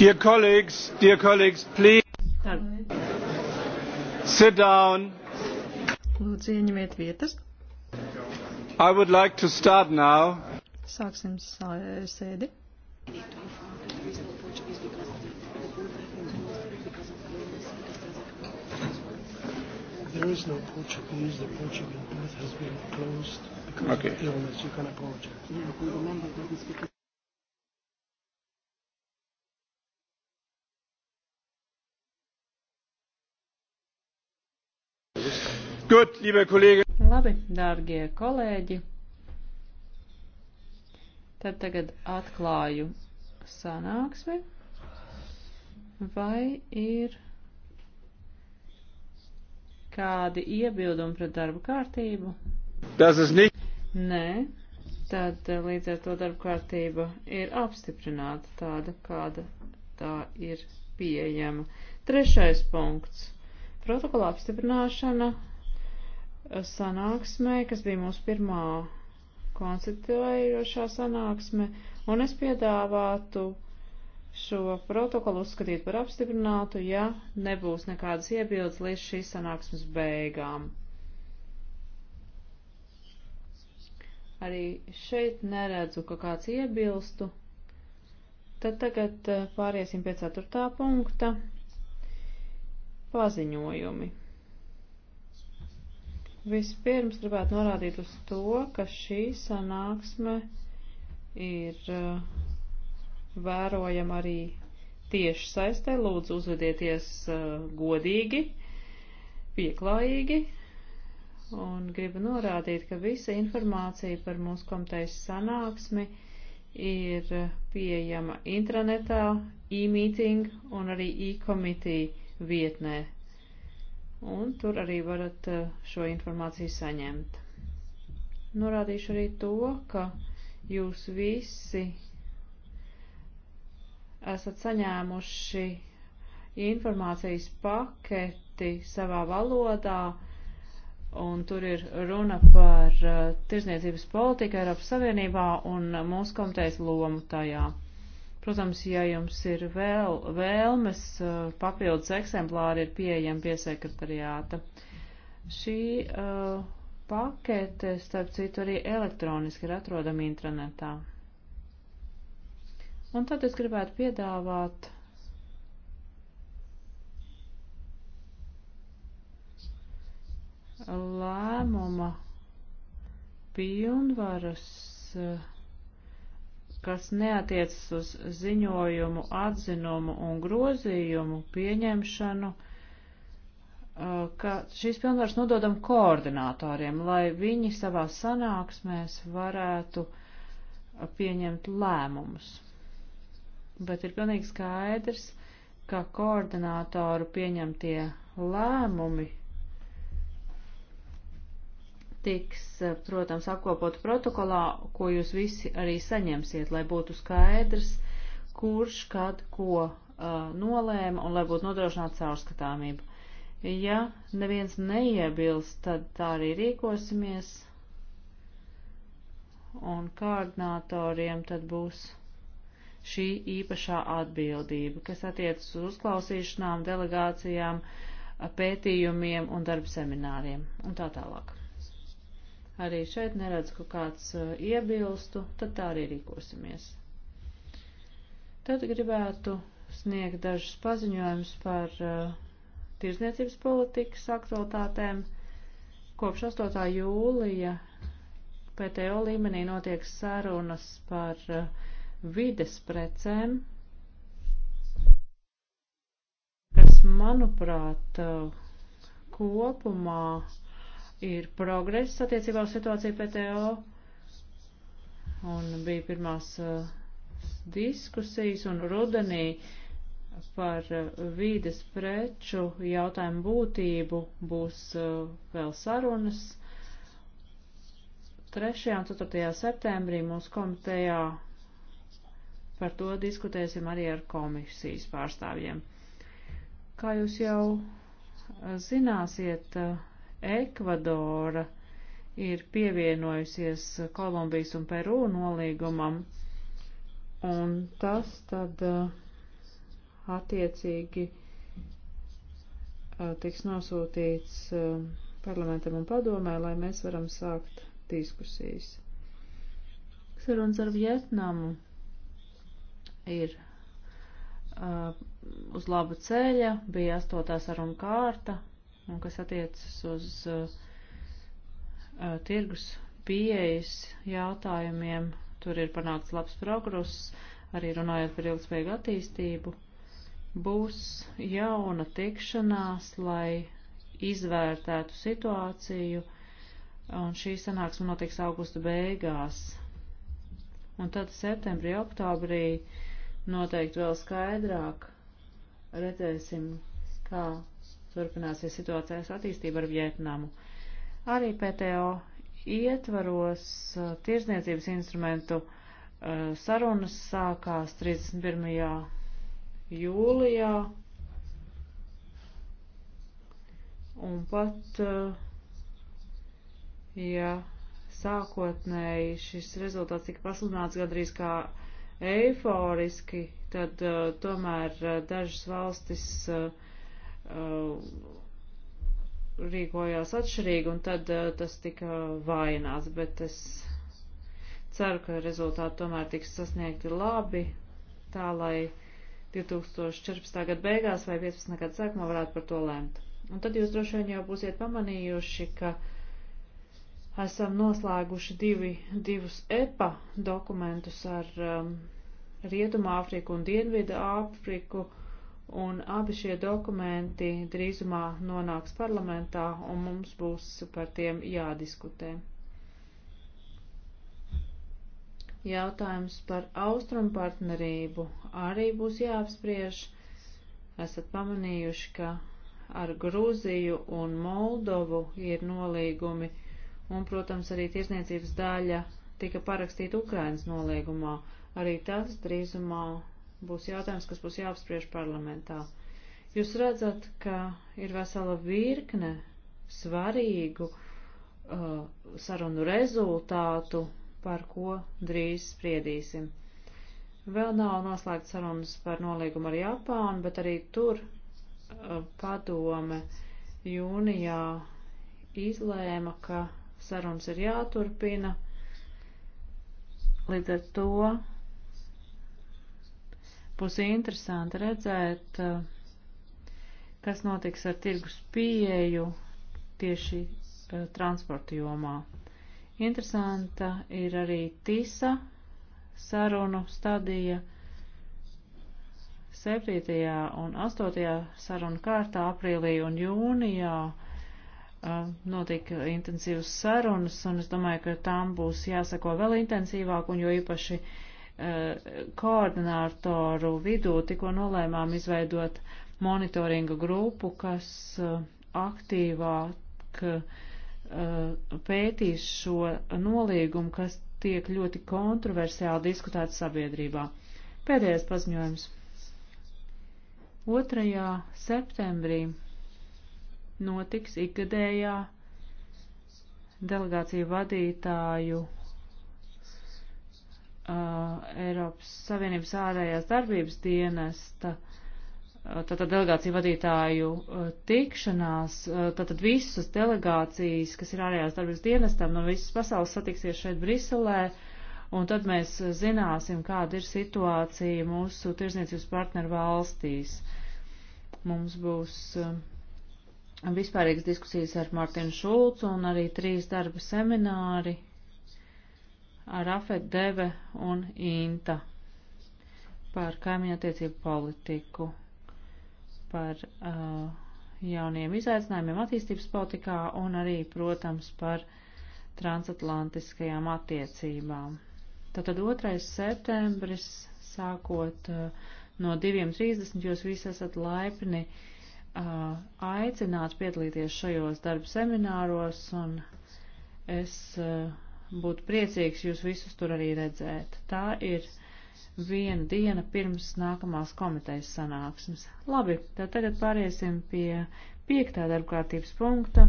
Dear colleagues, dear colleagues, please sit down. Lūdzu, ieņemiet vietas. I would like to start now. Sāksim sēdi. There is no Portuguese. The Portuguese booth has been closed because okay. of illness. You can apologize. Yeah, we remember that speaker. Gut, liebe kolēģi. Labi, dārgie kolēģi. Tad tagad atklāju sanāksmi. Vai ir kādi iebildumi pret darba kārtību? Tas es ne. Nē, tad līdz ar to darba kārtība ir apstiprināta tāda, kāda tā ir pieejama. Trešais punkts protokola apstiprināšana sanāksmē, kas bija mūsu pirmā konstituējošā sanāksme, un es piedāvātu šo protokolu uzskatīt par apstiprinātu, ja nebūs nekādas iebildes līdz šīs sanāksmes beigām. Arī šeit neredzu, ka kāds iebilstu. Tad tagad eh, pāriesim pie ceturtā punkta - paziņojumi. Vispirms gribētu norādīt uz to, ka šī sanāksme ir eh, vērojama arī tieši saistē. Lūdzu, uzvedieties eh, godīgi, pieklājīgi. Un gribu norādīt, ka visa informācija par mūsu komitejas sanāksmi ir eh, pieejama intranetā, e-meeting un arī e-komitī vietnē un tur arī varat eh, šo informāciju saņemt. Norādīšu arī to, ka jūs visi esat saņēmuši informācijas paketi savā valodā, un tur ir runa par eh, tirzniecības politiku Eiropas Savienībā un mūsu komitejas lomu tajā. Protams, ja jums ir vēl, vēlmes, eh, papildus eksemplāri ir pieejami pie sekretariāta. Šī uh, pakete, starp citu, arī elektroniski ir atrodama intranetā. Un tad es gribētu piedāvāt lēmuma pilnvaras. Uh, kas neatiecas uz ziņojumu, atzinumu un grozījumu pieņemšanu, uh, ka šīs pilnvaras nododam koordinātoriem, lai viņi savā sanāksmēs varētu uh, pieņemt lēmumus. Bet ir pilnīgi skaidrs, ka koordinātoru pieņemtie lēmumi tiks, eh, protams, apkopot protokolā, ko jūs visi arī saņemsiet, lai būtu skaidrs, kurš, kad, ko uh, nolēma un lai būtu nodrošināta caurskatāmība. Ja neviens neiebilst, tad tā arī rīkosimies un koordinatoriem tad būs šī īpašā atbildība, kas attiecas uz uzklausīšanām, delegācijām, eh, pētījumiem un darba semināriem un tā tālāk arī šeit neredzu, ka kāds uh, iebilstu, tad tā arī rīkosimies. Tad gribētu sniegt dažus paziņojumus par uh, tirzniecības politikas aktualitātēm. Kopš 8. jūlija PTO līmenī notiek sarunas par uh, vides precēm, kas, manuprāt, uh, kopumā uh, ir progress attiecībā uz situāciju PTO, un bija pirmās uh, diskusijas, un rudenī par uh, vīdes preču jautājumu būtību būs uh, vēl sarunas. 3. un 4. septembrī mūsu komitejā par to diskutēsim arī ar komisijas pārstāvjiem. Kā jūs jau uh, zināsiet, uh, Ekvadora ir pievienojusies Kolumbijas un Peru nolīgumam, un tas tad uh, attiecīgi uh, tiks nosūtīts uh, parlamentam un padomē, lai mēs varam sākt diskusijas. Sarunas ar Vietnamu ir uh, uz laba ceļa, bija astotā saruna kārta, kas attiecas uz uh, uh, tirgus pieejas jautājumiem. Tur ir panākts labs progress, arī runājot par ilgspējīgu attīstību. Būs jauna tikšanās, lai izvērtētu situāciju, un šī sanāksme notiks augusta beigās. Un tad septembrī, oktobrī noteikti vēl skaidrāk redzēsim, kā turpināsies situācijas attīstība ar Vietnamu. Arī PTO ietvaros uh, tirzniecības instrumentu uh, sarunas sākās 31. jūlijā. Un pat, uh, ja sākotnēji šis rezultāts tika pasludināts gandrīz kā eiforiski, tad uh, tomēr uh, dažas valstis uh, Uh, rīkojās atšķirīgi, un tad uh, tas tika vājināts, bet es ceru, ka rezultāti tomēr tiks sasniegti labi, tā lai 2014. gada beigās vai 15. gada sākumā varētu par to lēmt. Un tad jūs droši vien jau būsiet pamanījuši, ka esam noslēguši divi, divus EPA dokumentus ar um, Rietumu Āfriku un Dienvidu Āfriku. Uh, un abi šie dokumenti drīzumā nonāks parlamentā, un mums būs par tiem jādiskutē. Jautājums par austrumu partnerību arī būs jāapspriež. Esat pamanījuši, ka ar Grūziju un Moldovu ir nolīgumi, un, protams, arī tirsniecības daļa tika parakstīta Ukrainas nolīgumā. Arī tas drīzumā būs jautājums, kas būs jāapspriež parlamentā. Jūs redzat, ka ir vesela virkne svarīgu uh, sarunu rezultātu, par ko drīz spriedīsim. Vēl nav noslēgts sarunas par nolīgumu ar Japānu, bet arī tur uh, padome jūnijā izlēma, ka sarunas ir jāturpina. Līdz ar to Būs interesanti redzēt, eh, kas notiks ar tirgus pieeju tieši eh, transporta jomā. Interesanta ir arī TISA sarunu stadija. 7. un 8. sarunu kārtā aprīlī un jūnijā eh, notika intensīvas sarunas, un es domāju, ka tām būs jāsako vēl intensīvāk, un jo īpaši uh, Eh, koordinātoru vidū tikko nolēmām izveidot monitoringa grupu, kas eh, aktīvāk eh, pētīs šo nolīgumu, kas tiek ļoti kontroversiāli diskutēts sabiedrībā. Pēdējais paziņojums. 2. septembrī notiks ikgadējā delegāciju vadītāju uh, Eiropas Savienības ārējās darbības dienesta uh, tātad delegāciju vadītāju uh, tikšanās, uh, tātad visas delegācijas, kas ir ārējās darbības dienestam no visas pasaules satiksies šeit Briselē, un tad mēs zināsim, kāda ir situācija mūsu tirzniecības partneru valstīs. Mums būs uh, vispārīgas diskusijas ar Martinu Šulcu un arī trīs darba semināri Rafet Deve un Inta par kaimiņattiecību politiku, par uh, jauniem izaicinājumiem attīstības politikā un arī, protams, par transatlantiskajām attiecībām. Tātad 2. septembris, sākot uh, no 2.30, jūs visi esat laipni uh, aicināti piedalīties šajos darba semināros un es. Uh, būtu priecīgs jūs visus tur arī redzēt. Tā ir viena diena pirms nākamās komitejas sanāksmes. Labi, tad tagad pāriesim pie piektā darbkārtības punkta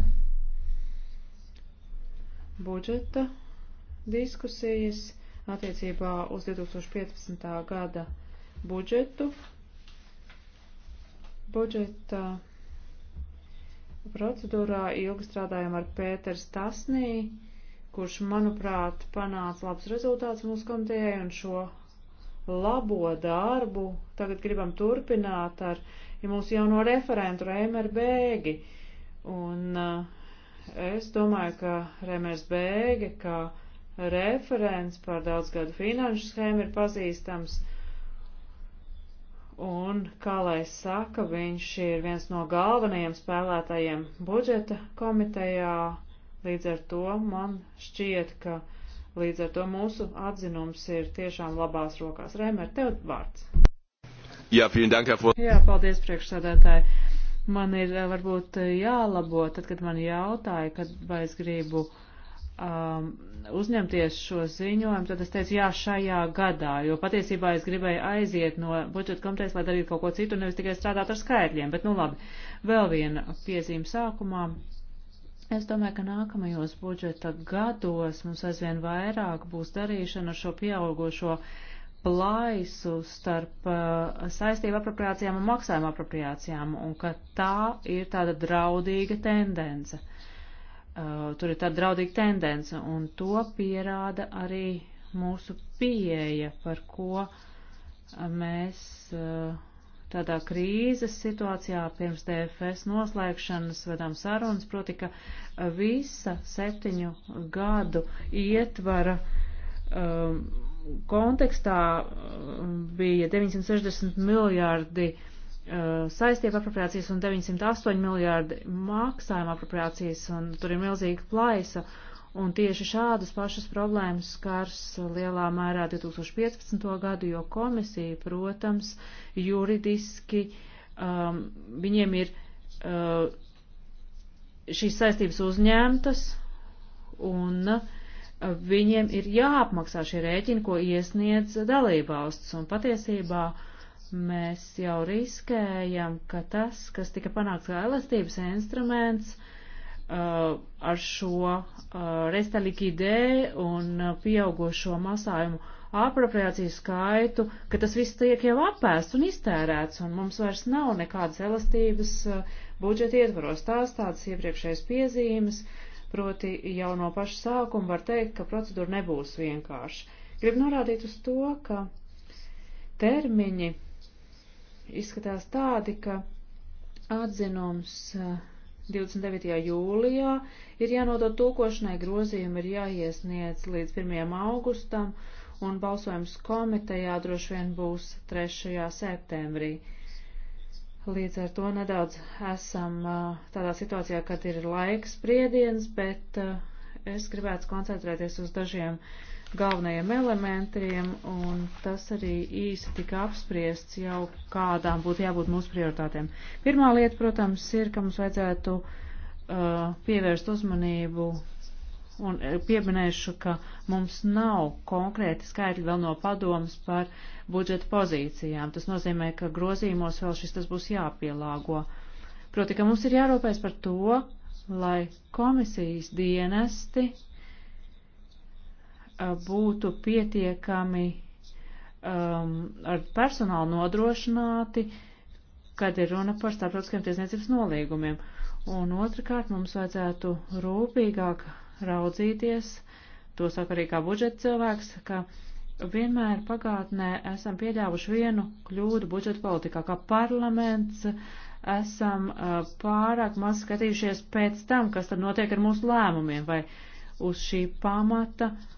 - budžeta diskusijas attiecībā uz 2015. gada budžetu. Budžeta procedūrā ilgi strādājam ar Pēters Tasnī kurš, manuprāt, panāca labs rezultāts mūsu komitejai un šo labo darbu. Tagad gribam turpināt ar ja mūsu jauno referentu Rēmeru Bēgi. Un eh, es domāju, ka Rēmers Bēgi, kā referents par daudzgadu finanšu schēmu ir pazīstams. Un, kā lai saka, viņš ir viens no galvenajiem spēlētājiem budžeta komitejā Līdz ar to man šķiet, ka līdz ar to mūsu atzinums ir tiešām labās rokās. Rēmēr, tev vārds. Jā, dank, Jā paldies, priekšsādātāji. Man ir eh, varbūt eh, jālabo, tad, kad man jautāja, kad vai es gribu um, uzņemties šo ziņojumu, tad es teicu, jā, šajā gadā, jo patiesībā es gribēju aiziet no budžeta komitejas, lai darītu kaut ko citu, nevis tikai strādāt ar skaitļiem, bet nu labi, vēl viena piezīme sākumā. Es domāju, ka nākamajos budžeta gados mums aizvien vairāk būs darīšana ar šo pieaugošo plaisu starp uh, saistību apropriācijām un maksājumu apropriācijām, un ka tā ir tāda draudīga tendence. Uh, tur ir tāda draudīga tendence, un to pierāda arī mūsu pieeja, par ko uh, mēs. Uh, tādā krīzes situācijā pirms DFS noslēgšanas vedām sarunas, proti, ka uh, visa septiņu gadu ietvara um, kontekstā um, bija 960 miljārdi saistību apropriācijas un 908 miljārdi maksājuma apropriācijas, un tur ir milzīga plaisa. Uh, Un tieši šādas pašas problēmas skars lielā mērā 2015. gadu, jo komisija, protams, juridiski um, viņiem ir uh, šīs saistības uzņemtas un uh, viņiem ir jāapmaksā šie rēķini, ko iesniedz dalībvalsts. Un patiesībā mēs jau riskējam, ka tas, kas tika panākts kā elastības instruments, uh, Uh, ar šo uh, resta likidē un uh, pieaugušo masājumu apropriāciju skaitu, ka tas viss tiek jau apēsts un iztērēts, un mums vairs nav nekādas elastības budžeta ietvaros. Tās tādas iepriekšējas piezīmes, proti jau no paša sākuma var teikt, ka procedūra nebūs vienkārša. Gribu norādīt uz to, ka termiņi izskatās tādi, ka atzinums uh, 29. jūlijā ir jānodot tūkošanai grozījumi, ir jāiesniedz līdz 1. augustam, un balsojums komitejā droši vien būs 3. septembrī. Līdz ar to nedaudz esam tādā situācijā, kad ir laiks priediens, bet es gribētu koncentrēties uz dažiem uh, galvenajiem elementiem, un tas arī īsi tika apspriests jau kādām būtu jābūt mūsu prioritātēm. Pirmā lieta, protams, ir, ka mums vajadzētu uh, pievērst uzmanību, un eh, pieminēšu, ka mums nav konkrēti skaitļi vēl no padomas par budžeta pozīcijām. Tas nozīmē, ka grozīmos vēl šis tas būs jāpielāgo. Proti, ka mums ir jārūpēs par to, lai komisijas dienesti būtu pietiekami um, ar personālu nodrošināti, kad ir runa par starptautiskiem tiesniecības nolīgumiem. Un otrkārt, mums vajadzētu rūpīgāk raudzīties, to saka arī kā budžeta cilvēks, ka vienmēr pagātnē esam pieļāvuši vienu kļūdu budžeta politikā, kā parlaments esam uh, pārāk maz skatījušies pēc tam, kas tad notiek ar mūsu lēmumiem, vai uz šī pamata uh,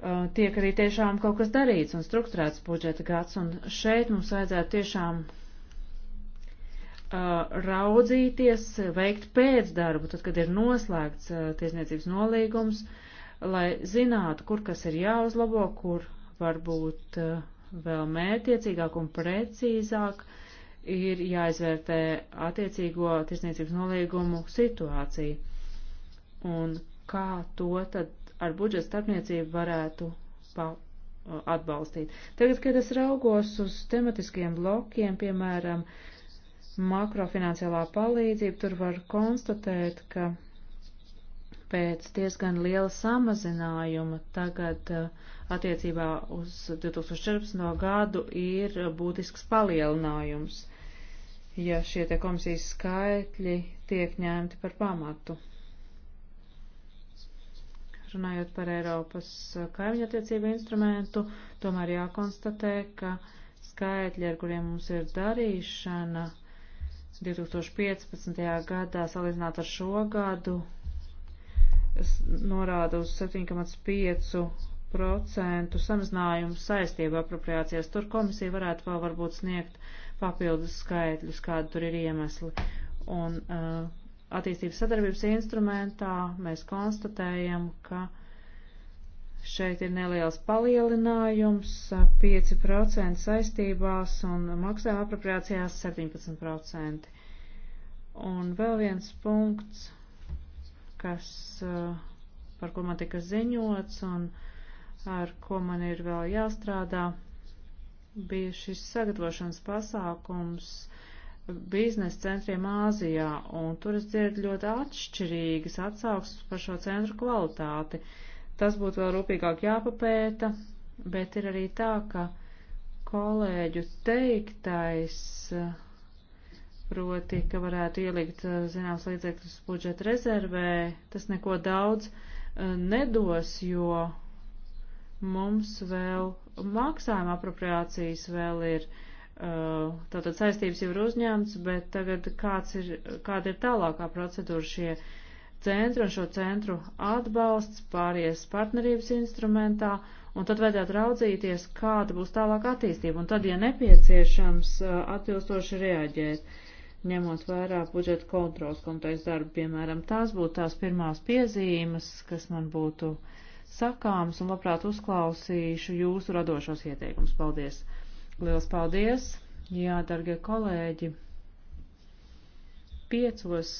Eh, tiek arī tiešām kaut kas darīts un strukturēts budžeta gads, un šeit mums vajadzētu tiešām uh, raudzīties, veikt pēcdarbu, tad, kad ir noslēgts uh, tiesniecības nolīgums, lai zinātu, kur kas ir jāuzlabo, kur varbūt uh, vēl mērķiecīgāk un precīzāk ir jāizvērtē attiecīgo tiesniecības nolīgumu situāciju. Un kā to tad ar budžeta starpniecību varētu pa, atbalstīt. Tagad, kad es raugos uz tematiskiem blokiem, piemēram, makrofinansiālā palīdzība, tur var konstatēt, ka pēc diezgan liela samazinājuma tagad attiecībā uz 2014. gadu ir būtisks palielinājums, ja šie te komisijas skaitļi tiek ņemti par pamatu runājot par Eiropas kaimiņattiecību instrumentu, tomēr jākonstatē, ka skaitļi, ar kuriem mums ir darīšana 2015. gadā salīdzināt ar šo gadu, norāda uz 7,5% samazinājumu saistību apropriācijās. Tur komisija varētu vēl varbūt sniegt papildus skaitļus, kādu tur ir iemesli. Un, uh, attīstības sadarbības instrumentā mēs konstatējam, ka šeit ir neliels palielinājums 5% saistībās un maksājuma apropriācijās 17%. Un vēl viens punkts, kas, eh, par ko man tika ziņots un ar ko man ir vēl jāstrādā, bija šis sagatavošanas pasākums uh, biznesa centriem Āzijā, un tur es dzirdu ļoti atšķirīgas atsauksmes par šo centru kvalitāti. Tas būtu vēl rūpīgāk jāpapēta, bet ir arī tā, ka kolēģu teiktais, proti, ka varētu ielikt eh, zināms līdzekļus budžeta rezervē, tas neko daudz eh, nedos, jo mums vēl maksājuma apropriācijas vēl ir Eh, tātad saistības jau ir uzņemts, bet tagad kāds ir, kāda ir tālākā procedūra šie centri un šo centru atbalsts pāries partnerības instrumentā, un tad vajadzētu raudzīties, kāda būs tālāka attīstība, un tad, ja nepieciešams, eh, atbilstoši reaģēt, ņemot vērā budžeta kontrols komitejas darbu, piemēram, tās būtu tās pirmās piezīmes, kas man būtu sakāms, un labprāt uzklausīšu jūsu radošos ieteikumus. Paldies! Liels paldies! Jā, dargie kolēģi! Piecos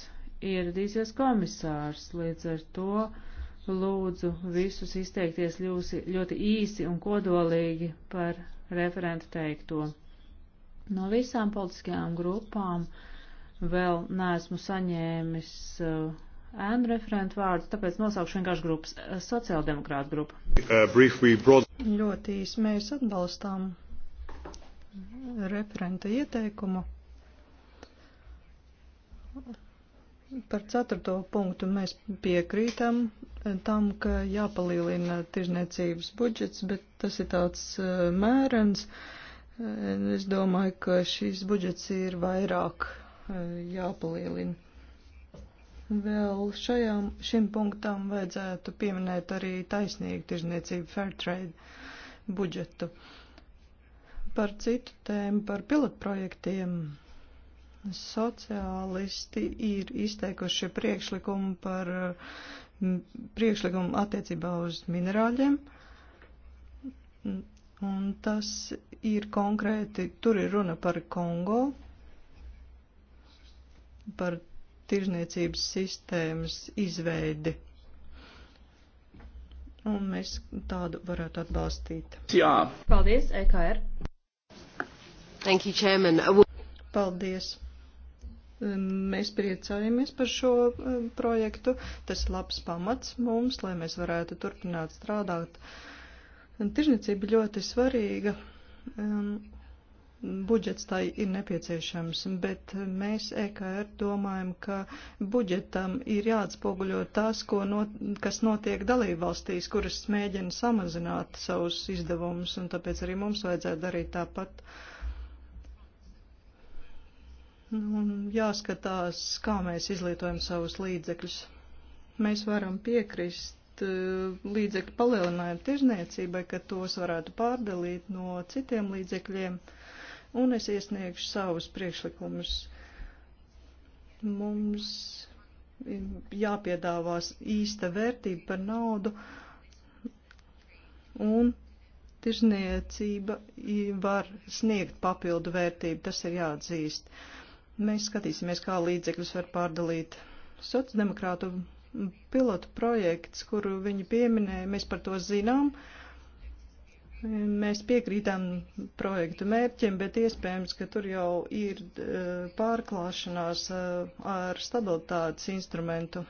ieradīsies komisārs, līdz ar to lūdzu visus izteikties ļūsi, ļoti īsi un kodolīgi par referentu teikto. No visām politiskajām grupām vēl neesmu saņēmis uh, ēnu referentu vārdu, tāpēc nosaukšu vienkārši grupas sociāldemokrāta grupa. Uh, brief, broad... Ļoti īsi mēs atbalstām referenta ieteikumu. Par ceturto punktu mēs piekrītam tam, ka jāpalielina tirzniecības budžets, bet tas ir tāds e, mērens. E, es domāju, ka šīs budžets ir vairāk e, jāpalielina. Vēl šajām, šim punktam vajadzētu pieminēt arī taisnīgu tirzniecību fair trade budžetu. Uh, Par citu tēmu, par pilotprojektiem. Sociālisti ir izteikuši priekšlikumu par priekšlikumu attiecībā uz minerāļiem. Un tas ir konkrēti, tur ir runa par Kongo, par tirzniecības sistēmas izveidi. Un mēs tādu varētu atbalstīt. Jā. Paldies, EKR. Thank you, Chairman. Paldies. Mēs priecājamies par šo projektu. Tas ir labs pamats mums, lai mēs varētu turpināt strādāt. Tirzniecība ļoti svarīga. Budžets tai ir nepieciešams, bet mēs EKR domājam, ka budžetam ir jāatspoguļo tas, not, kas notiek dalībvalstīs, kuras mēģina samazināt savus izdevumus, un tāpēc arī mums vajadzētu darīt tāpat. Uh, Un jāskatās, kā mēs izlietojam savus līdzekļus. Mēs varam piekrist uh, līdzekļu palielinājumu tirzniecībai, ka tos varētu pārdalīt no citiem līdzekļiem, un es iesniegšu savus priekšlikumus. Mums jāpiedāvās īsta vērtība par naudu, un tirzniecība var sniegt papildu vērtību, tas ir jāatzīst. Uh, Mēs skatīsimies, kā līdzekļus var pārdalīt. Sociāldemokrātu pilotu projekts, kuru viņi pieminēja, mēs par to zinām. Mēs piekrītam projektu mērķiem, bet iespējams, ka tur jau ir eh, pārklāšanās eh, ar stabilitātes instrumentu.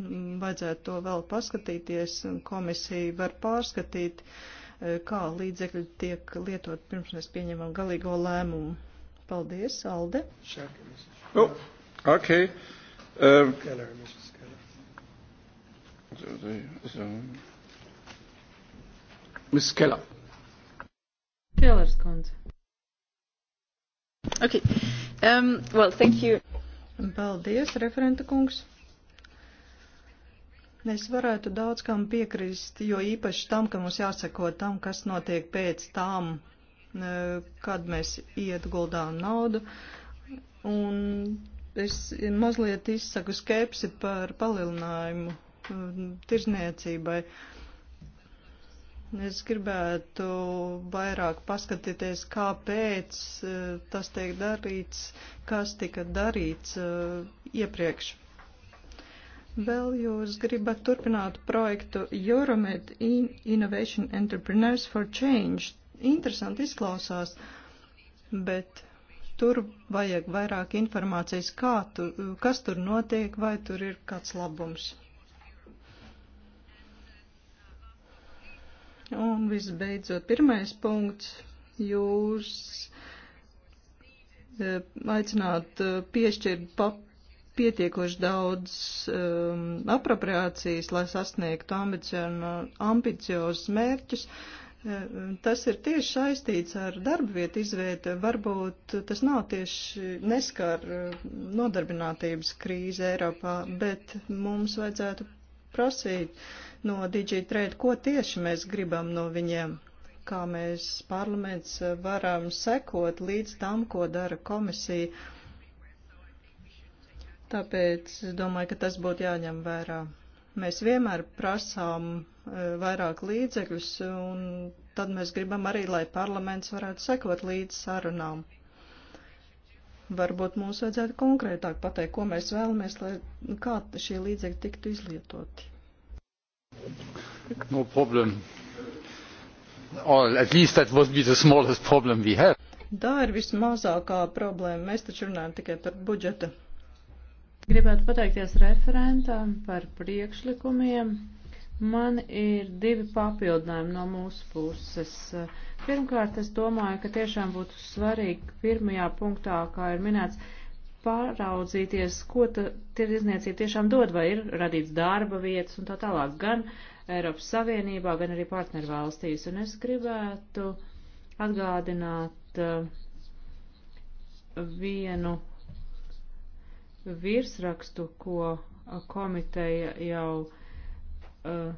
Vajadzētu to vēl paskatīties. Komisija var pārskatīt, eh, kā līdzekļi tiek lietot pirms mēs pieņemam galīgo lēmumu. Paldies, Alde. Oh, okay. Um, Ms. Keller. Kellers kundze. Okay. Um, well, thank you. Paldies, referenta kungs. Es varētu daudz kam piekrist, jo īpaši tam, ka mums jāsako tam, kas notiek pēc tam, E, kad mēs ieguldām naudu. Un es mazliet izsaku skepsi par palielinājumu e, tirzniecībai. Es gribētu vairāk paskatīties, kāpēc e, tas tiek darīts, kas tika darīts iepriekš. Vēl jūs gribat turpināt projektu Euromed Innovation Entrepreneurs for Change interesanti izklausās, bet tur vajag vairāk informācijas, kā tu, kas tur notiek, vai tur ir kāds labums. Un visbeidzot, pirmais punkts. Jūs eh, aicināt eh, piešķirt pap pietiekoši daudz um, apropriācijas, lai sasniegtu ambiciozus mērķus, Ehm, tas ir tieši saistīts ar darba vietu izveidu. Varbūt tas nav tieši neskar ehm, nodarbinātības krīze Eiropā, bet mums vajadzētu prasīt no DigiTrade, ko tieši mēs gribam no viņiem, kā mēs parlaments varam sekot līdz tam, ko dara komisija. Tāpēc domāju, ka tas būtu jāņem vērā. Mēs vienmēr prasām E, vairāk līdzekļus, un tad mēs gribam arī, lai parlaments varētu sekot līdz sarunām. Varbūt mums vajadzētu konkrētāk pateikt, ko mēs vēlamies, lai kā šie līdzekļi tiktu izlietoti. No problem. Or at least that would be the smallest problem we have. Tā ir vismazākā problēma. Mēs taču runājam tikai par budžetu. Gribētu pateikties referentam par priekšlikumiem. Man ir divi papildinājumi no mūsu puses. Pirmkārt, es domāju, ka tiešām būtu svarīgi pirmajā punktā, kā ir minēts, pāraudzīties, ko tirdzniecība tiešām dod, vai ir radīts darba vietas un tā tālāk gan Eiropas Savienībā, gan arī partnervalstīs. Un es gribētu atgādināt uh, vienu virsrakstu, ko komiteja jau uh,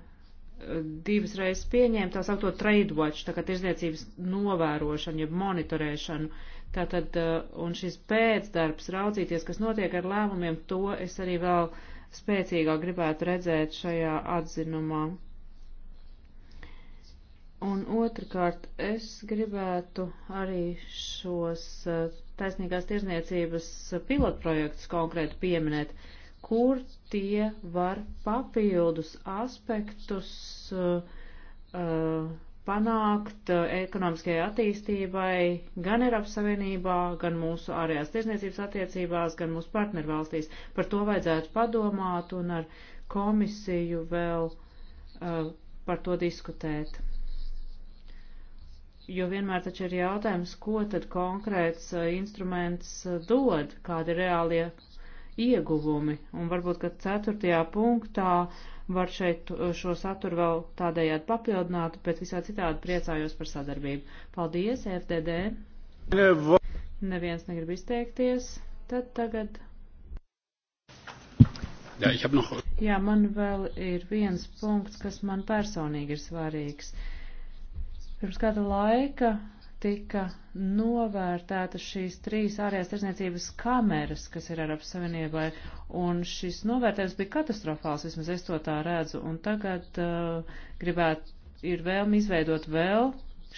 divas reizes pieņēma tā saucamo trade watch, tā kā tirzniecības novērošanu, jeb monitorēšanu. Tātad, uh, un šis pēcdarbs raudzīties, kas notiek ar lēmumiem, to es arī vēl spēcīgāk gribētu redzēt šajā atzinumā. Un otrkārt, es gribētu arī šos uh, taisnīgās tirzniecības pilotprojektus konkrēti pieminēt. Uh, kur tie var papildus aspektus uh, uh, panākt uh, ekonomiskajai attīstībai gan Eiropas Savienībā, gan mūsu ārējās tirzniecības attiecībās, gan mūsu partnervalstīs. Par to vajadzētu padomāt un ar komisiju vēl uh, par to diskutēt. Jo vienmēr taču ir jautājums, ko tad konkrēts uh, instruments uh, dod, kādi ir reālie ieguvumi. Un varbūt, ka ceturtajā punktā var šeit uh, šo saturu vēl tādējādi papildināt, bet visā citādi priecājos par sadarbību. Paldies, FDD! Neviens negrib izteikties. Tad tagad. Jā, no... Jā, man vēl ir viens punkts, kas man personīgi ir svarīgs. Pirms kāda laika tika novērtētas šīs trīs ārējās tirzniecības kameras, kas ir Eiropas Savienībai, un šis novērtējums bija katastrofāls, vismaz es to tā redzu, un tagad uh, gribētu, ir vēlmi izveidot vēl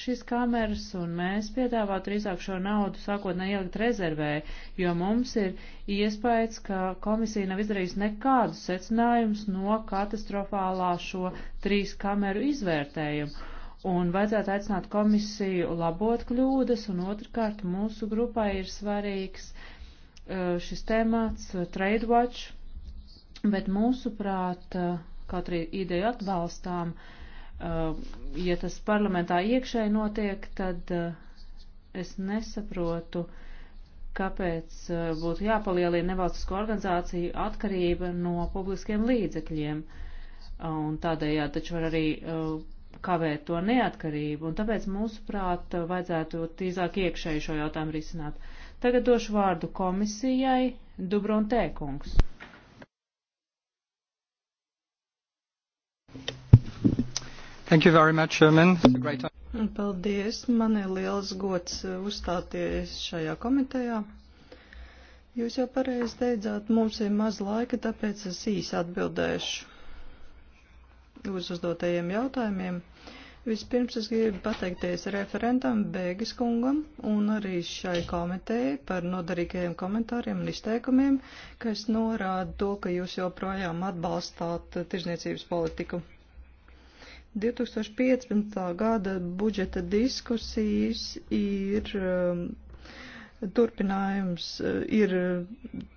šīs kameras, un mēs piedāvātu drīzāk šo naudu sākotnēji ielikt rezervē, jo mums ir iespējas, ka komisija nav izdarījusi nekādus secinājumus no katastrofālā šo trīs kameru izvērtējumu un vajadzētu aicināt komisiju labot kļūdas, un otrkārt mūsu grupai ir svarīgs e, šis temats e, TradeWatch, bet mūsuprāt, e, kaut arī ideju atbalstām, ja tas parlamentā iekšēji notiek, tad es nesaprotu, kāpēc būtu jāpalielina nevalstisko organizāciju atkarība no publiskiem līdzekļiem. Un tādējādi taču var arī uh, kavēt to neatkarību, un tāpēc, mūsuprāt, vajadzētu tīzāk iekšēji šo jautājumu risināt. Tagad došu vārdu komisijai Dubrontē kungs. Thank you very much, Chairman. It's a great time. Paldies! Man ir liels gods uzstāties šajā komitejā. Jūs jau pareizi teicāt, mums ir maz laika, tāpēc es īsi atbildēšu uz uzdotajiem jautājumiem. Vispirms es gribu pateikties referentam Bēgis kungam un arī šai komitejai par nodarīgajiem komentāriem un izteikumiem, kas norāda to, ka jūs joprojām atbalstāt tirzniecības politiku. 2015. gada budžeta diskusijas ir um, turpinājums uh, ir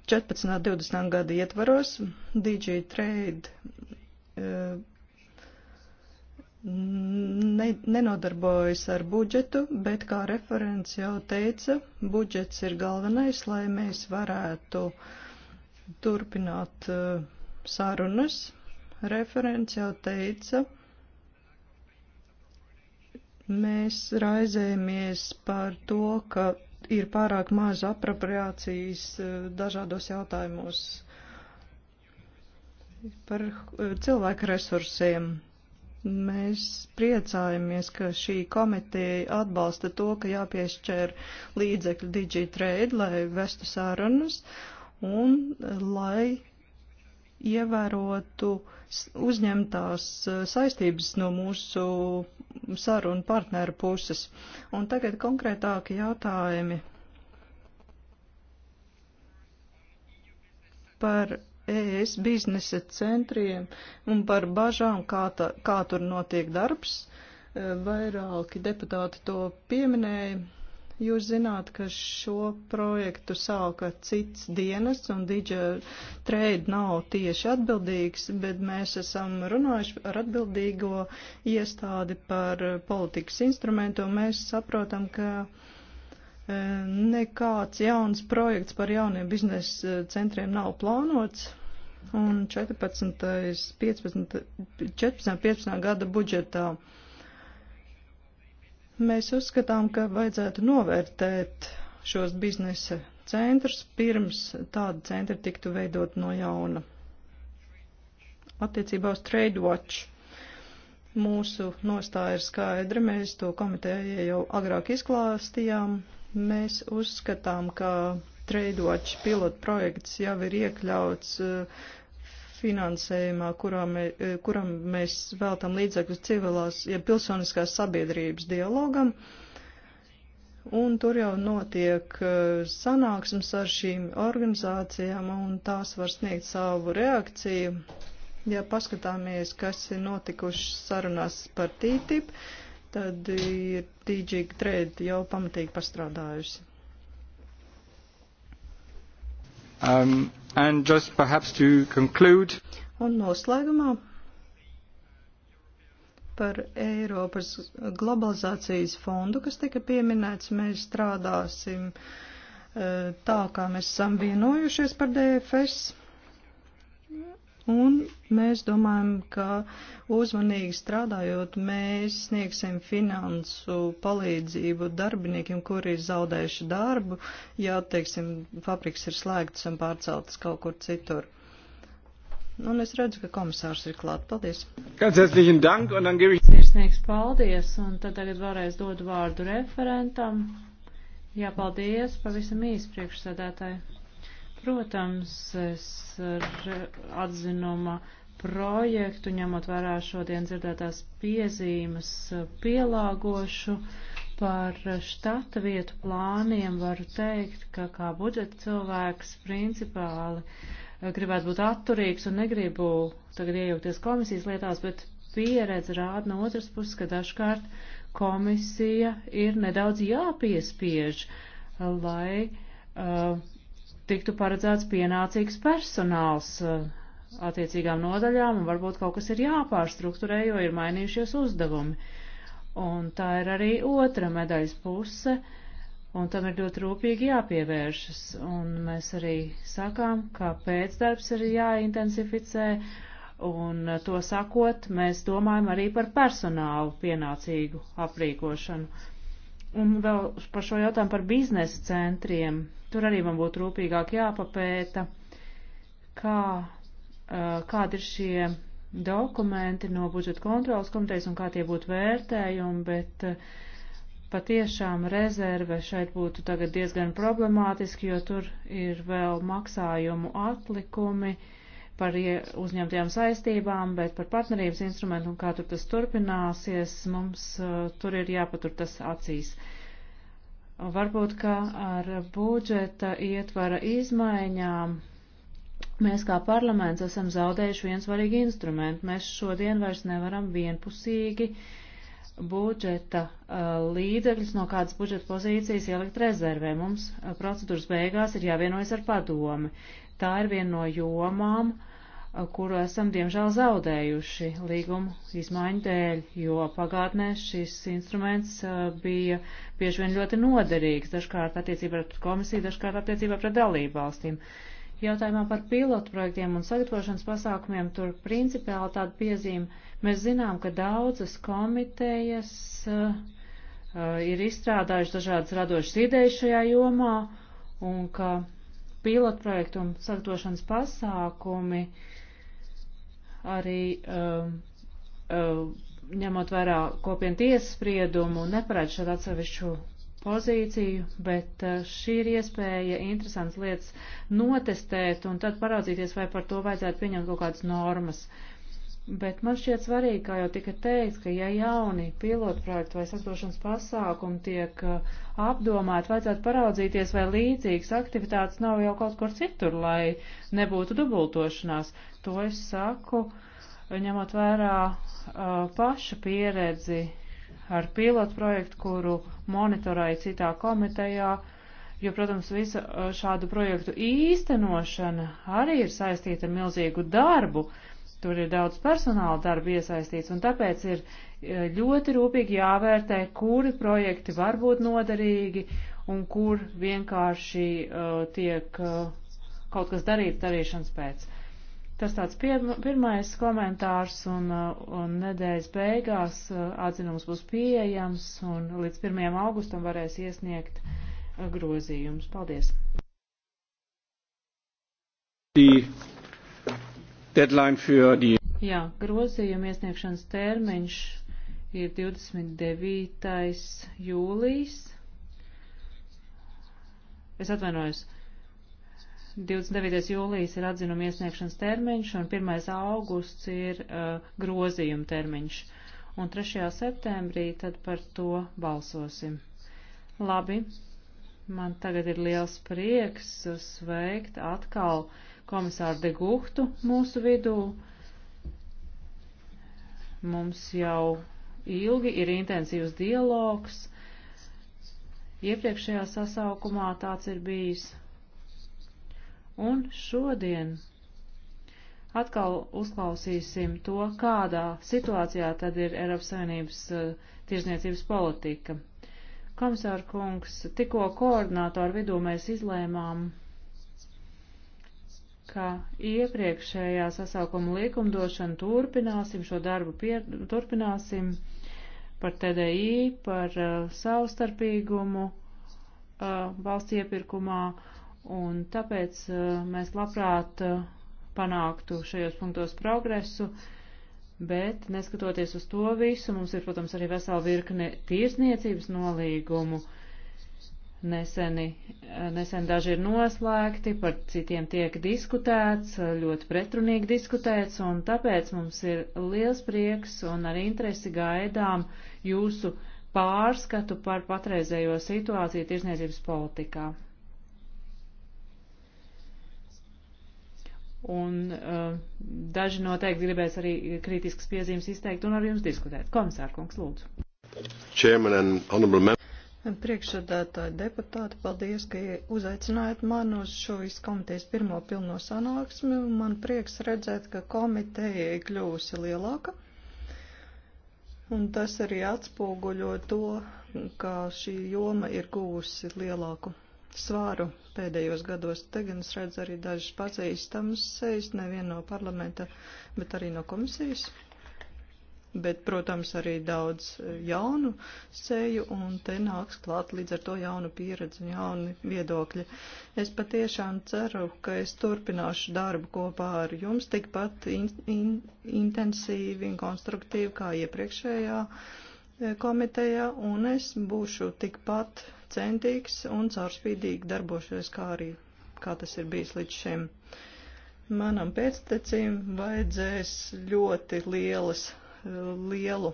14. 20. gada ietvaros. DJ Trade uh, ne, nenodarbojas ar budžetu, bet, kā referents jau teica, budžets ir galvenais, lai mēs varētu turpināt eh, sarunas. Referents jau teica, mēs raizējamies par to, ka ir pārāk maz apropriācijas eh, dažādos jautājumos par eh, cilvēku resursiem. Mēs priecājamies, ka šī komiteja atbalsta to, ka jāpiešķir līdzekļi DigiTrade, lai vestu sarunas un lai ievērotu uzņemtās e, saistības no mūsu sarunu partneru puses. Un tagad konkrētāki jautājumi par ES biznesa centriem un par bažām, kā, ta, kā tur notiek darbs. E, vairāki deputāti to pieminēja. Jūs zināt, ka šo projektu sāka cits dienas un DJ trade nav tieši atbildīgs, bet mēs esam runājuši ar atbildīgo iestādi par politikas instrumentu un mēs saprotam, ka uh, nekāds jauns projekts par jauniem biznesa centriem nav plānots. Un 14. 15, 14. 15. gada budžetā mēs uzskatām, ka vajadzētu novērtēt šos biznesa centrus pirms tāda centra tiktu veidot no jauna. Attiecībā uz TradeWatch mūsu nostāja ir skaidra, mēs to komitējai jau agrāk izklāstījām, Mēs uzskatām, ka Tradewatch pilotu projekts jau ir iekļauts eh, finansējumā, kurā mē, eh, kuram mēs veltam līdzekļus civilās, ja pilsoniskās sabiedrības dialogam. Un tur jau notiek eh, sanāksmes ar šīm organizācijām, un tās var sniegt savu reakciju. Ja paskatāmies, kas ir notikuši sarunās par TTIP, uh, tad ir DG Trade jau pamatīgi pastrādājusi. Um, and just perhaps to conclude. Un noslēgumā par Eiropas globalizācijas fondu, kas tika pieminēts, mēs strādāsim uh, tā, kā mēs esam vienojušies par DFS Un mēs domājam, ka uzmanīgi strādājot, mēs sniegsim finansu palīdzību darbiniekiem, kuri ir zaudējuši darbu, ja, teiksim, fabriks ir slēgts un pārceltas kaut kur citur. Un es redzu, ka komisārs ir klāt. Paldies. Herzlichen Dank un dann gebe ich. Sirsnīgs paldies. Un tad tagad vēlreiz dodu vārdu referentam. Jā, paldies. Pavisam īsi priekšsēdētāji. Protams, es ar atzinuma projektu, ņemot vērā šodien dzirdētās piezīmes, pielāgošu par štata vietu plāniem. Varu teikt, ka kā budžeta cilvēks principāli eh, gribētu būt atturīgs un negribu tagad iejaukties komisijas lietās, bet pieredze rāda no otras puses, ka dažkārt komisija ir nedaudz jāpiespiež, lai uh, tiktu paredzēts pienācīgs personāls eh, attiecīgām nodaļām, un varbūt kaut kas ir jāpārstruktūrē, jo ir mainījušies uzdevumi. Un tā ir arī otra medaļas puse, un tam ir ļoti rūpīgi jāpievēršas. Un mēs arī sakām, ka pēcdarbs ir jāintensificē, un eh, to sakot, mēs domājam arī par personālu pienācīgu aprīkošanu. Un vēl par šo jautājumu par biznesa centriem Tur arī man būtu rūpīgāk jāpapēta, kā, kādi ir šie dokumenti no budžeta kontrolas komitejas un kā tie būtu vērtējumi, bet patiešām rezerve šeit būtu tagad diezgan problemātiski, jo tur ir vēl maksājumu atlikumi par uzņemtajām saistībām, bet par partnerības instrumentu un kā tur tas turpināsies, mums tur ir jāpatur tas acīs. Uh, Varbūt, ka ar budžeta ietvara izmaiņām mēs kā parlaments esam zaudējuši vienu svarīgu instrumentu. Mēs šodien vairs nevaram vienpusīgi budžeta uh, līdzekļus no kādas budžeta pozīcijas ielikt rezervē. Mums uh, procedūras beigās ir jāvienojas ar padomi. Tā ir viena no jomām, uh, kuru esam diemžēl zaudējuši līguma izmaiņu dēļ, jo pagātnē šis instruments uh, bija bieži vien ļoti noderīgs, dažkārt attiecībā pret komisiju, dažkārt attiecībā pret dalību valstīm. Jautājumā par pilotu projektiem un sagatavošanas pasākumiem tur principiāli tāda piezīme. Mēs zinām, ka daudzas komitejas uh, uh ir izstrādājuši dažādas radošas idejas šajā jomā un ka pilotu projektu un sagatavošanas pasākumi uh, arī uh, uh, ņemot vērā kopienu tiesas spriedumu, neparāda šādu atsevišķu pozīciju, bet uh, šī ir iespēja interesants lietas notestēt un tad paraudzīties, vai par to vajadzētu pieņemt kaut kādas normas. Bet man šķiet svarīgi, kā jau tika teikts, ka ja jauni pilotprojekti vai sastošanas pasākumi tiek uh, apdomāti, vajadzētu paraudzīties, vai līdzīgas aktivitātes nav jau kaut kur citur, lai nebūtu dubultošanās. To es saku, ņemot vērā pašu pieredzi ar pilotu projektu, kuru monitorēja citā komitejā, jo, protams, visa šādu projektu īstenošana arī ir saistīta ar milzīgu darbu. Tur ir daudz personāla darba iesaistīts, un tāpēc ir ļoti rūpīgi jāvērtē, kuri projekti var būt noderīgi un kur vienkārši uh, tiek uh, kaut kas darīts darīšanas pēc. Tas tāds pirmais komentārs un, uh, un nedēļas beigās uh, atzinums būs pieejams un līdz 1. augustam varēs iesniegt uh, grozījumus. Paldies! Jā, grozījuma iesniegšanas termiņš ir 29. jūlijs. Es atvainojos. 29. jūlijas ir atzinuma iesniegšanas termiņš un 1. augusts ir uh, grozījuma termiņš. Un 3. septembrī tad par to balsosim. Labi, man tagad ir liels prieks sveikt atkal komisāru de Guhtu mūsu vidū. Mums jau ilgi ir intensīvs dialogs. Iepriekšējā sasaukumā tāds ir bijis Un šodien atkal uzklausīsim to, kādā situācijā tad ir Eiropas Savienības uh, tirzniecības politika. Komisāra kungs, tikko koordinātoru vidū mēs izlēmām, ka iepriekšējā sasaukuma likumdošana turpināsim, šo darbu pier, turpināsim par TDI, par uh, savstarpīgumu uh, valsts iepirkumā. Uh, Un tāpēc eh, mēs labprāt eh, panāktu šajos punktos progresu, bet neskatoties uz to visu, mums ir, protams, arī vesela virkne tirsniecības nolīgumu. Neseni, eh, nesen daži ir noslēgti, par citiem tiek diskutēts, ļoti pretrunīgi diskutēts, un tāpēc mums ir liels prieks un ar interesi gaidām jūsu pārskatu par patreizējo situāciju tirsniecības politikā. un uh, daži noteikti gribēs arī kritiskas piezīmes izteikt un ar jums diskutēt. Komisārkungs, lūdzu. Priekšsēdētāji deputāti, paldies, ka uzaicinājāt mani uz šo izkomitejas pirmo pilno sanāksmi. Man prieks redzēt, ka komiteja ir kļuvusi lielāka. Un tas arī atspoguļo to, ka šī joma ir guvusi lielāku svāru pēdējos gados. Te gan es redzu arī dažas pazīstamas sejas, nevien no parlamenta, bet arī no komisijas. Bet, protams, arī daudz e, jaunu seju, un te nāks klāt līdz ar to jaunu pieredzi un jauni viedokļi. Es patiešām ceru, ka es turpināšu darbu kopā ar jums tikpat in, in, intensīvi un konstruktīvi kā iepriekšējā e, komitejā, un es būšu tikpat centīgs un caurspīdīgi darbošies, kā arī kā tas ir bijis līdz šim. Manam pēctecim vajadzēs ļoti lielas, lielu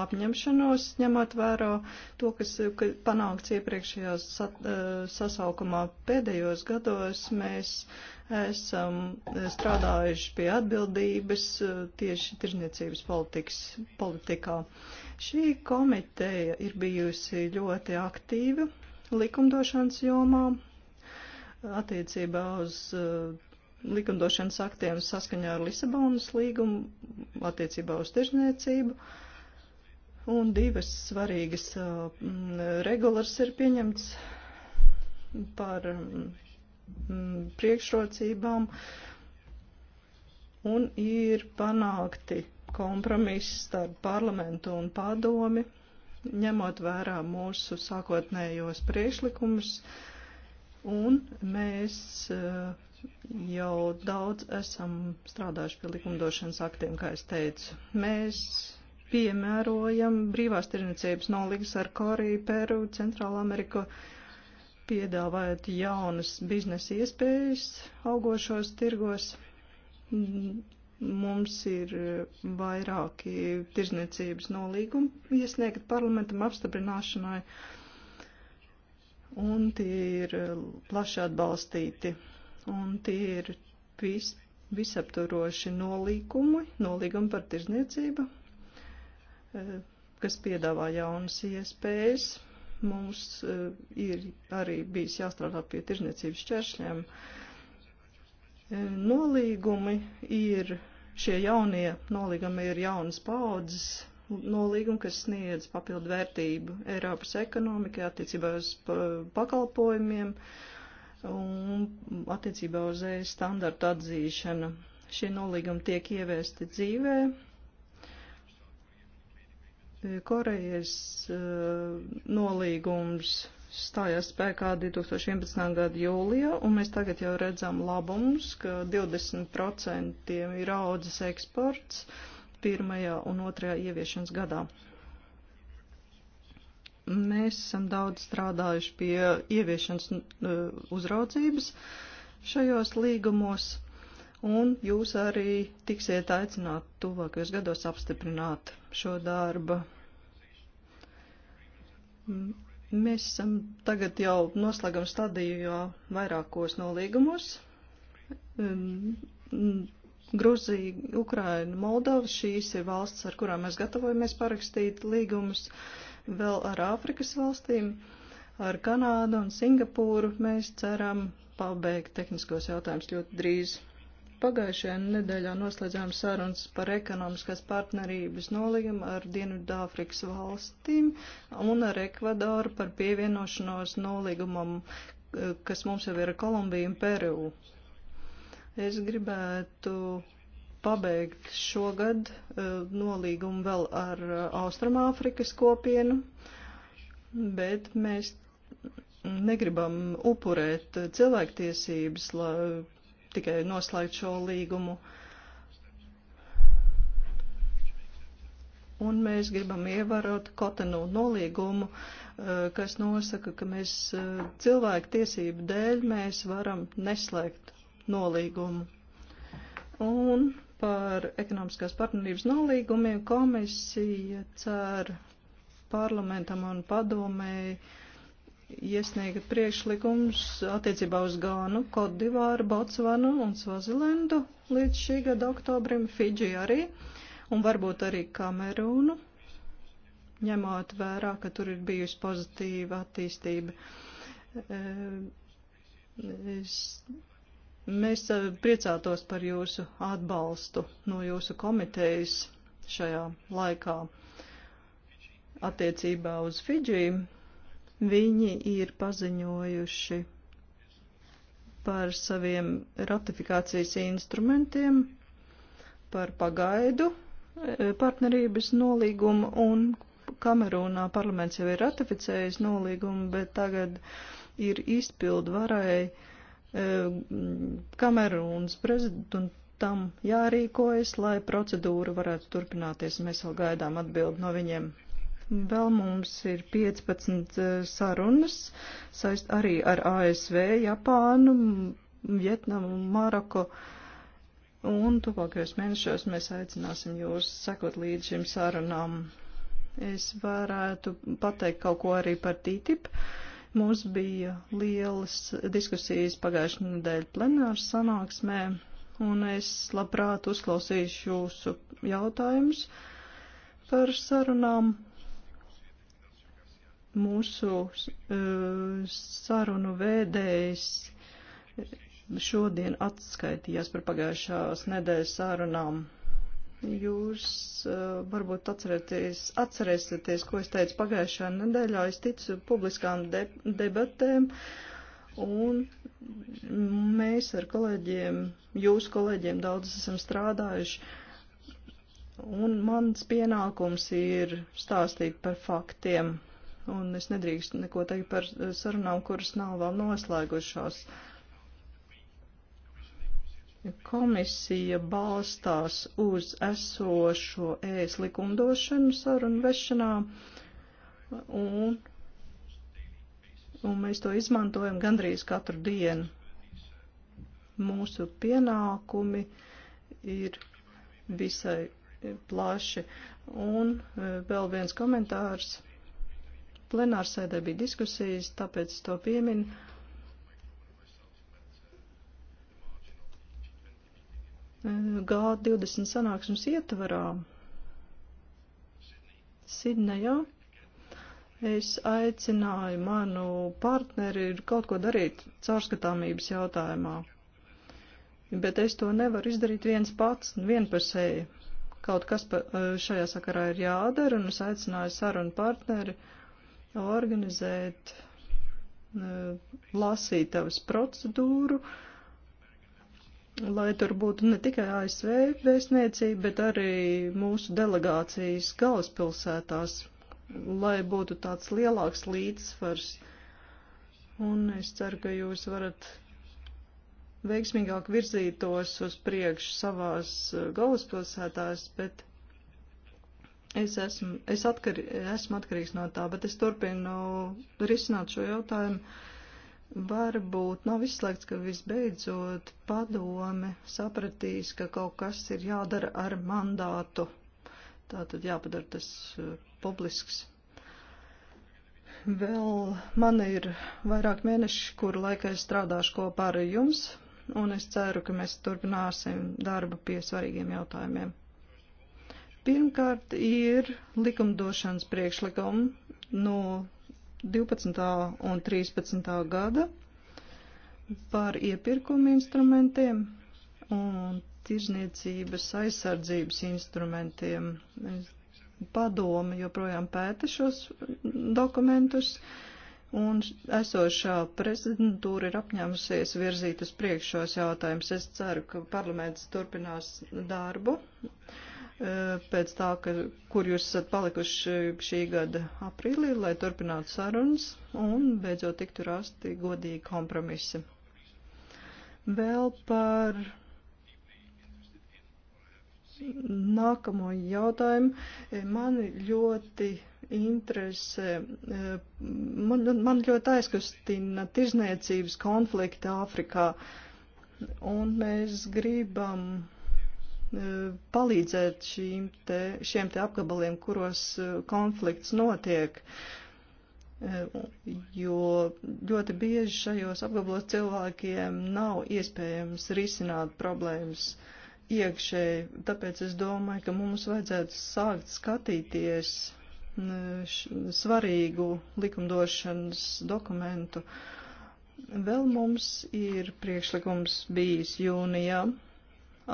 apņemšanos, ņemot vērā to, kas panākts iepriekšējā eh, sasaukumā pēdējos gados. Mēs esam eh, strādājuši pie atbildības eh, tieši tirzniecības politikā. Šī komiteja ir bijusi ļoti aktīva likumdošanas jomā attiecībā uz uh, likumdošanas aktiem saskaņā ar Lisabonas līgumu attiecībā uz tirzniecību. Un divas svarīgas uh, mm, regulas ir pieņemts par mm, priekšrocībām un ir panākti kompromiss starp parlamentu un padomi, ņemot vērā mūsu sākotnējos priešlikumus, un mēs eh, jau daudz esam strādājuši pie likumdošanas aktiem, kā es teicu. Mēs piemērojam brīvās tirnicības nolīgas ar Koriju, Peru, Centrālu Ameriku, piedāvājot jaunas biznesa iespējas augošos tirgos Mums ir eh, vairāki tirzniecības nolīgumi iesniegti parlamentam apstiprināšanai, un tie ir eh, plaši atbalstīti, un tie ir vis, visapturoši nolīgumi, nolīgumi par tirzniecību, eh, kas piedāvā jaunas iespējas. Mums ir arī bijis jāstrādā pie tirzniecības čēršļiem. Uh, E, nolīgumi ir, šie jaunie nolīgumi ir jaunas paudzes nolīgumi, kas sniedz papildu vērtību Eiropas ekonomikai attiecībā uz pakalpojumiem un attiecībā uz standartu atzīšanu. Šie nolīgumi tiek ieviesti dzīvē. E, Korejas e, nolīgums stājās spēkā 2011. gada jūlijā, un mēs tagad jau redzam labums, ka 20% ir audzes eksports pirmajā un otrajā ieviešanas gadā. Mēs esam daudz strādājuši pie ieviešanas uh, uzraudzības šajos līgumos, un jūs arī tiksiet aicināt tuvākajos gados apstiprināt šo darba Mēs esam tagad jau noslēgam stadijā vairākos nolīgumus. Um, Gruzija, Ukraina, Moldova, šīs ir valsts, ar kurām mēs gatavojamies parakstīt līgumus vēl ar Āfrikas valstīm, ar Kanādu un Singapūru. Mēs ceram pabeigt tehniskos jautājumus ļoti drīz. Pagājušajā nedēļā noslēdzām sarunas par ekonomiskās partnerības nolīgumu ar Dienvidāfrikas valstīm un ar Ekvadoru par pievienošanos nolīgumam, kas mums jau ir Kolumbija un Peru. Es gribētu pabeigt šogad e, nolīgumu vēl ar e, Austrumāfrikas kopienu, bet mēs negribam upurēt cilvēktiesības, lai tikai noslēgt šo līgumu. Un mēs gribam ievarot Kotenu nolīgumu, eh, kas nosaka, ka mēs eh, cilvēku tiesību dēļ mēs varam neslēgt nolīgumu. Un par ekonomiskās partnerības nolīgumiem komisija cer parlamentam un padomēji iesniega priekšlikums attiecībā uz Gānu, Kodivāru, Botsvanu un Svazilendu līdz šī gada oktobrim, Fidži arī un varbūt arī Kamerūnu, ņemot vērā, ka tur ir bijusi pozitīva attīstība. Eh, es, mēs eh, priecātos par jūsu atbalstu no jūsu komitejas šajā laikā attiecībā uz Fidžiju Viņi ir paziņojuši par saviem ratifikācijas instrumentiem, par pagaidu e, partnerības nolīgumu un Kamerūnā parlaments jau ir ratificējis nolīgumu, bet tagad ir izpildu varai e, Kamerūnas prezidentam jārīkojas, lai procedūra varētu turpināties. Mēs vēl gaidām atbildi no viņiem. Vēl mums ir 15 eh, sarunas saist arī ar ASV, Japānu, Vietnamu, Maroku. Un tuvākajos mēnešos mēs aicināsim jūs sekot līdz šīm sarunām. Es varētu pateikt kaut ko arī par TTIP. Mums bija lielas diskusijas pagājušajā nedēļa plenāru sanāksmē, un es labprāt uzklausīšu jūsu jautājumus par sarunām mūsu eh, sarunu vēdējs šodien atskaitījās par pagājušās nedēļas sārunām. Jūs eh, varbūt atcerēties, atcerēsieties, ko es teicu pagājušā nedēļā. Es ticu publiskām de debatēm. Un mēs ar kolēģiem, jūsu kolēģiem daudz esam strādājuši. Un mans pienākums ir stāstīt par faktiem un es nedrīkstu neko teikt par eh, sarunām, kuras nav vēl noslēgušās. Komisija balstās uz esošo ēs likumdošanu sarunu vešanā, un, un mēs to izmantojam gandrīz katru dienu. Mūsu pienākumi ir visai plaši. Un eh, vēl viens komentārs Plenārsēdē bija diskusijas, tāpēc to pieminu. G20 sanāksmes ietvarā Sidnejā es aicināju manu partneri kaut ko darīt caurskatāmības jautājumā, bet es to nevaru izdarīt viens pats, vienpasēji. Kaut kas šajā sakarā ir jādara, un es aicināju sarunu partneri uh, organizēt lasītavas procedūru, lai tur būtu ne tikai ASV vēstniecība, bet arī mūsu delegācijas galvaspilsētās, lai būtu tāds lielāks līdzsvars. Un es ceru, ka jūs varat veiksmīgāk virzītos uz priekšu savās uh, galvaspilsētās, bet Es esmu, es atkar, esmu atkarīgs no tā, bet es turpinu risināt šo jautājumu. Varbūt nav izslēgts, ka visbeidzot padome sapratīs, ka kaut kas ir jādara ar mandātu. Tā tad jāpadara tas eh, publisks. Vēl man ir vairāk mēneši, kur laikā es strādāšu kopā ar jums, un es ceru, ka mēs turpināsim darbu pie svarīgiem jautājumiem. Pirmkārt ir likumdošanas priekšlikumi no 12. un 13. gada par iepirkumu instrumentiem un tirzniecības aizsardzības instrumentiem. Padoma joprojām pēta šos dokumentus, un esošā prezidentūra ir apņēmusies virzīt uz priekšos jautājumus. Es ceru, ka parlaments turpinās darbu. Uh, Eh, pēc tā, ka, kur jūs esat palikuši šī gada aprīlī, lai turpinātu sarunas un beidzot tiktu rasti godīgi kompromisi. Vēl par nākamo jautājumu. Eh, mani ļoti interesē, eh, man, man ļoti aizkustina tirzniecības konflikta Āfrikā. Un mēs gribam E, palīdzēt šīm te, šiem te apgabaliem, kuros e, konflikts notiek. E, jo ļoti bieži šajos apgabalos cilvēkiem nav iespējams risināt problēmas iekšēji, tāpēc es domāju, ka mums vajadzētu sākt skatīties svarīgu likumdošanas dokumentu. Vēl mums ir priekšlikums bijis jūnijā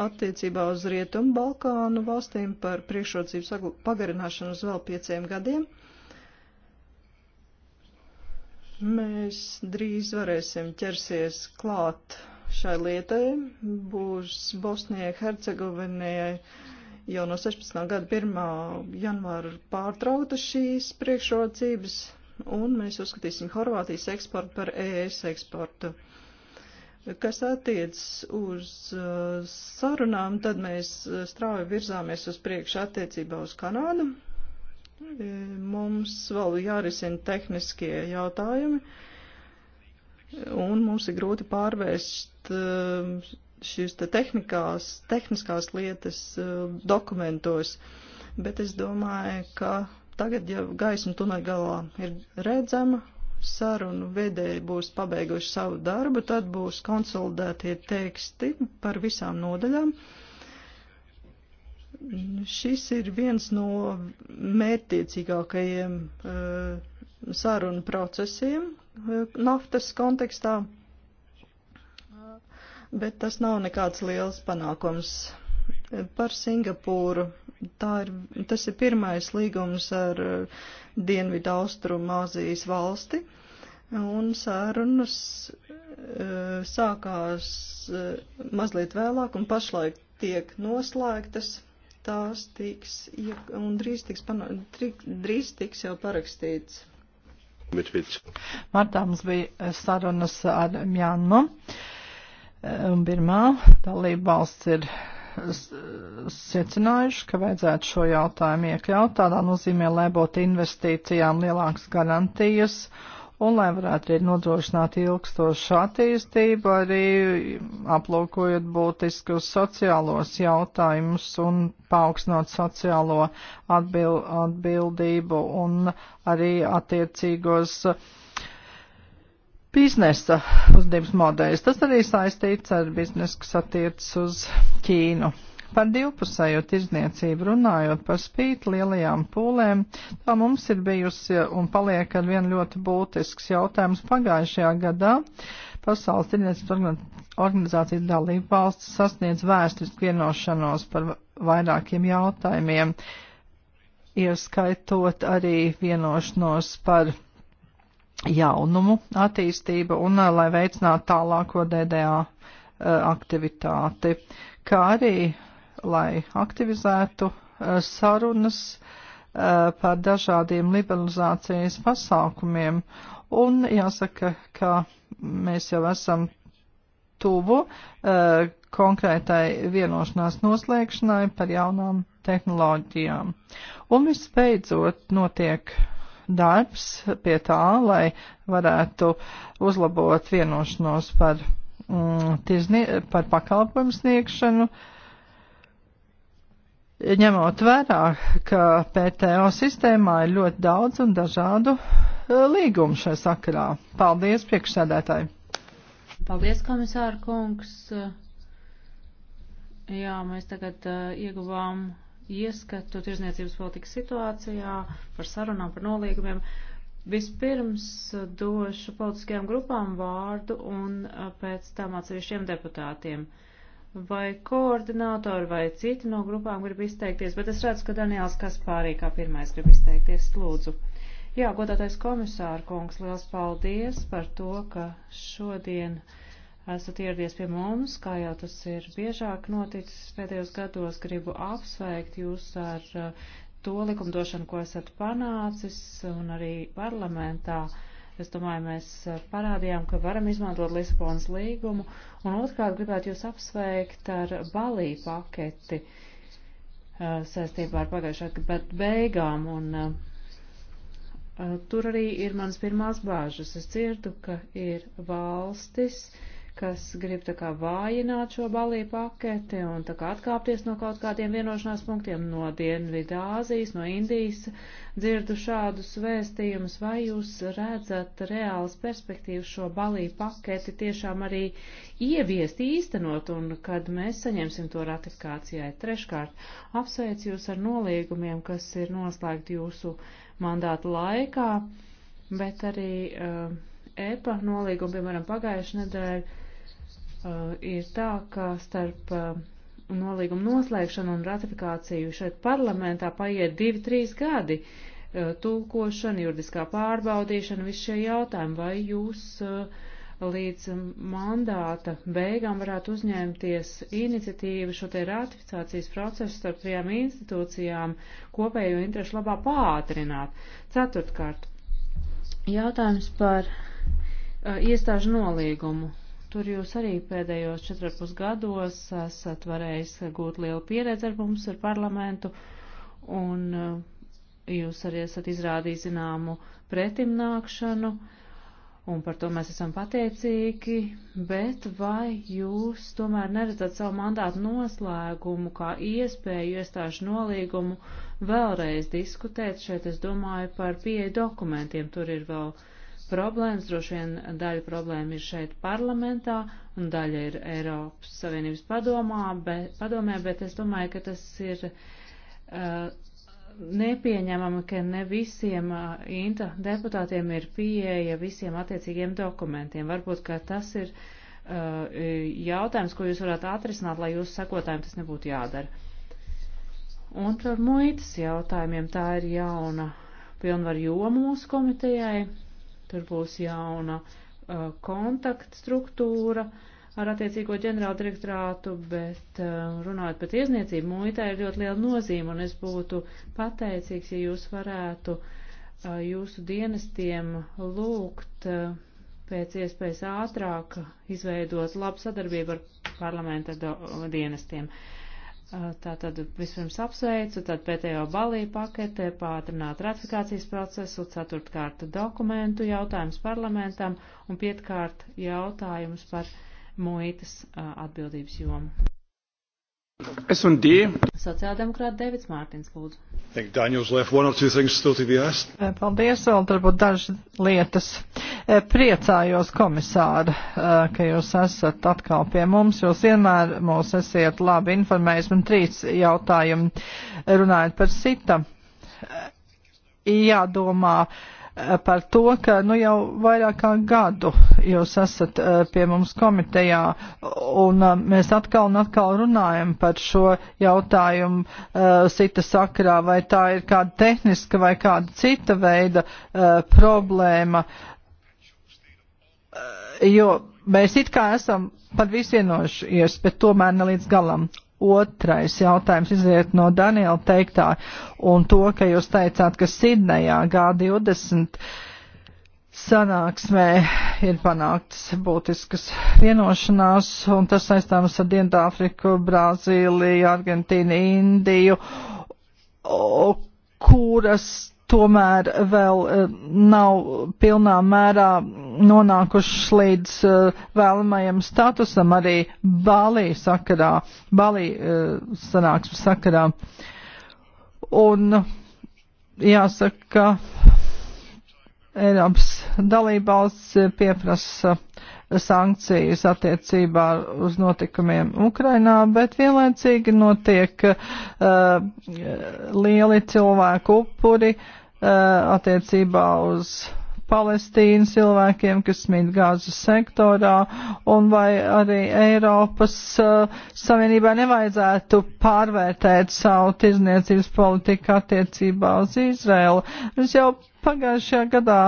attiecībā uz Rietumu Balkānu valstīm par priekšrocību pagarināšanu uz vēl pieciem gadiem. Mēs drīz varēsim ķersies klāt šai lietai. Būs Bosnijai, Hercegovinai jau no 16. gada 1. janvāra pārtrauta šīs priekšrocības, un mēs uzskatīsim Horvātijas eksportu par ES eksportu. Uh, Kas attiecas uz uh, sarunām, tad mēs uh, strauji virzāmies uz priekšu attiecībā uz Kanādu. E, mums vēl jārisina tehniskie jautājumi, un mums ir grūti pārvērst uh, šīs te tehnikās, tehniskās lietas dokumentos, bet es domāju, ka tagad jau gaisma tuneļa galā ir redzama, sarunu vedēji būs pabeiguši savu darbu, tad būs konsolidētie teksti par visām nodaļām. Šis ir viens no mērtiecīgākajiem eh, sarunu procesiem eh, naftas kontekstā, bet tas nav nekāds liels panākums. Par Singapūru Tā ir, tas ir pirmais līgums ar uh, Dienvidu Austrumu Azijas valsti, un sarunas uh, sākās uh, mazliet vēlāk un pašlaik tiek noslēgtas. Tās tiks, un drīz tiks, panā, drīz tiks jau parakstīts. Martā mums bija sarunas ar Mjanmu un Birmā. Dalība valsts ir secinājuši, ka vajadzētu šo jautājumu iekļaut. Tādā nozīmē, lai būtu investīcijām lielākas garantijas un lai varētu arī nodrošināt ilgstošu attīstību, arī aplūkojot būtiskus sociālos jautājumus un paaugstinot sociālo atbil atbildību un arī attiecīgos uh, biznesa uzņēmums modeļus. Tas arī saistīts ar biznesu, kas attiecas uz Ķīnu. Par divpusējo tirzniecību runājot par spīti lielajām pūlēm, tā mums ir bijusi un paliek ar vien ļoti būtisks jautājums pagājušajā gadā. Pasaules tirdzniecības organizācijas dalība valsts sasniedz vēsturisku vienošanos par vairākiem jautājumiem, ieskaitot arī vienošanos par jaunumu attīstība un lai veicinātu tālāko DDA aktivitāti, kā arī lai aktivizētu sarunas par dažādiem liberalizācijas pasākumiem. Un jāsaka, ka mēs jau esam tuvu konkrētai vienošanās noslēgšanai par jaunām tehnoloģijām. Un visbeidzot notiek darbs pie tā, lai varētu uzlabot vienošanos par, mm, tirznie, par pakalpojumu sniegšanu, ņemot vērā, ka PTO sistēmā ir ļoti daudz un dažādu e, līgumu šai sakarā. Paldies, priekšsēdētāji! Paldies, komisāra kungs! Jā, mēs tagad uh, ieguvām ieskatu tirzniecības politikas situācijā, par sarunām, par nolīgumiem. Vispirms uh, došu politiskajām grupām vārdu un uh, pēc tam atsevišķiem deputātiem. Vai koordinātori vai citi no grupām grib izteikties, bet es redzu, ka Daniels Kaspārī kā pirmais grib izteikties. Lūdzu. Jā, godātais komisāra kungs, liels paldies par to, ka šodien uh, esat ieradies pie mums, kā jau tas ir biežāk noticis pēdējos gados. Gribu apsveikt jūs ar uh, to likumdošanu, ko esat panācis, un arī parlamentā. Es domāju, mēs uh, parādījām, ka varam izmantot Lisabonas līgumu, un otrkārt gribētu jūs apsveikt ar balī paketi uh, saistībā ar pagājušā gada beigām. Un, uh, Tur arī ir manas pirmās bāžas. Es dzirdu, ka ir valstis, uh, kas grib tā kā vājināt šo baliju paketi un tā kā atkāpties no kaut kādiem vienošanās punktiem no Dienvidā Āzijas, no Indijas, dzirdu šādus vēstījumus, vai jūs redzat reāls perspektīvas šo baliju paketi tiešām arī ieviest, īstenot, un kad mēs saņemsim to ratifikācijai. Treškārt, apsveicu jūs ar nolīgumiem, kas ir noslēgti jūsu mandātu laikā, bet arī uh, EPA nolīgumi, piemēram, pagājušajā nedēļā Eh, ir tā, ka starp eh, nolīguma noslēgšanu un ratifikāciju šeit parlamentā paiet divi, trīs gadi eh, tulkošana, juridiskā pārbaudīšana, visi šie jautājumi, vai jūs līdz mandāta beigām varētu uzņemties iniciatīvu šo te ratifikācijas procesu starp trijām institūcijām kopējo interešu labā pātrināt. Ceturtkārt, jautājums par uh, iestāžu nolīgumu Tur jūs arī pēdējos 4,5 gados esat varējis gūt lielu pieredzi ar mums, ar parlamentu, un uh, jūs arī esat izrādījis zināmu pretimnākšanu, un par to mēs esam pateicīgi, bet vai jūs tomēr neredzat savu mandātu noslēgumu kā iespēju iestāžu nolīgumu vēlreiz diskutēt? Šeit es domāju par pieeja dokumentiem, tur ir vēl problēmas, droši vien daļa problēma ir šeit parlamentā un daļa ir Eiropas Savienības padomā, bet, padomē, bet es domāju, ka tas ir. Uh, nepieņemama, ka ne visiem uh, INTA deputātiem ir pieeja visiem attiecīgiem dokumentiem. Varbūt, ka tas ir uh, jautājums, ko jūs varētu atrisināt, lai jūsu sekotājiem tas nebūtu jādara. Un par muitas jautājumiem tā ir jauna pilnvar joma mūsu komitejai. Tur būs jauna uh, kontaktstruktūra ar attiecīgo ģenerālu direktorātu, bet uh, runājot par tiesniecību, muitā ir ļoti liela nozīme, un es būtu pateicīgs, ja jūs varētu uh, jūsu dienestiem lūgt uh, pēc iespējas ātrāk izveidot labu sadarbību ar parlamenta dienestiem. Uh, Eh, tātad vispirms apsveicu, tad pēdējo balīju paketē pātrināt ratifikācijas procesu, ceturtkārt dokumentu jautājums parlamentam un pietkārt jautājums par muitas eh, atbildības jomu. S&D. Sociāldemokrāta Devits Mārtins, lūdzu. Eh, paldies, vēl varbūt dažas lietas. Eh, priecājos, komisāri, eh, ka jūs esat atkal pie mums. Jūs vienmēr mūs esiet labi informējis. Man trīs jautājumi runājot par sita. Jādomā. Uh, Eh, par to, ka nu, jau vairāk kā gadu jūs esat eh, pie mums komitejā, un eh, mēs atkal un atkal runājam par šo jautājumu sita sakrā, vai tā ir kāda tehniska vai kāda cita veida problēma, jo mēs it kā esam pat visvienojušies, bet tomēr ne līdz galam. Otrais jautājums iziet no Daniela teiktā un to, ka jūs teicāt, ka Sidnejā G20 sanāksmē ir panākts būtiskas vienošanās, un tas saistāms ar Dienvidāfriku, Brazīliju, Argentīnu, Indiju, kuras tomēr vēl eh, nav pilnā mērā nonākušas līdz eh, vēlamajam statusam arī Bālī sakarā, Bālī eh, sanāksmes sakarā. Un jāsaka, ka Eiropas dalībvalsts pieprasa sankcijas attiecībā uz notikumiem Ukrainā, bet vienlaicīgi notiek uh, lieli cilvēku upuri uh, attiecībā uz Palestīnu cilvēkiem, kas mīt gāzes sektorā, un vai arī Eiropas uh, Savienībai nevajadzētu pārvērtēt savu tirzniecības politiku attiecībā uz Izraelu. Mēs jau pagājušajā gadā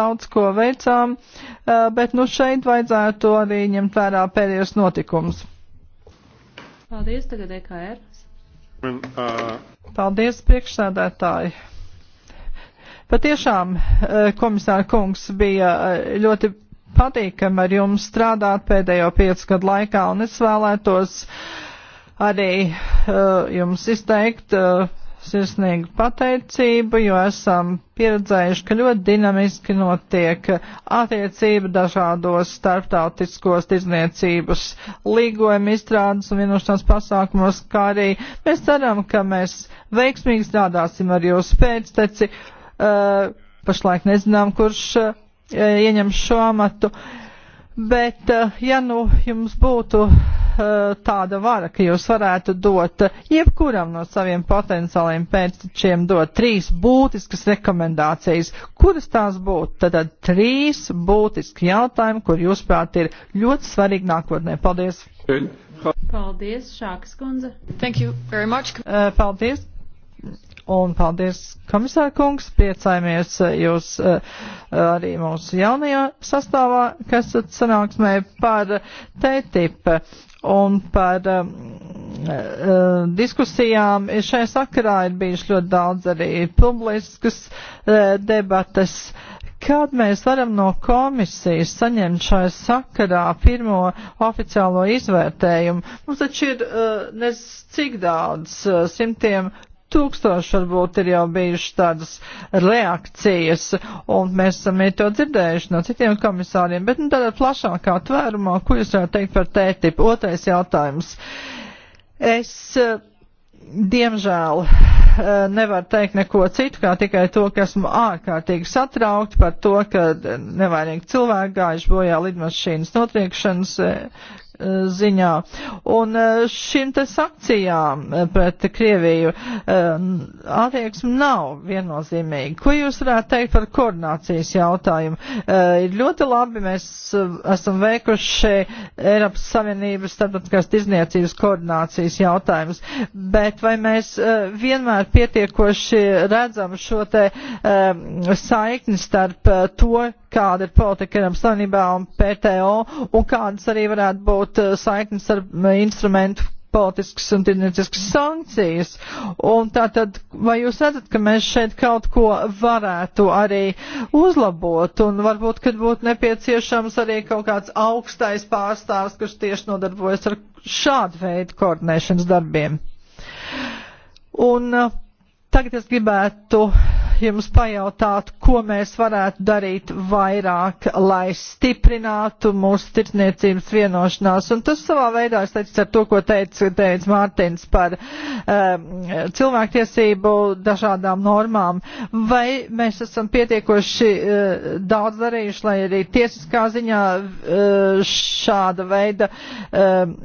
daudz ko veicām, uh, bet nu šeit vajadzētu arī ņemt vērā pēdējos notikumus. Paldies, tagad EKR. Uh... Paldies, priekšsēdētāji. Patiešām, eh, komisāra kungs, bija eh, ļoti patīkami ar jums strādāt pēdējo piecu gadu laikā, un es vēlētos arī uh, jums izteikt uh, sirsnīgu pateicību, jo esam pieredzējuši, ka ļoti dinamiski notiek attiecība dažādos starptautiskos tirdzniecības līgojuma izstrādes un vienošanās pasākumos, kā arī mēs ceram, ka mēs veiksmīgi strādāsim ar jūsu pēcteci Eh, pašlaik nezinām, kurš eh, ieņem šo amatu. Bet, eh, ja nu jums būtu tāda vara, ka jūs varētu dot jebkuram no saviem potenciāliem pēctečiem dot trīs būtiskas rekomendācijas, kuras tās būtu? Tātad trīs būtiski jautājumi, kur jūs prāt ir ļoti svarīgi nākotnē. Paldies! Paldies, Šākas kundze! Thank you very much! Paldies! Un paldies, komisārkungs, priecājamies eh, jūs eh, arī mūsu jaunajā sastāvā, kas sanāksmē par TTIP un par uh, diskusijām. Šajā sakarā ir bijuši ļoti daudz arī publiskas uh, debates. Kad mēs varam no komisijas saņemt šajā sakarā pirmo oficiālo izvērtējumu? Mums taču ir uh, nez cik daudz uh, simtiem tūkstoši varbūt ir jau bijušas tādas reakcijas, un mēs esam arī to dzirdējuši no citiem komisāriem, bet nu, tādā plašākā tvērumā, ko jūs varētu teikt par tētipu? Otrais jautājums. Es, eh, diemžēl, eh, nevar teikt neko citu, kā tikai to, ka esmu ārkārtīgi satraukti par to, ka nevainīgi cilvēki gājuši bojā lidmašīnas notriekšanas eh, ziņā. Un eh, šim te sankcijām eh, pret Krieviju eh, attieksme nav viennozīmīga. Ko jūs varētu teikt par koordinācijas jautājumu? Ir ļoti labi, mēs esam veikuši Eiropas Savienības starptautiskās tirzniecības koordinācijas jautājumus, bet vai mēs vienmēr pietiekoši redzam šo te saikni starp to, kāda ir politika Eiropas Savienībā un PTO, un kādas arī varētu būt būt eh, saiknes ar instrumentu politiskas un tirdznieciskas sankcijas. Un tātad, vai jūs redzat, ka mēs šeit kaut ko varētu arī uzlabot? Un varbūt, kad būtu nepieciešams arī kaut kāds augstais pārstāvs, kurš tieši nodarbojas ar šādu veidu koordinēšanas darbiem. Un eh, tagad es gribētu uh, jums pajautāt, ko mēs varētu darīt vairāk, lai stiprinātu mūsu tirdzniecības vienošanās. Un tas savā veidā es teicu ar to, ko teica, teica Mārtiņš par um, cilvēktiesību dažādām normām. Vai mēs esam pietiekoši uh, daudz darījuši, lai arī tiesiskā ziņā uh, šāda veida. Um,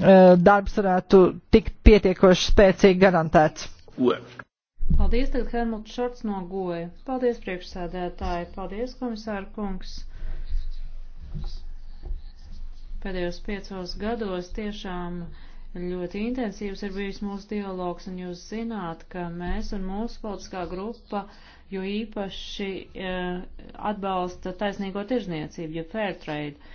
uh, darbs varētu tikt pietiekoši spēcīgi garantēts. Work. Paldies, tagad Helmuts Šorts no Goja. Paldies, priekšsēdētāji. Paldies, komisāra kungs. Pēdējos piecos gados tiešām ļoti intensīvs ir bijis mūsu dialogs, un jūs zināt, ka mēs un mūsu politiskā grupa jo īpaši e, atbalsta taisnīgo tirzniecību, ja fair trade.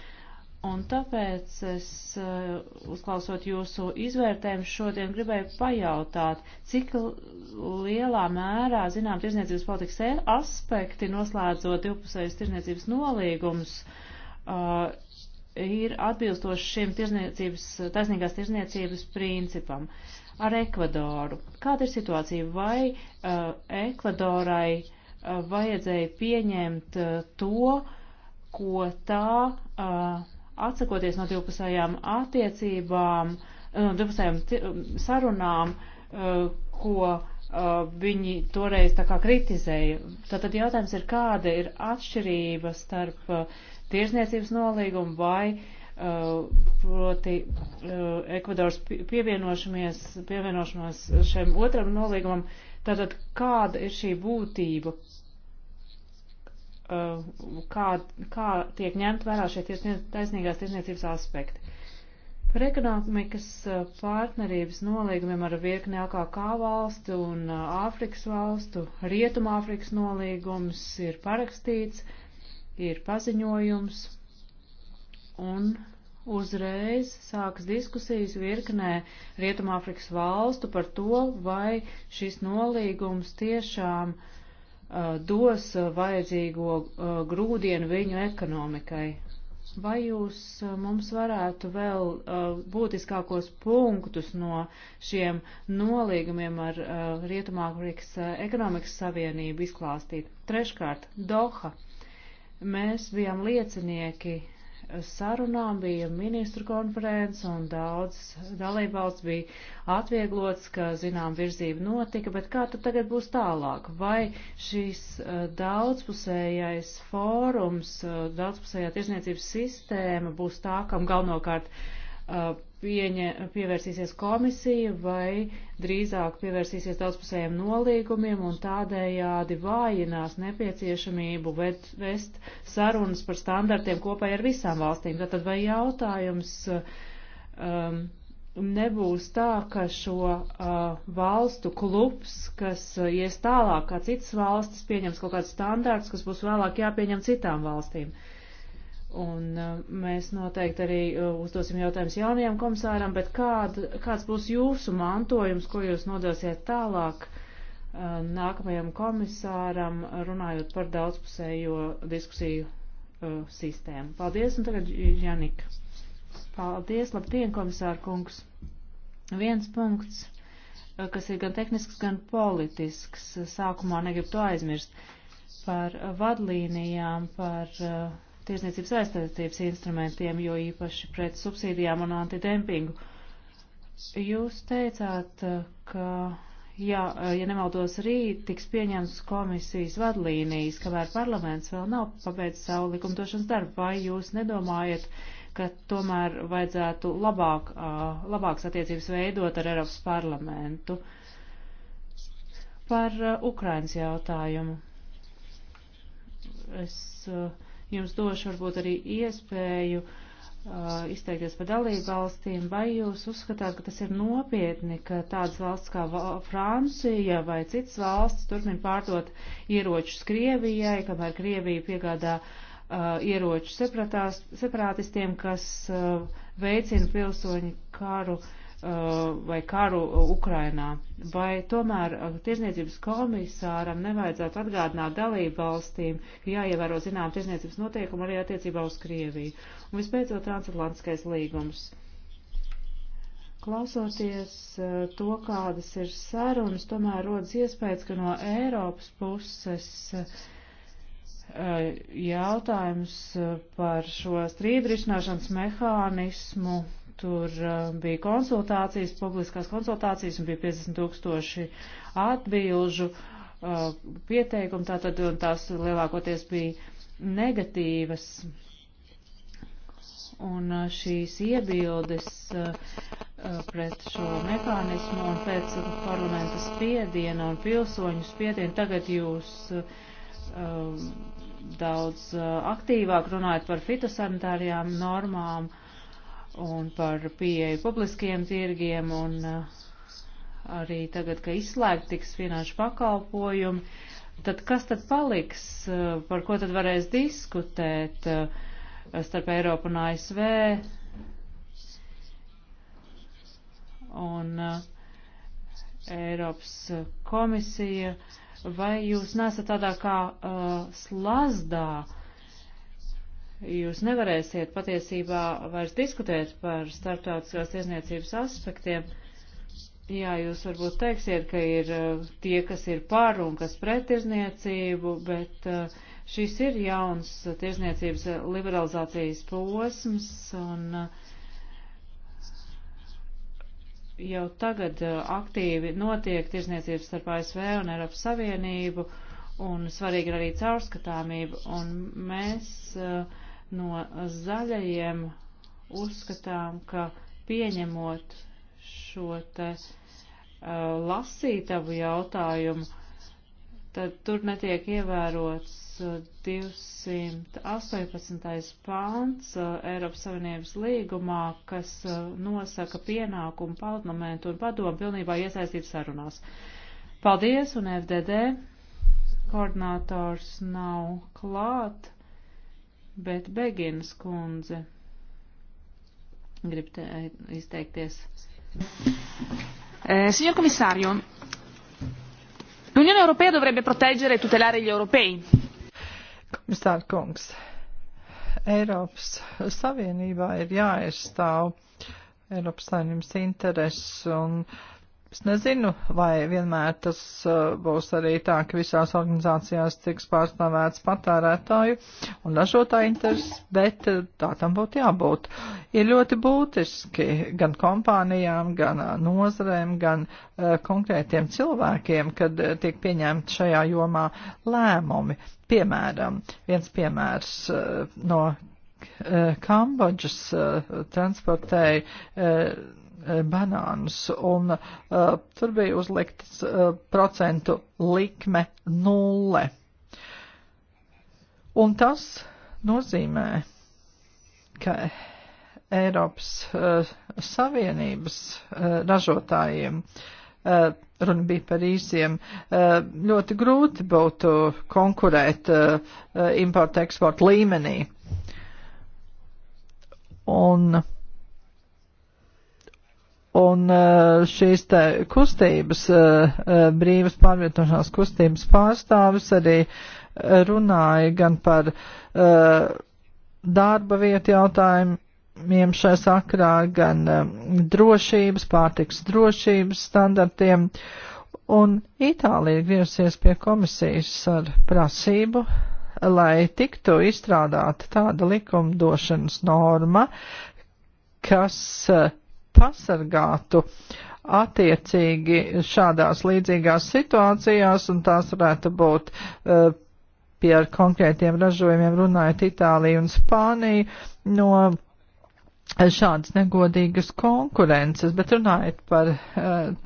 Un tāpēc es, eh, uzklausot jūsu izvērtējumu, šodien gribēju pajautāt, cik lielā mērā, zinām, tirzniecības politikas aspekti, noslēdzot divpusējas tirzniecības nolīgums, uh, eh, ir atbilstoši šim tirzniecības, taisnīgās tirzniecības principam ar Ekvadoru. Kāda ir situācija? Vai uh, Ekvadorai uh, vajadzēja pieņemt uh, to, ko tā. Uh, atsakoties no divpusējām attiecībām, no eh, divpusējām sarunām, eh, ko eh, viņi toreiz tā kā kritizēja. Tātad jautājums ir, kāda ir atšķirība starp tirzniecības nolīgumu vai proti Ekvadors pievienošanos šiem otram nolīgumam. Tātad kāda ir šī būtība, Uh, kā, kā tiek ņemt vērā šie taisnīgās tirsniecības aspekti. Par ekonomikas uh, partnerības nolīgumiem ar virkni AKK valstu un uh, Āfrikas valstu, Rietumāfrikas nolīgums ir parakstīts, ir paziņojums un uzreiz sākas diskusijas virknē Rietumāfrikas valstu par to, vai šis nolīgums tiešām uh, Uh, dos uh, vajadzīgo uh, grūdienu viņu ekonomikai. Vai jūs mums varētu vēl būtiskākos punktus no šiem nolīgumiem ar Rietumāfrikas ekonomikas savienību izklāstīt? Treškārt, Doha. Mēs bijām liecinieki sarunām bija ministru konferences un daudzas dalībvalsts bija atvieglots, ka zinām virzība notika, bet kā tad tagad būs tālāk? Vai šis daudzpusējais fórums, daudzpusējā tirzniecības sistēma būs tā, kam galvenokārt pieņa, pievērsīsies komisija vai drīzāk pievērsīsies daudzpusējiem nolīgumiem un tādējādi vājinās nepieciešamību vest, vest sarunas par standartiem kopēji ar visām valstīm. Tātad vai jautājums um, nebūs tā, ka šo uh, valstu klubs, kas uh, ies tālāk kā citas valstis, pieņems kaut kāds standārts, kas būs vēlāk jāpieņem citām valstīm? Uh, Un uh, mēs noteikti arī uh, uzdosim jautājumus jaunajam komisāram, bet kād, kāds būs jūsu mantojums, ko jūs nodosiet tālāk uh, nākamajam komisāram, runājot par daudzpusējo diskusiju sistēmu? Paldies, un tagad Janika. Paldies, labdien, komisāra kungs. Viens punkts, kas ir gan tehnisks, gan politisks, sākumā negribu to aizmirst, par vadlīnijām, par uh, tiesniecības aizstāvības instrumentiem, jo īpaši pret subsīdijām un antidempingu. Jūs teicāt, uh, ka, ja, uh, ja nemaldos, rīt tiks pieņemts komisijas vadlīnijas, kamēr parlaments vēl nav pabeidzis savu likumdošanas darbu, vai jūs nedomājat, ka tomēr vajadzētu labāk, uh, labāks attiecības veidot ar Eiropas parlamentu par Ukrainas jautājumu? Es uh, jums došu varbūt arī iespēju uh, izteikties par dalību valstīm, vai jūs uzskatāt, ka tas ir nopietni, ka tādas valsts kā Francija vai citas valsts turpina pārdot ieročus Krievijai, kamēr Krievija piegādā uh, ieroču separatistiem, kas uh, veicina pilsoņu karu uh, Uh, vai karu uh, Ukrainā. Vai tomēr uh, tirzniecības komisāram nevajadzētu atgādināt dalību valstīm, ka jāievēro zinām tirzniecības noteikumu arī attiecībā uz Krieviju? Un vispēcot transatlantiskais līgums. Klausoties to, kādas ir sarunas, tomēr rodas iespējas, ka no Eiropas puses jautājums par šo strīdu risināšanas mehānismu Tur uh, bija konsultācijas, publiskās konsultācijas un bija 50 tūkstoši atbilžu uh, pieteikumu, tātad tās lielākoties bija negatīvas. Un uh, šīs iebildes pret šo mehānismu un pēc parlamenta spiediena un pilsoņu spiediena tagad jūs um, daudz aktīvāk runājat par fitosanitārijām normām. Uh, un par pieeju publiskajiem tirgiem un uh, arī tagad, ka izslēgt tiks finanšu pakalpojumi, tad kas tad paliks, uh, par ko tad varēs diskutēt uh, starp Eiropu un ASV? Un Eiropas komisija, vai jūs nesat tādā kā uh, slazdā uh, jūs nevarēsiet patiesībā vairs diskutēt par starptautiskās tiesniecības aspektiem. Jā, jūs varbūt teiksiet, ka ir uh, tie, kas ir par un kas pret tiesniecību, bet uh, šis ir jauns tiesniecības uh, liberalizācijas posms un jau tagad aktīvi notiek tiesniecības starp ASV un Eiropas Savienību un svarīgi ir arī caurskatāmība un mēs uh, No zaļajiem uzskatām, ka pieņemot šo te uh, lasītavu jautājumu, tad tur netiek ievērots 218. pāns uh, Eiropas Savienības līgumā, kas uh, nosaka pienākumu parlamentu un padomu pilnībā iesaistīt sarunās. Paldies, un FDD koordinators nav klāt bet Beginas kundze grib te, eh, izteikties. Eh, signor komisārio, l'Unione Europea dovrebbe proteggere e tutelare gli europei. Komisār kungs, Eiropas Savienībā ir jāaizstāv Eiropas Savienības intereses un uh, Es nezinu, vai vienmēr tas uh, būs arī tā, ka visās organizācijās tiks pārstāvēts patērētāju un ražotāju intereses, bet uh, tā tam būtu jābūt. Ir ļoti būtiski gan kompānijām, gan uh, nozarēm, gan konkrētiem cilvēkiem, kad tiek pieņemti šajā jomā lēmumi. Piemēram, viens piemērs no Kambodžas transportēja E, banānus, un uh, tur bija uzlikts uh, e, procentu likme nulle. Un tas nozīmē, ka Eiropas uh, Savienības uh, ražotājiem uh, runa bija par īsiem, ļoti grūti būtu konkurēt importu eksportu līmenī. Un uh, Un e, šīs te kustības, e, e, brīvas pārvietošanās kustības pārstāvis arī runāja gan par darba vietu jautājumiem šai sakrā, gan drošības, pārtiks drošības standartiem. Un Itālija griezusies pie komisijas ar prasību, lai tiktu izstrādāta tāda likumdošanas norma, kas uh, pasargātu attiecīgi šādās līdzīgās situācijās, un tās varētu būt uh, pie ar konkrētiem ražojumiem runājot Itāliju un Spāniju no šādas negodīgas konkurences, bet runājot par uh,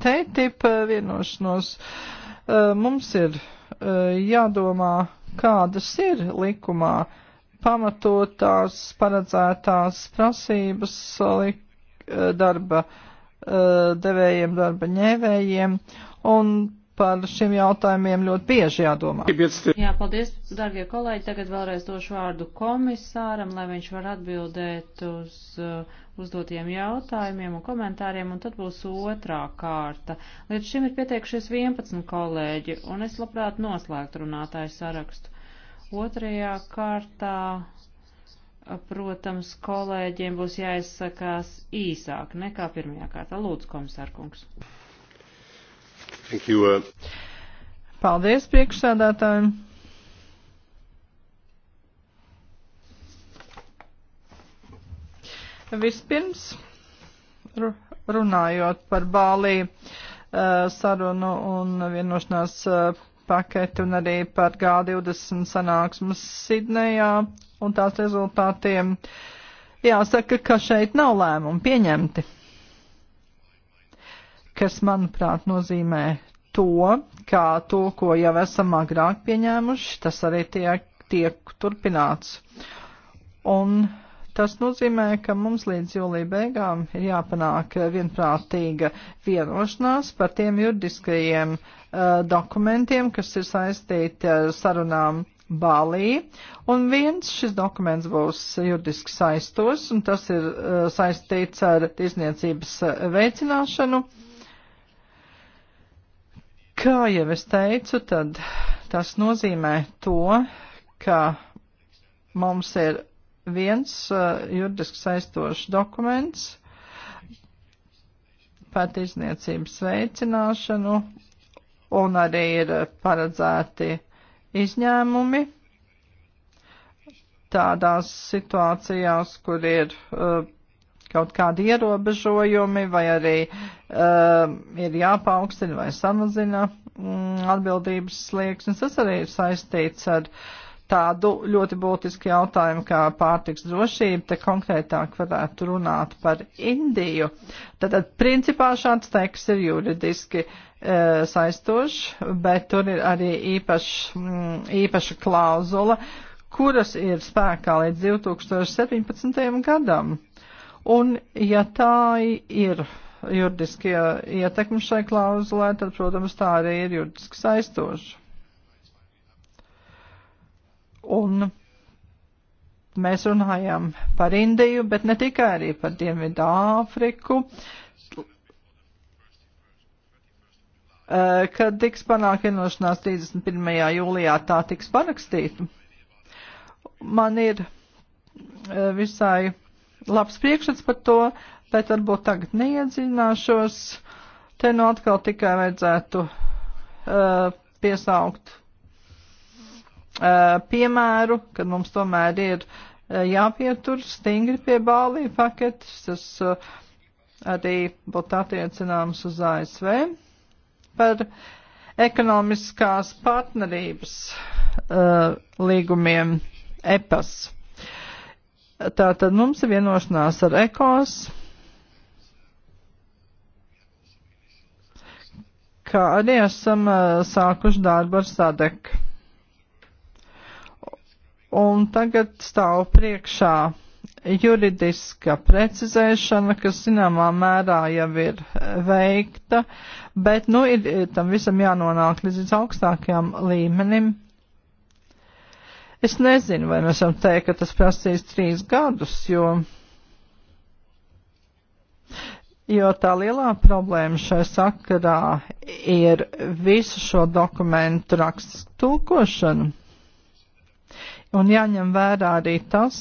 TTIP vienošanos, uh, mums ir jādomā, kādas ir likumā pamatotās paredzētās prasības lik Eh, darba eh, devējiem, darba ņēvējiem, un par šiem jautājumiem ļoti bieži jādomā. Jā, paldies, darbie kolēģi. Tagad vēlreiz došu vārdu komisāram, lai viņš var atbildēt uz eh, uzdotiem jautājumiem un komentāriem, un tad būs otrā kārta. Līdz šim ir pieteikušies 11 kolēģi, un es labprāt noslēgtu runātāju sarakstu. Otrajā kārtā Protams, kolēģiem būs jāizsakās īsāk nekā pirmajā kārtā. Lūdzu, komisārkungs. Thank you. Uh... Paldies priekšsēdētājiem. Vispirms, runājot par Bālī uh, sarunu un vienošanās uh, paketi un arī par G20 sanāksmes Sidnejā un tās rezultātiem. Jāsaka, ka šeit nav lēmumi pieņemti, kas, manuprāt, nozīmē to, kā to, ko jau esam agrāk pieņēmuši, tas arī tiek, tiek turpināts. Un Tas nozīmē, ka mums līdz jūlija beigām ir jāpanāk vienprātīga vienošanās par tiem juridiskajiem uh, dokumentiem, kas ir saistīti ar sarunām Bālī, un viens šis dokuments būs juridiski saistos, un tas ir uh, saistīts ar tirzniecības veicināšanu. Kā jau es teicu, tad tas nozīmē to, ka mums ir viens uh, juridiski saistošs dokuments par izniecības veicināšanu un arī ir paredzēti izņēmumi tādās situācijās, kur ir uh, kaut kādi ierobežojumi vai arī uh, ir jāpaukstina vai samazina mm, atbildības slieksnis. Tas arī ir saistīts ar uh, tādu ļoti būtisku jautājumu kā pārtiks drošība, te konkrētāk varētu runāt par Indiju. Tātad, principā šāds teksts ir juridiski e, saistošs, bet tur ir arī īpaš, m, mm, īpaša klauzula, kuras ir spēkā līdz 2017. gadam. Un, ja tā ir juridiskie ietekmi šai klauzulē, tad, protams, tā arī ir juridiski saistoša. Un mēs runājam par Indiju, bet ne tikai arī par Dienvidu Āfriku, eh, kad tiks panākt vienošanās 31. jūlijā, tā tiks parakstīta. Man ir eh, visai labs priekšstats par to, bet varbūt tagad neiedziļināšos. Te nu no atkal tikai vajadzētu uh, piesaukt piemēru, kad mums tomēr ir jāpietur stingri pie bālī paketes. Tas arī būtu attiecināms uz ASV par ekonomiskās partnerības līgumiem EPAS. Tātad mums ir vienošanās ar ECOS, kā arī esam sākuši darbu ar SADEKu un tagad stāv priekšā juridiska precizēšana, kas zināmā mērā jau ir veikta, bet nu ir tam visam jānonāk līdz augstākajam līmenim. Es nezinu, vai mēs varam teikt, ka tas prasīs trīs gadus, jo, jo tā lielā problēma šai sakarā ir visu šo dokumentu raksts tulkošana. Un jāņem vērā arī tas,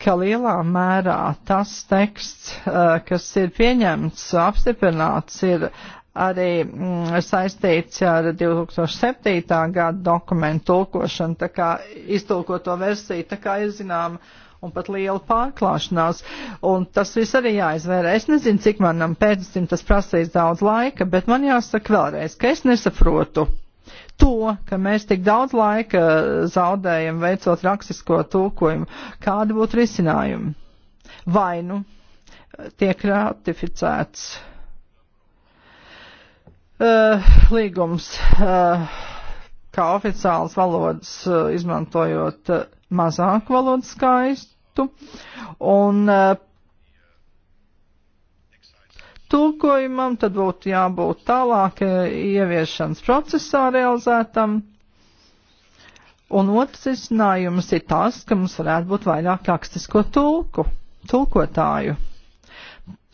ka lielā mērā tas teksts, eh, kas ir pieņemts, apstiprināts, ir arī mm, saistīts ar 2007. gada dokumentu tulkošanu, tā kā iztulkoto versiju, tā kā ir zinām, un pat liela pārklāšanās, un tas viss arī jāizvērē. Es nezinu, cik manam pēcim tas prasīs daudz laika, bet man jāsaka vēlreiz, ka es nesaprotu to, ka mēs tik daudz laika zaudējam veicot rakstisko tulkojumu, kāda būtu risinājuma? Vai nu tiek ratificēts uh, līgums uh, kā oficiāls valodas, uh, izmantojot uh, mazāku valodas skaistu, un uh, tulkojumam, tad būtu jābūt tālāk ieviešanas procesā realizētam. Un otrs izcinājums ir tas, ka mums varētu būt vairāk rakstisko tulku, tulkotāju.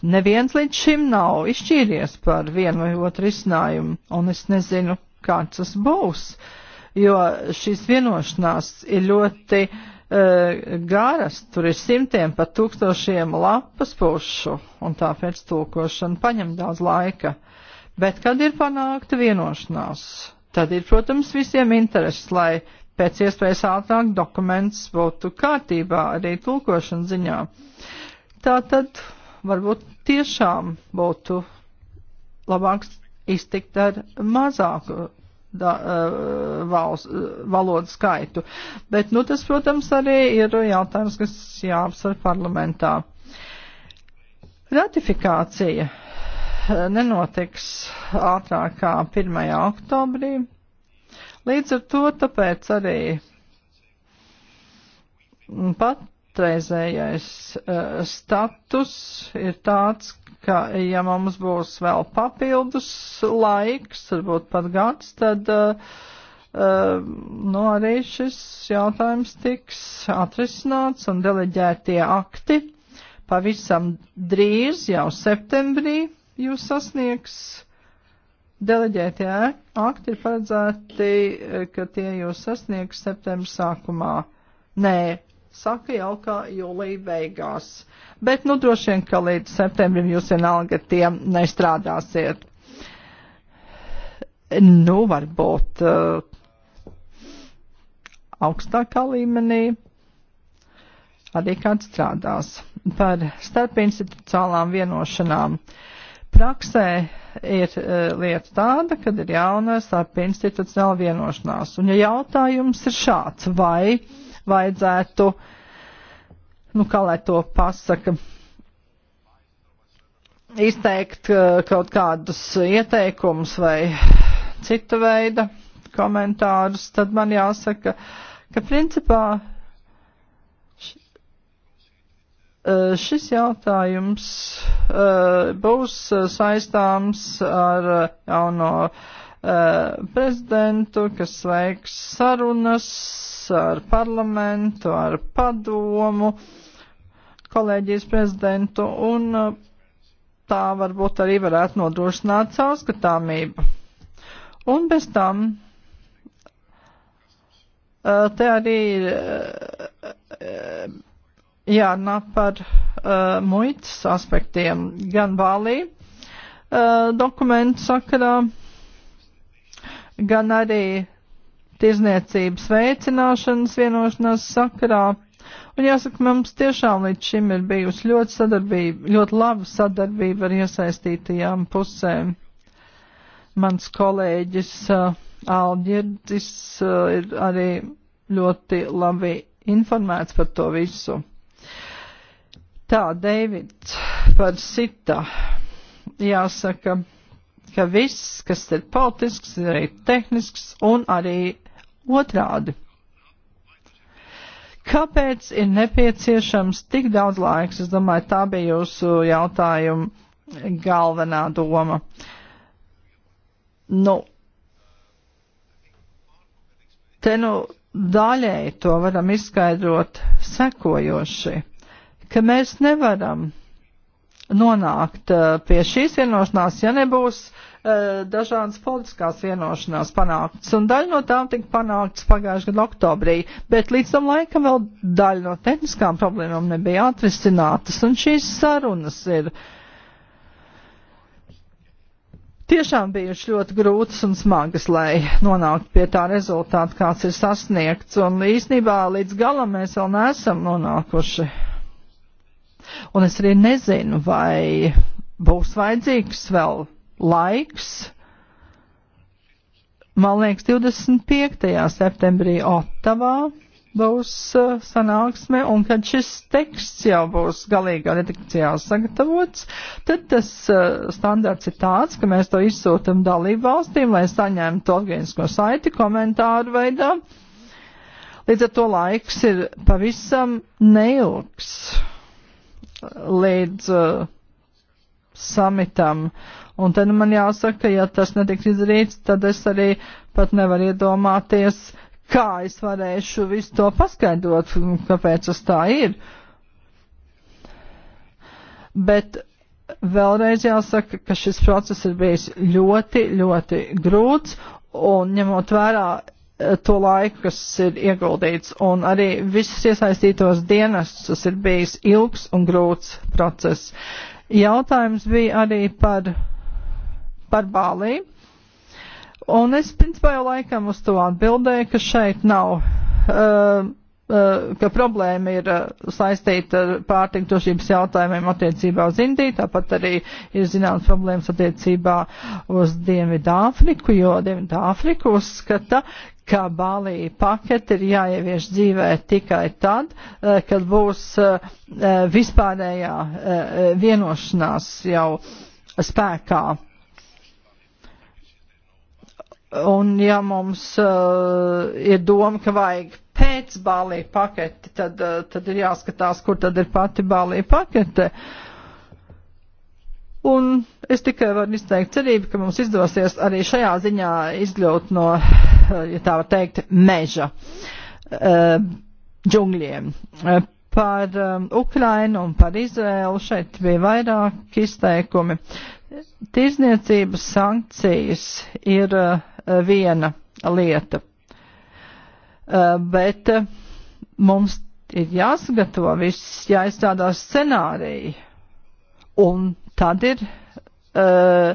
Neviens līdz šim nav izšķīries par vienu vai otru izcinājumu, un es nezinu, kāds tas būs, jo šīs vienošanās ir ļoti uh, Eh, garas, tur ir simtiem pat tūkstošiem lapas pušu, un tāpēc tulkošana paņem daudz laika. Bet, kad ir panākta vienošanās, tad ir, protams, visiem intereses, lai pēc iespējas ātrāk dokuments būtu kārtībā arī tulkošana ziņā. Tā tad varbūt tiešām būtu labāks iztikt ar mazāku da, e, valsts, e, valodu skaitu. Bet, nu, tas, protams, arī ir jautājums, kas jāapsver parlamentā. Ratifikācija e, nenotiks ātrāk kā 1. oktobrī. Līdz ar to tāpēc arī patreizējais uh, status ir tāds, ka, ja mums būs vēl papildus laiks, varbūt pat gads, tad, uh, uh, nu, arī šis jautājums tiks atrisināts un deleģētie akti pavisam drīz, jau septembrī, jūs sasniegs. Deleģētie akti ir paredzēti, ka tie jūs sasniegs septembra sākumā. Nē, saka jau, ka jūlija beigās. Bet, nu, droši vien, ka līdz septembrim jūs vienalga tiem nestrādāsiet. Nu, varbūt uh, augstākā līmenī arī kāds strādās par starpinstitucionālām vienošanām. Praksē ir uh, lieta tāda, kad ir jauna starpinstitucionāla vienošanās. Un ja jautājums ir šāds, vai uh, vajadzētu, nu kā lai to pasaka, izteikt eh, kaut kādus ieteikumus vai citu veidu komentārus, tad man jāsaka, ka principā eh, šis jautājums eh, būs saistāms ar jauno. No Eh, prezidentu, kas veiks sarunas ar parlamentu, ar padomu, kolēģijas prezidentu, un eh, tā varbūt arī varētu nodrošināt caurskatāmību. Un bez tam eh, te arī jārunā par muitas aspektiem gan Bālī dokumentu sakarā gan arī tirzniecības veicināšanas vienošanās sakarā. Un jāsaka, mums tiešām līdz šim ir bijusi ļoti sadarbība, ļoti laba sadarbība ar iesaistītajām pusēm. Mans kolēģis uh, Alģerdis uh, ir arī ļoti labi informēts par to visu. Tā, Deivids, par sita jāsaka ka viss, kas ir politisks, ir arī tehnisks un arī otrādi. Kāpēc ir nepieciešams tik daudz laiks? Es domāju, tā bija jūsu jautājuma galvenā doma. Nu, te nu daļēji to varam izskaidrot sekojoši, ka mēs nevaram nonākt eh, pie šīs vienošanās, ja nebūs eh, dažādas politiskās vienošanās panāktas. Un daļa no tām tika panāktas pagājušā gada oktobrī, bet līdz tam laikam vēl daļa no tehniskām problēmām nebija atrisinātas. Un šīs sarunas ir tiešām bijušas ļoti grūtas un smagas, lai nonāktu pie tā rezultāta, kāds ir sasniegts. Un īsnībā līdz galam mēs vēl neesam nonākuši un es arī nezinu, vai būs vajadzīgs vēl laiks. Man liekas, 25. septembrī Ottavā būs uh, sanāksme, un kad šis teksts jau būs galīgā redakcijā sagatavots, tad tas uh, standarts ir tāds, ka mēs to izsūtam dalību valstīm, lai saņemtu organisko saiti komentāru veidā. Līdz ar to laiks ir pavisam neilgs līdz uh, samitam. Un tad man jāsaka, ja tas netiks izdarīts, tad es arī pat nevaru iedomāties, kā es varēšu visu to paskaidrot, kāpēc tas tā ir. Bet vēlreiz jāsaka, ka šis process ir bijis ļoti, ļoti grūts un ņemot vērā to laiku, kas ir ieguldīts, un arī visus iesaistītos dienestus, tas ir bijis ilgs un grūts process. Jautājums bija arī par, par Bālī, un es principā jau laikam uz to atbildēju, ka šeit nav, uh, uh, ka problēma ir uh, saistīta ar pārtiktošības jautājumiem attiecībā uz Indiju, tāpat arī ir zināmas problēmas attiecībā uz Dienvidāfriku, jo Dienvidāfriku uzskata, ka Balija paketi ir jāievieš dzīvē tikai tad, eh, kad būs eh, eh, vispārējā vienošanās jau spēkā. Un ja mums uh, ir doma, ka vajag pēc Balija paketi, tad, uh, tad ir jāskatās, kur tad ir pati Balija pakete. Uh, Un es tikai varu izteikt cerību, ka mums izdosies arī šajā ziņā izkļūt no ja tā var teikt, meža eh, džungļiem. Eh, par eh, Ukrainu un par Izrēlu šeit bija vairāk izteikumi. Tirzniecības sankcijas ir viena lieta, bet mums ir jāsagatavo viss, jāizstrādā scenāriji, un tad ir uh,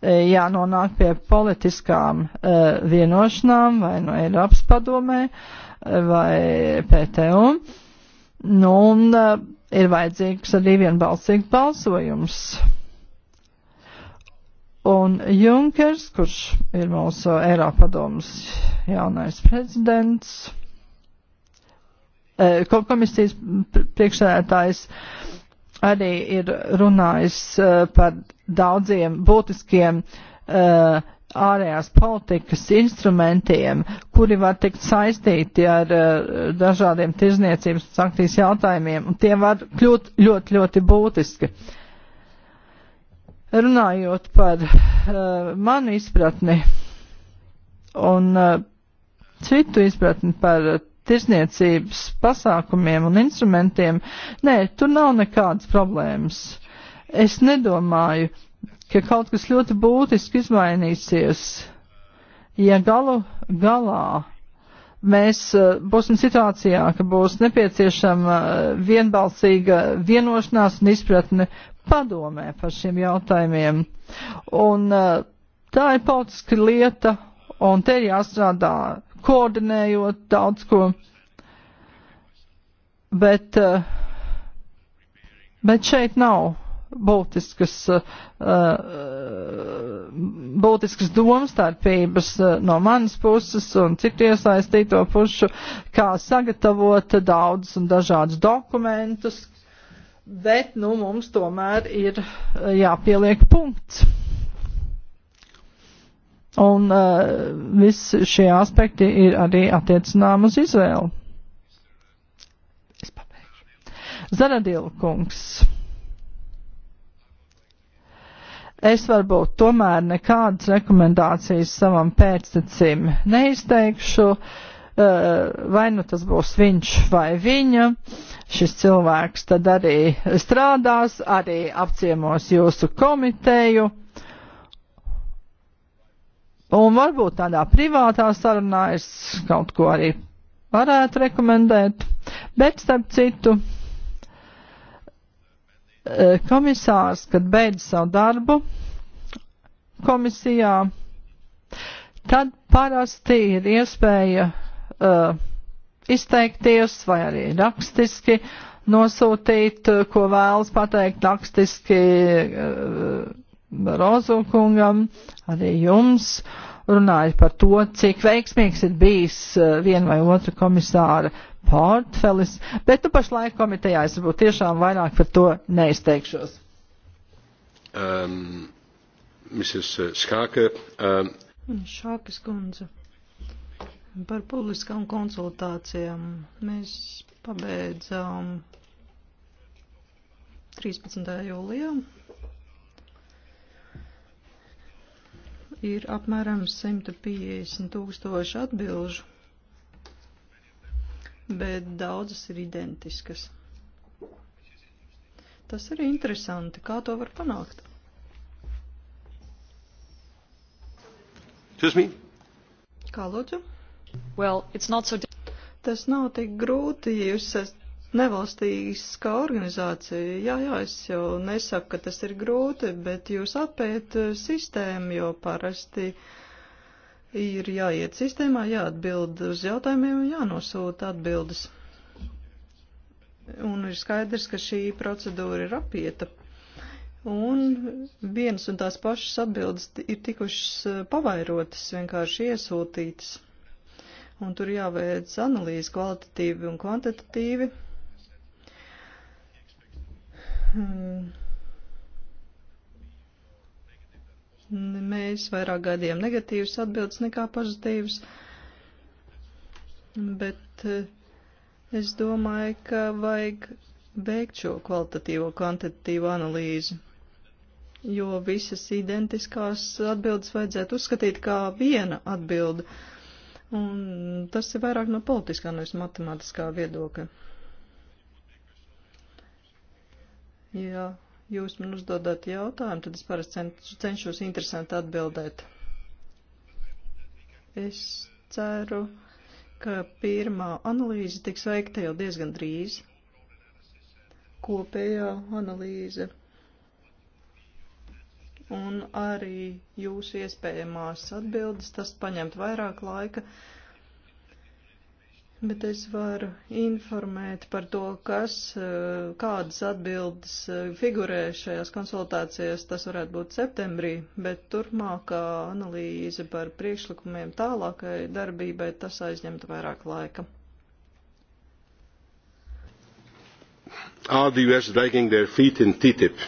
E, jānonāk pie politiskām e, vienošanām vai no Eiropas padomē e, vai PTU. Nu, un ir vajadzīgs arī vienbalsīgs balsojums. Un Junkers, kurš ir mūsu Eiropa padomas jaunais prezidents, komisijas priekšsēdētājs arī ir runājis eh, par daudziem būtiskiem eh, ārējās politikas instrumentiem, kuri var tikt saistīti ar eh, dažādiem tirzniecības sankcijas jautājumiem, un tie var kļūt ļoti, ļoti būtiski. Runājot par uh, manu izpratni un uh, citu izpratni par tirzniecības pasākumiem un instrumentiem, nē, tur nav nekādas problēmas. Es nedomāju, ka kaut kas ļoti būtiski izmainīsies, ja galu galā mēs eh, būsim situācijā, ka būs nepieciešama eh, vienbalsīga vienošanās un izpratne padomē par šiem jautājumiem. Un eh, tā ir politiska lieta, un te ir jāstrādā koordinējot daudz ko. Bet, eh, bet šeit nav būtiskas, eh, būtiskas domstarpības eh, no manas puses un citu iesaistīto pušu, kā sagatavot daudz un dažādus dokumentus, bet, nu, mums tomēr ir jāpieliek punkts. Un uh, eh, viss šie aspekti ir arī attiecinām uz Izraelu. Es pabeigšu. Zanadilkungs. Es varbūt tomēr nekādas rekomendācijas savam pēctecim neizteikšu, uh, vai nu tas būs viņš vai viņa. Šis cilvēks tad arī strādās, arī apciemos jūsu komiteju Un varbūt tādā privātā sarunā es kaut ko arī varētu rekomendēt. Bet, starp citu, e, komisārs, kad beidz savu darbu komisijā, tad parasti ir iespēja uh, izteikties vai arī rakstiski nosūtīt, ko vēlas pateikt rakstiski. Uh, Barozo kungam, arī jums, runājot par to, cik veiksmīgs ir bijis eh, viena vai otra komisāra portfelis, bet nu pašlaik komitejā es varbūt tiešām vairāk par to neizteikšos. Um, Mrs. Skāke. Eh, um. Šākas kundze. Par publiskām konsultācijām mēs pabeidzām 13. jūlijā ir apmēram 150 tūkstoši atbilžu, bet daudzas ir identiskas. Tas ir interesanti, kā to var panākt. Excuse me? Kā lūdzu? Well, it's not so... Tas nav tik grūti, ja jūs esat Nevalstīskā organizācija, jā, jā, es jau nesaku, ka tas ir grūti, bet jūs apēt eh, sistēmu, jo parasti ir jāiet sistēmā, jāatbild uz jautājumiem un jānosūta atbildes. Un ir skaidrs, ka šī procedūra ir apieta. Un vienas un tās pašas atbildes ir tikušas eh, pavairotas, vienkārši iesūtītas. Un tur jāveic analīze kvalitatīvi un kvantitatīvi Hmm. Mēs vairāk gaidījām negatīvas atbildes nekā pozitīvas, bet eh, es domāju, ka vajag veikt šo kvalitatīvo, kvantitatīvo analīzi, jo visas identiskās atbildes vajadzētu uzskatīt kā viena atbilde, un tas ir vairāk no politiskā, nevis matemātiskā viedokļa. Ja jūs man uzdodat jautājumu, tad es parasti cenšos interesanti atbildēt. Es ceru, ka pirmā analīze tiks veikta jau diezgan drīz. Kopējā analīze. Un arī jūsu iespējamās atbildes, tas paņemt vairāk laika, uh, Bet es varu informēt par to, kas, eh, kādas atbildes eh, figurē šajās konsultācijās, tas varētu būt septembrī, bet turpmākā analīze par priekšlikumiem tālākai darbībai tas aizņemtu vairāk laika. Are the US dragging their feet in TTIP?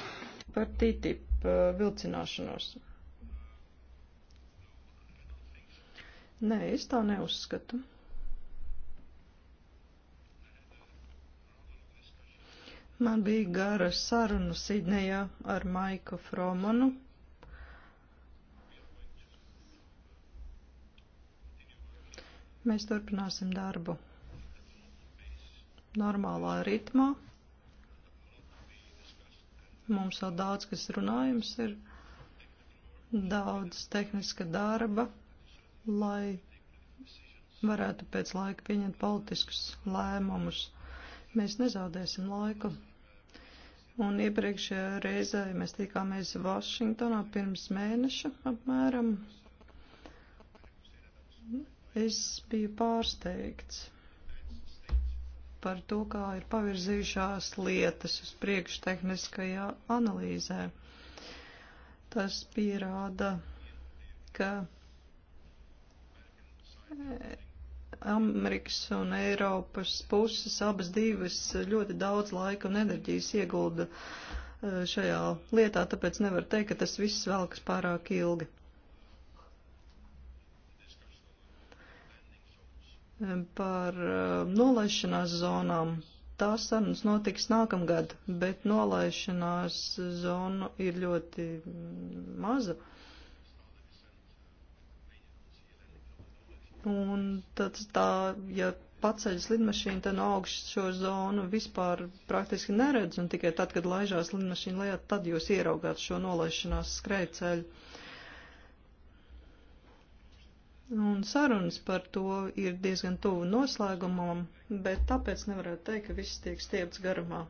Par TTIP eh, vilcināšanos. Nē, es tā neuzskatu. Man bija gara saruna Sidnejā ar Maiku Fromanu. Mēs turpināsim darbu normālā ritmā. Mums vēl daudz, kas runājums ir, daudz tehniska darba, lai varētu pēc laika pieņemt politiskus lēmumus. Mēs nezaudēsim laiku. Un iepriekšējā reizē mēs tikāmies Vašingtonā pirms mēneša apmēram. Es biju pārsteigts par to, kā ir pavirzījušās lietas uz priekšu tehniskajā analīzē. Tas pierāda, ka Amerikas un Eiropas puses abas divas eh, ļoti daudz laika un enerģijas iegulda eh, šajā lietā, tāpēc nevar teikt, ka tas viss velkas pārāk ilgi. Eh, par nolaišanās zonām tās sarunas notiks nākamgad, bet nolaišanās zonu ir ļoti mm, maza. Uh, Un tad tā, ja paceļas lidmašīna, tad no augšas šo zonu vispār praktiski neredz, un tikai tad, kad laižās lidmašīna lejā, tad jūs ieraugāt šo nolaišanās skrejceļu. Un sarunas par to ir diezgan tuvu noslēgumam, bet tāpēc nevarētu teikt, ka viss tiek stiepts garumā.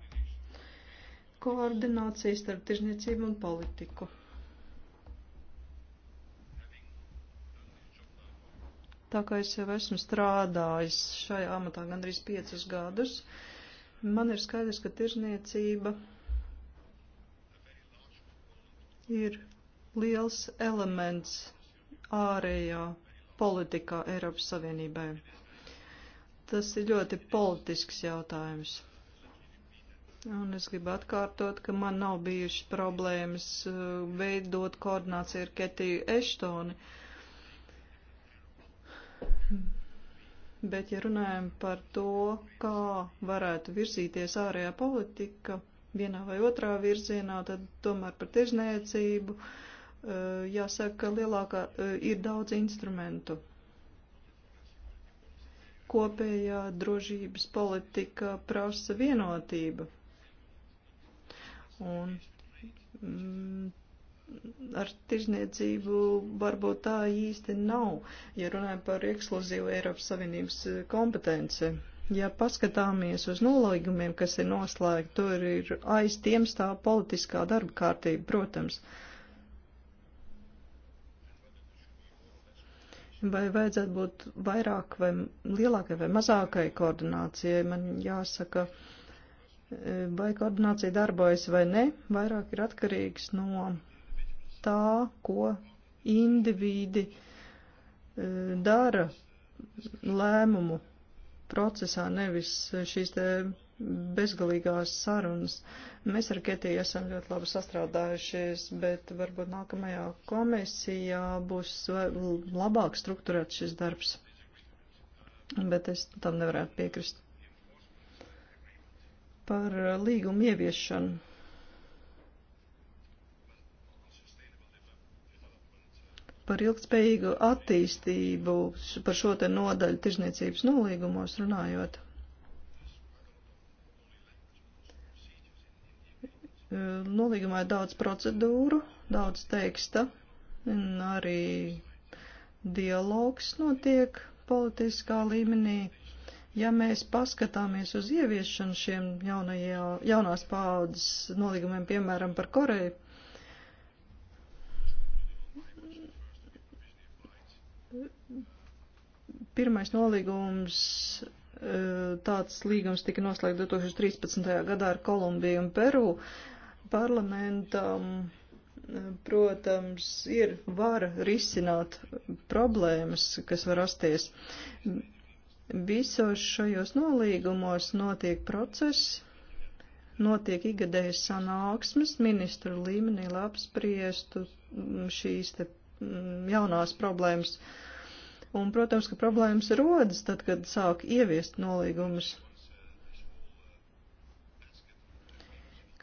Koordinācija starp tirzniecību un politiku. tā kā es jau esmu strādājis šajā amatā gandrīz piecus gadus, man ir skaidrs, ka tirzniecība ir liels elements ārējā politikā Eiropas Savienībai. Tas ir ļoti politisks jautājums. Un es gribu atkārtot, ka man nav bijušas problēmas uh, veidot koordināciju ar Ketiju Eštoni. Uh, Bet, ja runājam par to, kā varētu virzīties ārējā politika vienā vai otrā virzienā, tad tomēr par tirzniecību eh, jāsaka, ka lielākā eh, ir daudz instrumentu. Kopējā drošības politika prasa vienotība. Un mm, ar tirzniecību varbūt tā īsti nav, ja runājam par ekskluzīvu Eiropas Savienības kompetenci. Ja paskatāmies uz nolīgumiem, kas ir noslēgti, tur ir aiz tiem stāv politiskā darba kārtība, protams. Vai vajadzētu būt vairāk vai lielākai vai mazākai koordinācijai? Man jāsaka, vai koordinācija darbojas vai ne, vairāk ir atkarīgs no tā, ko indivīdi e, dara lēmumu procesā, nevis šīs te bezgalīgās sarunas. Mēs ar Ketiju esam ļoti labi sastrādājušies, bet varbūt nākamajā komisijā būs labāk strukturēts šis darbs. Bet es tam nevarētu piekrist. Par līgumu ieviešanu par ilgspējīgu attīstību, par šo te nodaļu tirzniecības nolīgumos runājot. E, nolīgumā ir daudz procedūru, daudz teksta, un arī dialogs notiek politiskā līmenī. Ja mēs paskatāmies uz ieviešanu šiem jaunajā, jaunās paaudzes nolīgumiem, piemēram, par Koreju, Pirmais nolīgums, e, tāds līgums tika noslēgts 2013. gadā ar Kolumbiju un Peru. Parlamentam, e, protams, ir vara risināt problēmas, kas var rasties. Visos šajos nolīgumos notiek process, notiek igadējas sanāksmes ministru līmenī, lai apspriestu šīs te Mm, jaunās problēmas. Un, protams, ka problēmas rodas tad, kad sāk ieviest nolīgumus.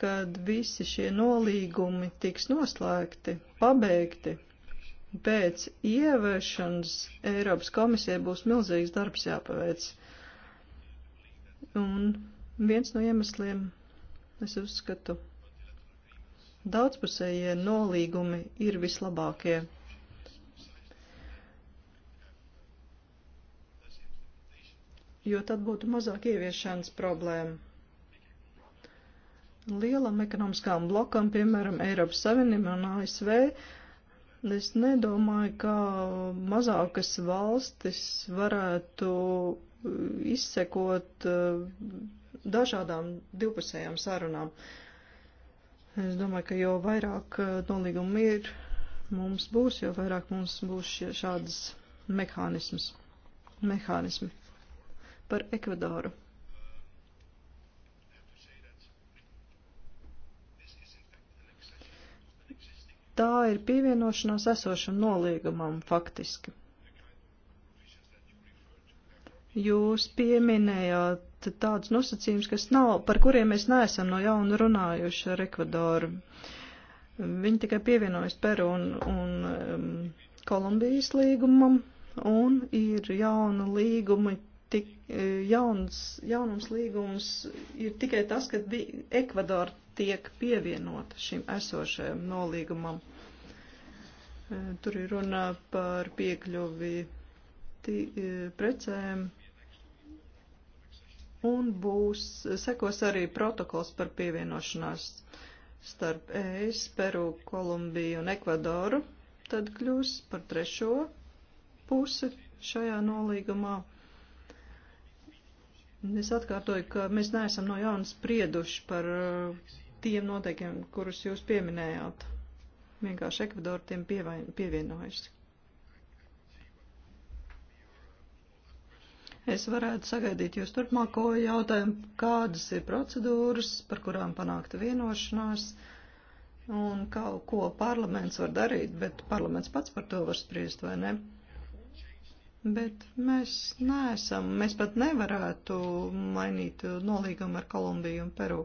Kad visi šie nolīgumi tiks noslēgti, pabeigti, pēc ievēršanas Eiropas komisijai būs milzīgs darbs jāpaveic. Un viens no iemesliem, es uzskatu, daudzpusējie nolīgumi ir vislabākie. jo tad būtu mazāk ieviešanas problēma. Lielam ekonomiskām blokam, piemēram, Eiropas Savienība un ASV, es nedomāju, ka mazākas valstis varētu izsekot eh, dažādām divpusējām sarunām. Es domāju, ka jo vairāk eh, nolīgumu ir, mums būs, jo vairāk mums būs šādas mehānismas, mehānismi par Ekvadoru. Tā ir pievienošanās esošam nolīgumam faktiski. Jūs pieminējāt tādus nosacījumus, kas nav, par kuriem mēs neesam no jauna runājuši ar Ekvadoru. Viņi tikai pievienojas Peru un, un um, Kolumbijas līgumam, un ir jauna līguma tik, e, jauns, jaunums līgums ir tikai tas, ka Ekvadora tiek pievienota šim esošajam nolīgumam. E, tur ir runa par piekļuvi tī, e, precēm un būs, sekos arī protokols par pievienošanās starp ES, Peru, Kolumbiju un Ekvadoru, tad kļūs par trešo pusi šajā nolīgumā. Es atkārtoju, ka mēs neesam no jauna sprieduši par uh, tiem noteikiem, kurus jūs pieminējāt. Vienkārši Ekvadora tiem pievienojas. Es varētu sagaidīt jūs turpmāko jautājumu, kādas ir procedūras, par kurām panākta vienošanās un kā, ko parlaments var darīt, bet parlaments pats par to var spriest, vai ne? Bet mēs neesam, mēs pat nevarētu mainīt nolīgumu ar Kolumbiju un Peru.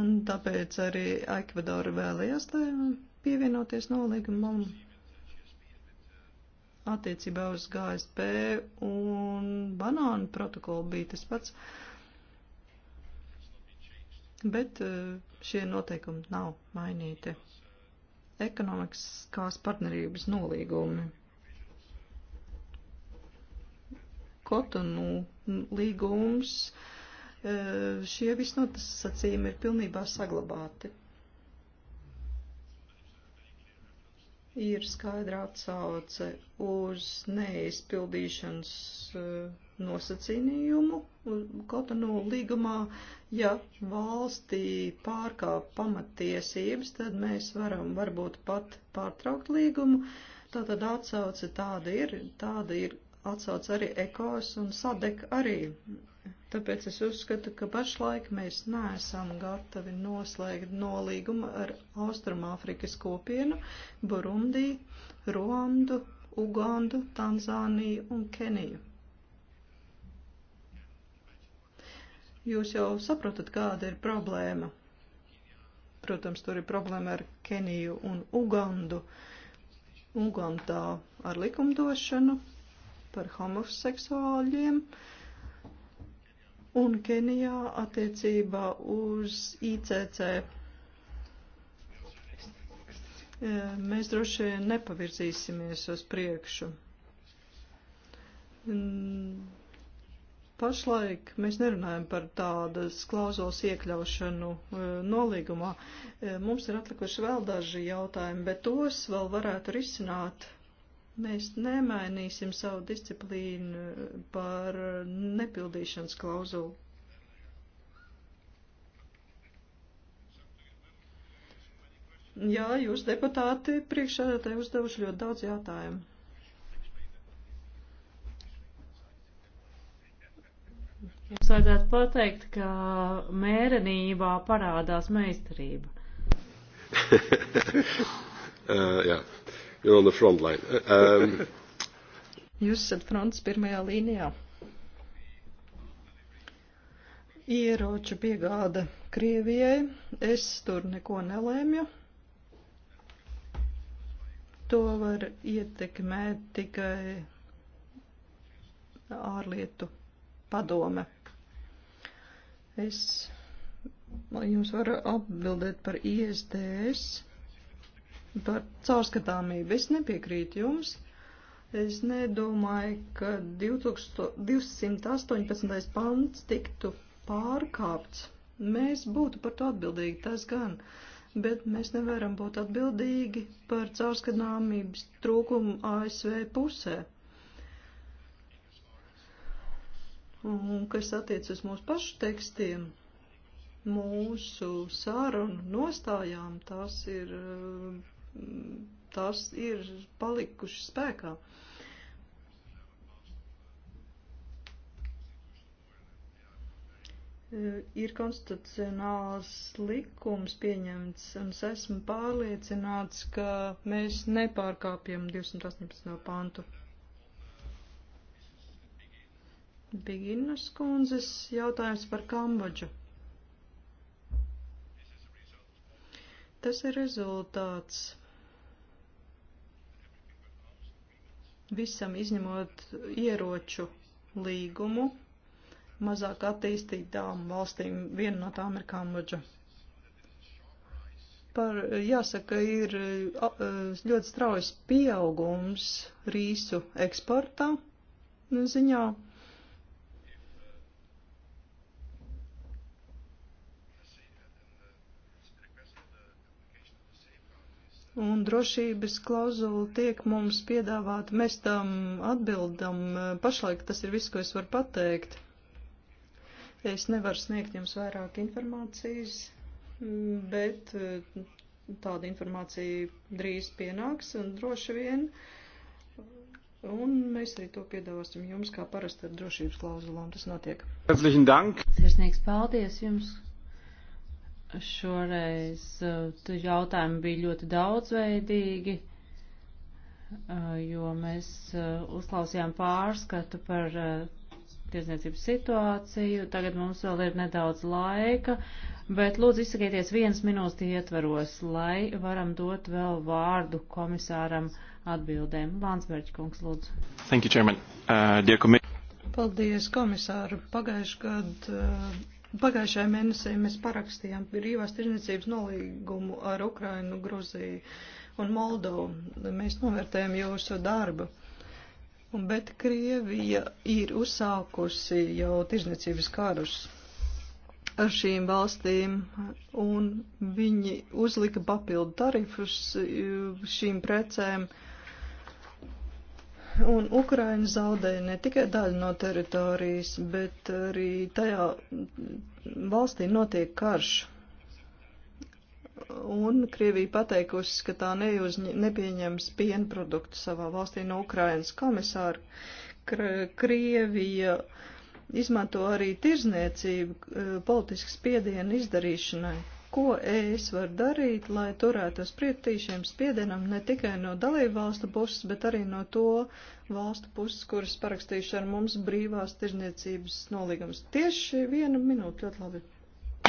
Un tāpēc arī Ekvadora vēlējās pievienoties nolīgumam attiecībā uz GSP un banānu protokolu bija tas pats. Bet eh, šie noteikumi nav mainīti. Ekonomikas partnerības nolīgumi Kotonu līgums, e, šie visnotasacījumi ir pilnībā saglabāti. Ir skaidra atsauce uz neizpildīšanas e, nosacījumu Kotonu līgumā. Ja valstī pārkāp pamatiesības, tad mēs varam varbūt pat pārtraukt līgumu. Tātad atsauce tāda ir, tāda ir atsauc arī ekos un sadek arī. Tāpēc es uzskatu, ka pašlaik mēs neesam gatavi noslēgt nolīgumu ar Austrumāfrikas kopienu, Burundi, Ruandu, Ugandu, Tanzāniju un Keniju. Jūs jau saprotat, kāda ir problēma. Protams, tur ir problēma ar Keniju un Ugandu. Ugandā ar likumdošanu, par homoseksuāļiem un Kenijā attiecībā uz ICC. E, mēs droši vien nepavirzīsimies uz priekšu. Pašlaik mēs nerunājam par tādas klauzulas iekļaušanu e, nolīgumā. E, mums ir atlikuši vēl daži jautājumi, bet tos vēl varētu risināt Mēs nemainīsim savu disciplīnu par nepildīšanas klauzulu. Jā, jūs deputāti priekšsēdētāji uzdevuši ļoti daudz jautājumu. Jums vajadzētu pateikt, ka mērenībā parādās meistarība. uh, jā. Yeah. You're on the front line. Uh, um, Jūs esat fronts pirmajā līnijā. Ieroču piegāda Krievijai. Es tur neko nelēmju. To var ietekmēt tikai ārlietu padome. Es jums varu atbildēt par ISDS. Par caurskatāmību es nepiekrītu jums. Es nedomāju, ka 2000, 218. pants tiktu pārkāpts. Mēs būtu par to atbildīgi, tas gan, bet mēs nevaram būt atbildīgi par caurskatāmības trūkumu ASV pusē. Un kas attiec uz mūsu pašu tekstiem, mūsu sārunu nostājām, tās ir Mm, tās ir palikušas spēkā. E, ir konstitucionāls likums pieņemts, un es esmu pārliecināts, ka mēs nepārkāpjam 218. pantu. Biginas kundzes jautājums par Kambodžu. Tas ir rezultāts visam izņemot ieroču līgumu mazāk attīstītām valstīm, viena no tām ir Kambodža. Par, jāsaka, ir ļoti straujas pieaugums rīsu eksportā ziņā. un drošības klauzula tiek mums piedāvāta. Mēs tam atbildam. Pašlaik tas ir viss, ko es varu pateikt. Es nevaru sniegt jums vairāk informācijas, bet mm, tāda informācija drīz pienāks un droši vien. Un mēs arī to piedāvāsim jums, kā parasti ar drošības klauzulām tas notiek. Herzlichen Dank! Sirsnīgs paldies jums! Šoreiz uh, tu jautājumi bija ļoti daudzveidīgi, uh, jo mēs uh, uzklausījām pārskatu par tiesniecības situāciju. Tagad mums vēl ir nedaudz laika, bet lūdzu izsakieties viens minūtes ietveros, lai varam dot vēl vārdu komisāram atbildēm. Lānsberģi kungs, lūdzu. Thank you, Chairman. Uh, Paldies, komisāru. Pagājuši gadu. Uh, Pagājušajā mēnesī mēs parakstījām brīvās tirdzniecības nolīgumu ar Ukrainu, Gruziju un Moldovu. Mēs novērtējam jūsu darbu. Bet Krievija ir uzsākusi jau tirdzniecības karus ar šīm valstīm, un viņi uzlika papildu tarifus e, šīm precēm. Uh, Un Ukraina zaudēja ne tikai daļu no teritorijas, bet arī tajā valstī notiek karš. Un Krievija pateikusi, ka tā neuzņ, nepieņems pienproduktu savā valstī no Ukrainas komisāra. Krievija izmanto arī tirzniecību eh, politiskas piedienu izdarīšanai ko es varu darīt, lai turētos pretī šiem spiedienam ne tikai no dalību valstu puses, bet arī no to valstu puses, kuras parakstījuši ar mums brīvās tirzniecības nolīgumus. Tieši viena minūte ļoti labi.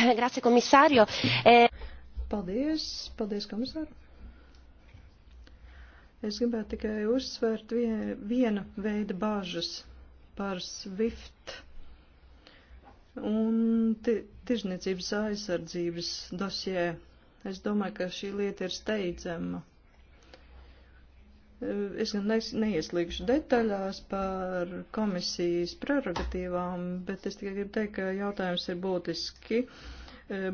Eh, grazie, komisārio. Eh, paldies, paldies, komisāri. Es gribētu tikai uzsvērt viena veida bāžas par SWIFT un tirzniecības aizsardzības dosjē. Es domāju, ka šī lieta ir steidzama. Es gan neieslīgšu detaļās par komisijas prerogatīvām, bet es tikai gribu teikt, ka jautājums ir būtiski.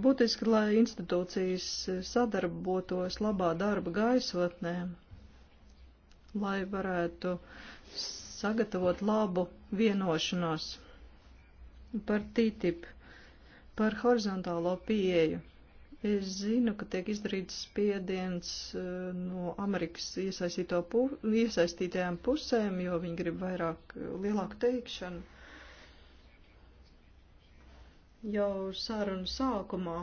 Būtiski, lai institūcijas sadarbotos labā darba gaisotnē, lai varētu sagatavot labu vienošanos par TTIP, par horizontālo pieeju. Es zinu, ka tiek izdarīts spiediens eh, no Amerikas pu, iesaistītajām pusēm, jo viņi grib vairāk, eh, lielāku teikšanu. Jau sarunu sākumā,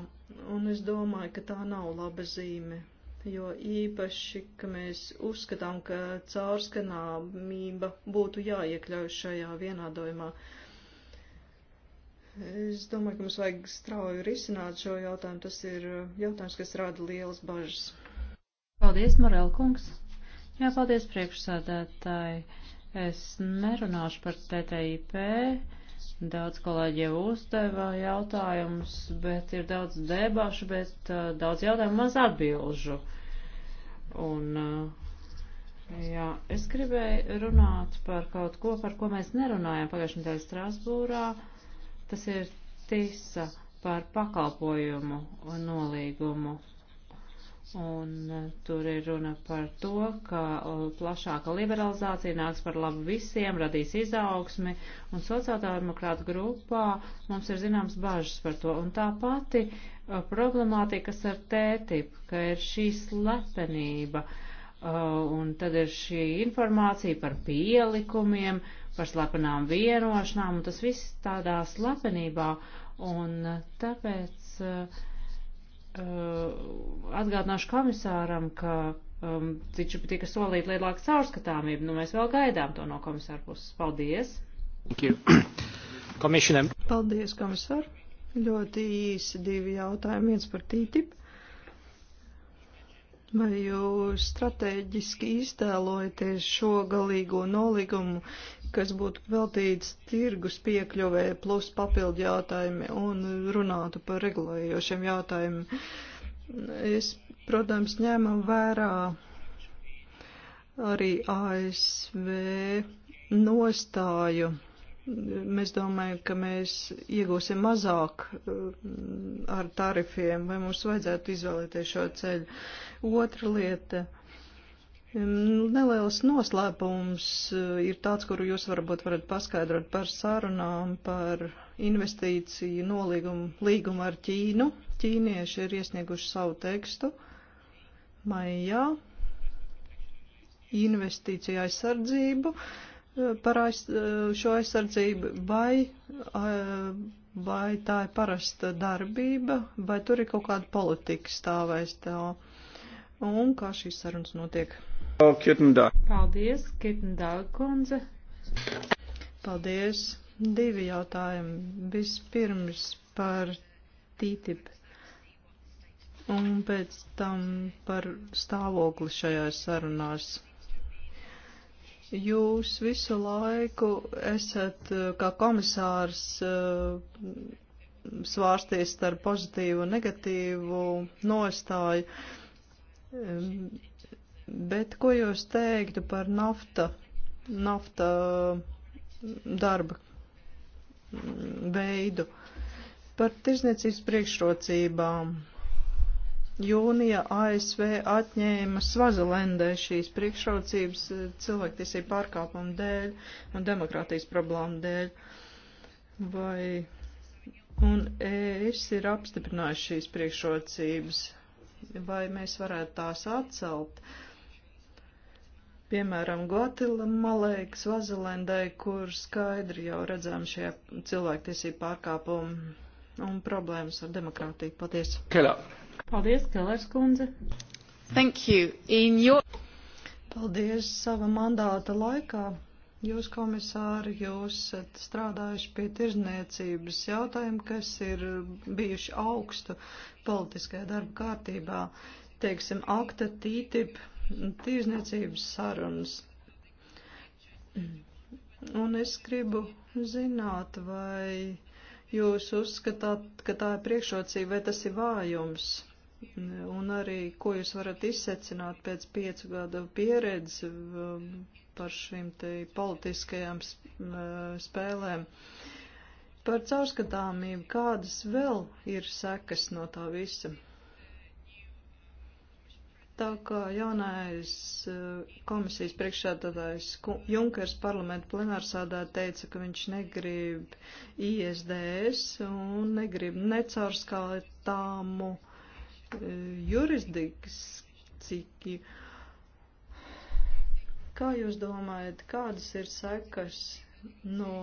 un es domāju, ka tā nav laba zīme, jo īpaši, ka mēs uzskatām, ka caurskatāmība būtu jāiekļauj šajā vienādojumā. Uh, Es domāju, ka mums vajag strauji risināt šo jautājumu. Tas ir uh, jautājums, kas rada lielas bažas. Paldies, Morel kungs. Jā, paldies, priekšsādātāji. Es nerunāšu par TTIP. Daudz kolēģi jau uzdeva jautājumus, bet ir daudz debašu, bet uh, daudz jautājumu maz atbilžu. Un, uh, jā, es gribēju runāt par kaut ko, par ko mēs nerunājam pagājušajā nedēļā Strasbūrā. Uh, Tas ir tisa par pakalpojumu nolīgumu. Un e, tur ir runa par to, ka plašāka liberalizācija nāks par labu visiem, radīs izaugsmi, un sociāldemokrāta grupā mums ir zināms bažas par to. Un tā pati problemātikas ar tētipu, ka ir šī slepenība, un tad ir šī informācija par pielikumiem, uh, par slepenām vienošanām, un tas viss tādā slepenībā, un eh, tāpēc uh, atgādināšu komisāram, ka um, taču tika solīta lielāka caurskatāmība, nu mēs vēl gaidām to no komisāra puses. Paldies! Paldies, komisār! Ļoti īsi divi jautājumi, viens par tītip. Vai jūs strateģiski iztēlojaties šo galīgo nolīgumu, kas būtu veltīts tirgus piekļuvē plus papildu jautājumi un runātu par regulējošiem jautājumiem. Es, protams, ņēmam vērā arī ASV nostāju. Mēs domājam, ka mēs iegūsim mazāk mm, ar tarifiem, vai mums vajadzētu izvēlēties šo ceļu. Otra lieta. Uh, Neliels noslēpums eh, ir tāds, kuru jūs varbūt varat paskaidrot par sarunām, par investīciju nolīgumu līgumu ar Ķīnu. Ķīnieši ir iesnieguši savu tekstu maijā investīciju aizsardzību, eh, par aiz, eh, šo aizsardzību, vai, vai tā ir parasta darbība, vai tur ir kaut kāda politika stāvēs tā, un kā šīs sarunas notiek. Paldies, Kirtendāla kundze. Paldies. Divi jautājumi. Vispirms par TTIP un pēc tam par stāvokli šajās sarunās. Jūs visu laiku esat eh, kā komisārs eh, svārsties starp pozitīvu un negatīvu nostāju Bet ko jūs teiktu par nafta, nafta darba veidu? Par tirzniecības priekšrocībām. Jūnija ASV atņēma Svazilendē šīs priekšrocības cilvēktiesību pārkāpumu dēļ un demokrātijas problēmu dēļ. Vai un es ir apstiprinājuši šīs priekšrocības, vai mēs varētu tās atcelt? Uh, piemēram, Guatemalai, Svazilendai, kur skaidri jau redzam šie cilvēktiesību pārkāpumi un problēmas ar demokrātiju. Paldies. Kelā. Paldies, Kelērs kundze. Thank you. In your... Paldies sava mandāta laikā. Jūs, komisāri, jūs esat strādājuši pie tirzniecības jautājumu, kas ir bijuši augstu politiskajā darba kārtībā. Teiksim, akta TTIP tirzniecības sarunas. Un es gribu zināt, vai jūs uzskatāt, ka tā ir priekšrocība, vai tas ir vājums, un arī, ko jūs varat izsecināt pēc piecu gada pieredzi um, par šīm te politiskajām spēlēm. Par caurskatāmību, kādas vēl ir sekas no tā visa? Tā kā jaunais eh, komisijas priekšsēdētājs Junkers parlamenta plenārsādā teica, ka viņš negrib ISDS un negrib necaurskaitāmu eh, jurisdikciju. Kā jūs domājat, kādas ir sekas no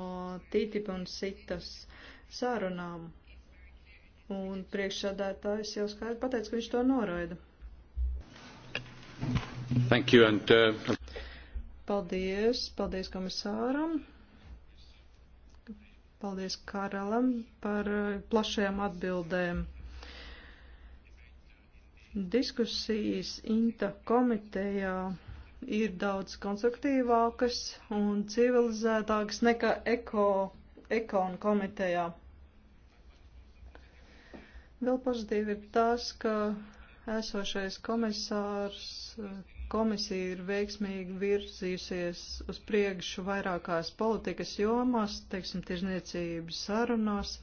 TTIP un citas sārunām? Un priekšsādātājs jau skaidri pateica, ka viņš to noraida. Thank you and, uh... Paldies, paldies komisāram. Paldies Karalam par uh, plašajām atbildēm. Diskusijas Inta komitejā ir daudz konstruktīvākas un civilizētākas nekā eko, ekon komitejā. Vēl pozitīvi ir tas, ka Esošais komisārs komisija ir veiksmīgi virzījusies uz priekšu vairākās politikas jomās, teiksim, tirzniecības sarunās.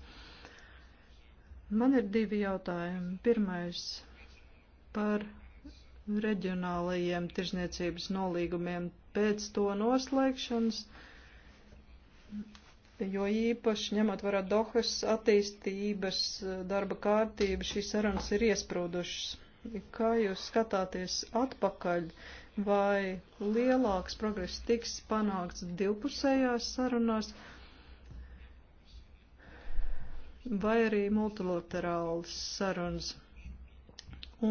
Man ir divi jautājumi. Pirmais par reģionālajiem tirzniecības nolīgumiem pēc to noslēgšanas, jo īpaši ņemot vērā Dohas attīstības darba kārtību, šīs sarunas ir iesprūdušas kā jūs skatāties atpakaļ, vai lielāks progress tiks panākts divpusējās sarunās, vai arī multilaterāls sarunas,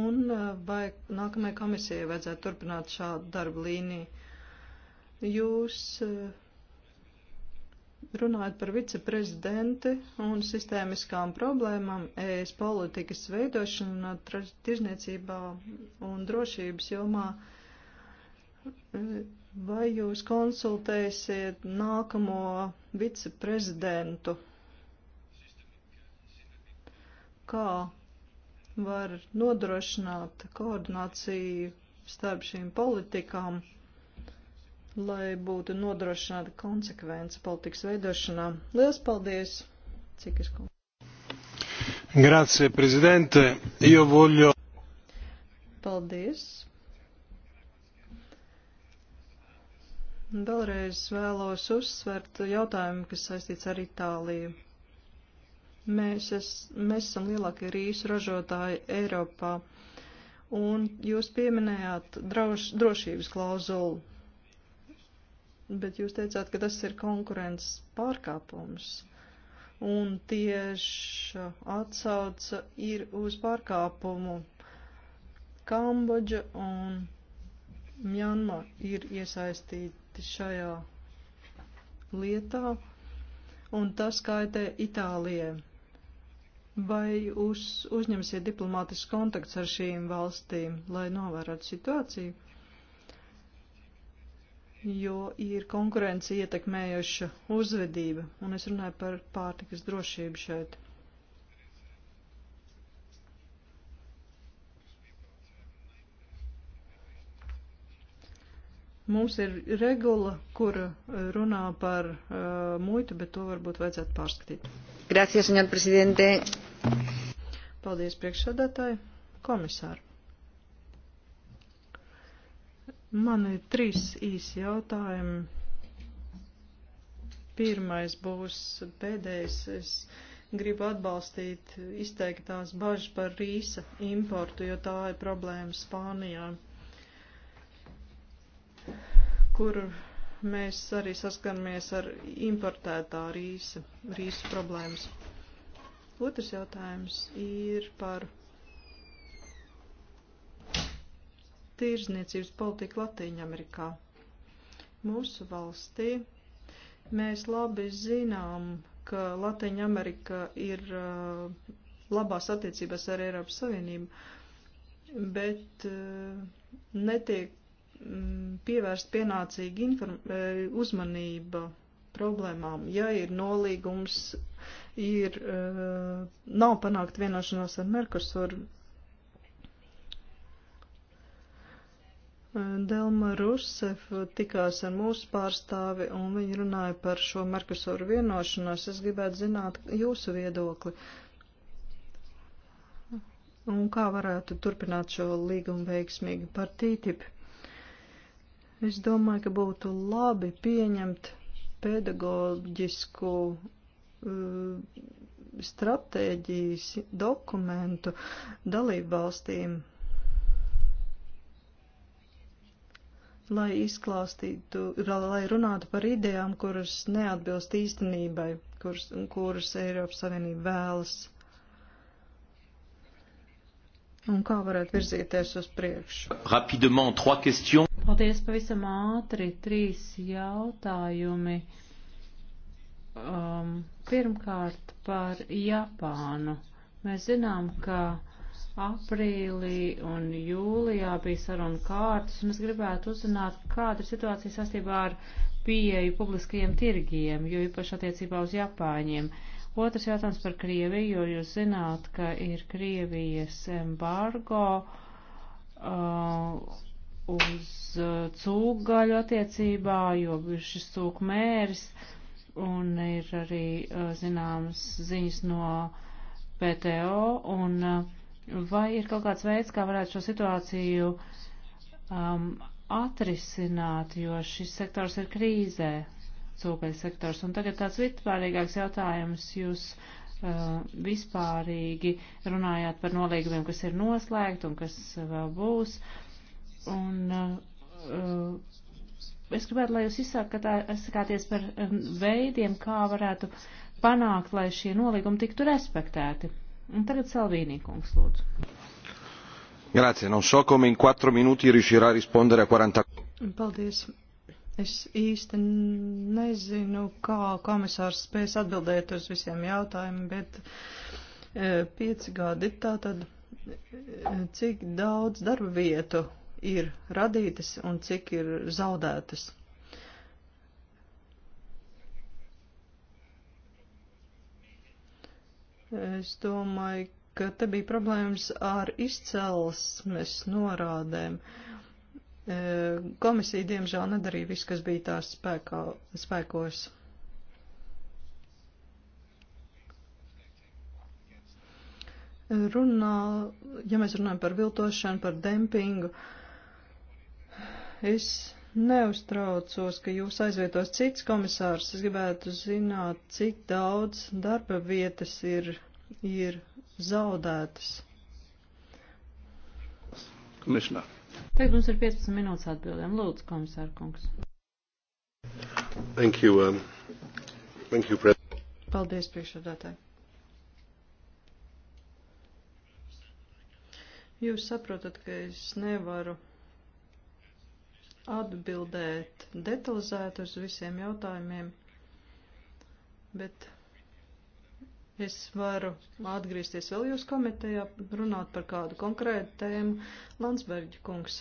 un eh, vai nākamajai komisijai vajadzētu turpināt šādu darbu līniju. Jūs uh, Runājot par viceprezidenti un sistēmiskām problēmām, ES politikas veidošana tirzniecībā un drošības jomā, vai jūs konsultēsiet nākamo viceprezidentu? Kā var nodrošināt koordināciju starp šīm politikām? lai būtu nodrošināta konsekvence politikas veidošanā. Lielas paldies, Cikas kungs. Grazie, prezidente. Jo voļo. Paldies. Vēlreiz vēlos uzsvert jautājumu, kas saistīts ar Itāliju. Mēs, es, mēs esam lielākie rīsu ražotāji Eiropā, un jūs pieminējāt droš, drošības klauzulu bet jūs teicāt, ka tas ir konkurences pārkāpums. Un tieši atsauca ir uz pārkāpumu Kambodža un Mjanma ir iesaistīti šajā lietā, un tas kaitē Itālijai. Vai uz, uzņemsiet diplomātiskus kontaktus ar šīm valstīm, lai novērotu situāciju? jo ir konkurence ietekmējoša uzvedība, un es runāju par pārtikas drošību šeit. Mums ir regula, kura eh, runā par uh, muitu, bet to varbūt vajadzētu pārskatīt. Gracias, senor presidente. Paldies, priekšsādātāji, komisāri. Man ir trīs īsi jautājumi. Pirmais būs pēdējais. Es gribu atbalstīt izteiktās bažas par rīsa importu, jo tā ir problēma Spānijā, kur mēs arī saskaramies ar importētā rīsa, rīsa problēmas. Otrs jautājums ir par tirzniecības politika Latīņamerikā. Mūsu valstī mēs labi zinām, ka Latīņamerika ir uh, labās attiecībās ar Eiropas Savienību, bet uh, netiek mm, pievērst pienācīgi uh, uzmanība problēmām. Ja ir nolīgums, ir, nav panākt vienošanos ar Merkusuru, Delma Rusef tikās ar mūsu pārstāvi un viņi runāja par šo Merkusoru vienošanos. Es gribētu zināt jūsu viedokli. Un kā varētu turpināt šo līgumu veiksmīgi par TTIP? Es domāju, ka būtu labi pieņemt pedagoģisku uh, stratēģijas dokumentu dalību valstīm lai izklāstītu, lai runātu par idejām, kuras neatbilst īstenībai, kuras, kuras Eiropas Savienība vēlas. Un kā varētu virzīties uz priekšu? Rapidement, trois questions. Paldies pavisam ātri, trīs jautājumi. Um, pirmkārt par Japānu. Mēs zinām, ka aprīlī un jūlijā bija saruna kārtas, un es gribētu uzzināt, kāda ir situācija sastībā ar pieeju publiskajiem tirgiem, jo īpaši attiecībā uz Japāņiem. Otrs jautājums par Krieviju, jo jūs zināt, ka ir Krievijas embargo uh, uz uh, cūgaļu attiecībā, jo šis cūk mērs, un ir arī uh, zināmas ziņas no PTO, un uh, Vai ir kaut kāds veids, kā varētu šo situāciju um, atrisināt, jo šis sektors ir krīzē, cūpeļu sektors? Un tagad tāds vispārīgāks jautājums. Jūs uh, vispārīgi runājāt par nolīgumiem, kas ir noslēgti un kas vēl būs. Un, uh, es gribētu, lai jūs izsakāties par um, veidiem, kā varētu panākt, lai šie nolīgumi tiktu respektēti. Un tagad Salvīnī kungs lūdzu. Grazie, non so come in 4 minuti riuscirà a rispondere a 40. Paldies. Es īsti nezinu, kā komisārs spēs atbildēt uz visiem jautājumiem, bet e, 5 gadi tātad, e, cik daudz darba vietu ir radītas un cik ir zaudētas. Es domāju, ka te bija problēmas ar izcelsmes norādēm. E, komisija, diemžēl, nedarīja visu, kas bija tās spēkā, spēkos. Runā, ja mēs runājam par viltošanu, par dempingu, es Neuztraucos, ka jūs aizvietos cits komisārs. Es gribētu zināt, cik daudz darba vietas ir, ir zaudētas. Komisār. Tagad mums ir 15 minūtes atbildēm. Lūdzu, komisāra kungs. Thank you, um, thank you, president. Paldies, priekšsēdētāji. Jūs saprotat, ka es nevaru atbildēt detalizēt uz visiem jautājumiem, bet es varu atgriezties vēl jūs komitejā, runāt par kādu konkrētu tēmu. Landsbergi kungs,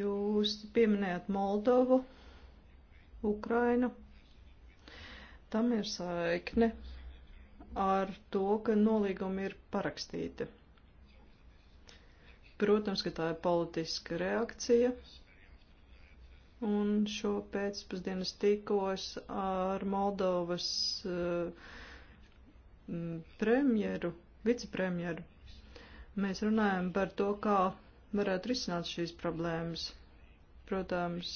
jūs pieminējat Moldovu, Ukrainu. Tam ir saikne ar to, ka nolīgumi ir parakstīti. Protams, ka tā ir politiska reakcija. Un šo pēcpusdienu tikos ar Moldovas eh, premjeru, vicepremjeru. Mēs runājam par to, kā varētu risināt šīs problēmas. Protams,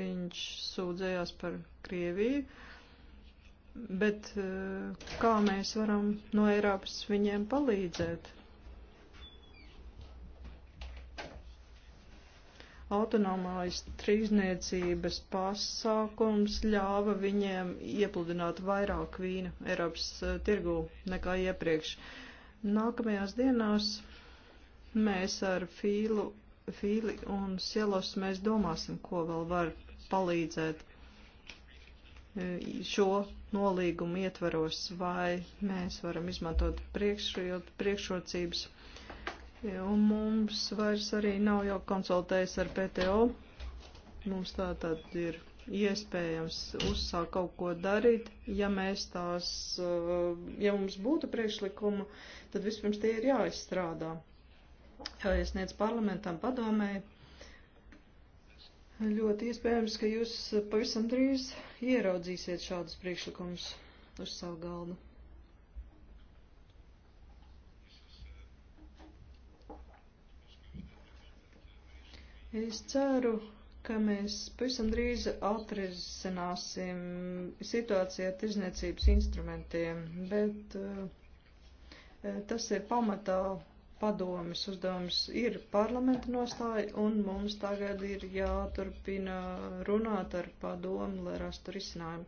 viņš sūdzējās par Krieviju, bet eh, kā mēs varam no Eiropas viņiem palīdzēt? autonomājas trīzniecības pasākums ļāva viņiem iepludināt vairāk vīnu Eiropas eh, tirgū nekā iepriekš. Nākamajās dienās mēs ar Fīlu, Fīli un Sielos mēs domāsim, ko vēl var palīdzēt eh, šo nolīgumu ietvaros, vai mēs varam izmantot priekšrocības Un mums vairs arī nav jau konsultējis ar PTO. Mums tā tad ir iespējams uzsākt kaut ko darīt. Ja mēs tās, eh, ja mums būtu priekšlikuma, tad vispirms tie ir jāizstrādā. Jāiesniedz parlamentam padomēji. Ļoti iespējams, ka jūs pavisam drīz ieraudzīsiet šādus priekšlikumus uz savu galdu. Es ceru, ka mēs pavisam drīz atrisināsim situāciju ar tirzniecības instrumentiem, bet eh, eh, tas ir pamatā padomis uzdevums ir parlamenta nostāja, un mums tagad ir jāturpina runāt ar padomu, lai rastu risinājumu.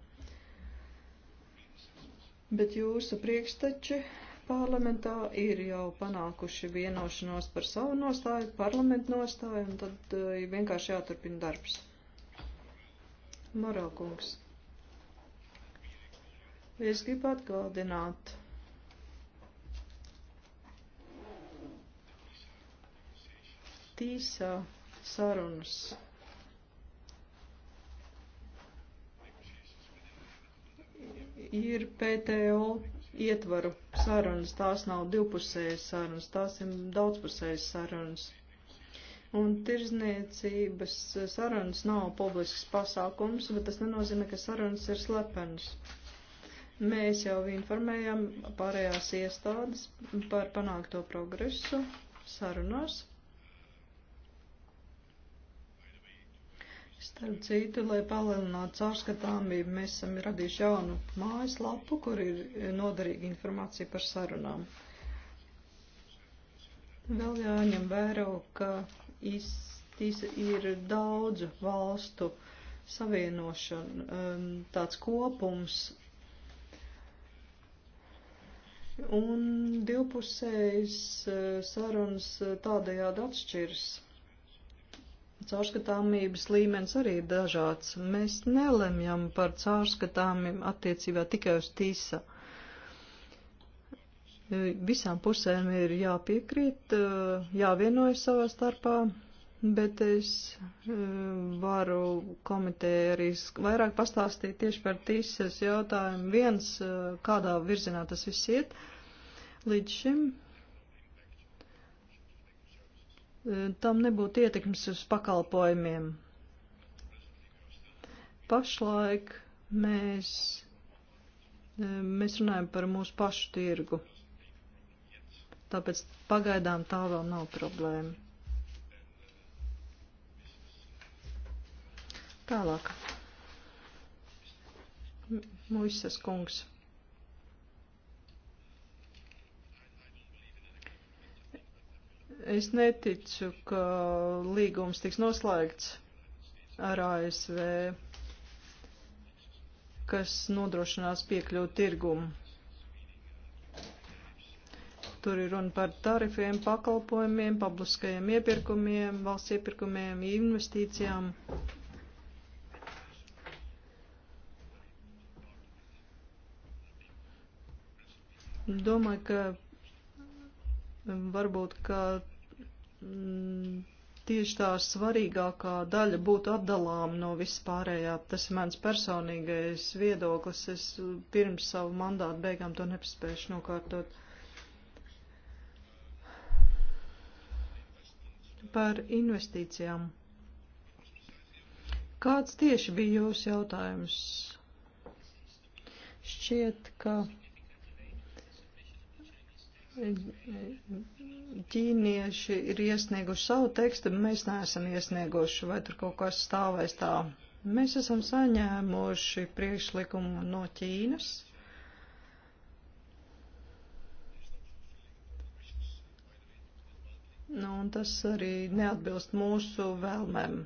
Bet jūsu priekšteči parlamentā ir jau panākuši vienošanos par savu nostāju, parlamentu nostāju, un tad eh, ir vienkārši jāturpina darbs. Morākungs. Es gribu atgādināt. Tīsā sarunas. Ir PTO ietvaru sarunas, tās nav divpusējas sarunas, tās ir daudzpusējas sarunas. Un tirzniecības sarunas nav publisks pasākums, bet tas nenozīmē, ka sarunas ir slepenas. Mēs jau informējam pārējās iestādes par panākto progresu sarunās. Starp citu, lai palielinātu caurskatāmību, mēs esam radījuši jaunu mājaslapu, kur ir noderīga informācija par sarunām. Vēl jāņem vērā, ka iztīs ir daudzu valstu savienošana, um, tāds kopums. Un divpusējas uh, sarunas uh, tādējādi atšķiras caurskatāmības līmenis arī ir dažāds. Mēs nelemjam par caurskatāmību attiecībā tikai uz tīsa. Visām pusēm ir jāpiekrīt, jāvienojas savā starpā, bet es eh, varu komiteja arī vairāk pastāstīt tieši par tīsas jautājumu. Viens, eh, kādā virzienā tas viss iet līdz šim E, tam nebūtu ietekmes uz pakalpojumiem. Pašlaik mēs, e, mēs runājam par mūsu pašu tirgu, tāpēc pagaidām tā vēl nav problēma. Tālāk. Muisas kungs. Es neticu, ka līgums tiks noslēgts ar ASV, kas nodrošinās piekļūt tirgumu. Tur ir runa par tarifiem, pakalpojumiem, publiskajiem iepirkumiem, valsts iepirkumiem, investīcijām. Domāju, ka varbūt, ka m, mm, tieši tā svarīgākā daļa būtu atdalām no vispārējā. Tas ir mans personīgais viedoklis. Es uh, pirms savu mandātu beigām to nepaspējuši nokārtot. Par investīcijām. Kāds tieši bija jūsu jautājums? Šķiet, ka ķīnieši ir iesnieguši savu tekstu, mēs neesam iesnieguši, vai tur kaut kas stāvēs tā. Mēs esam saņēmuši priekšlikumu no Ķīnas. Nu, un tas arī neatbilst mūsu vēlmēm.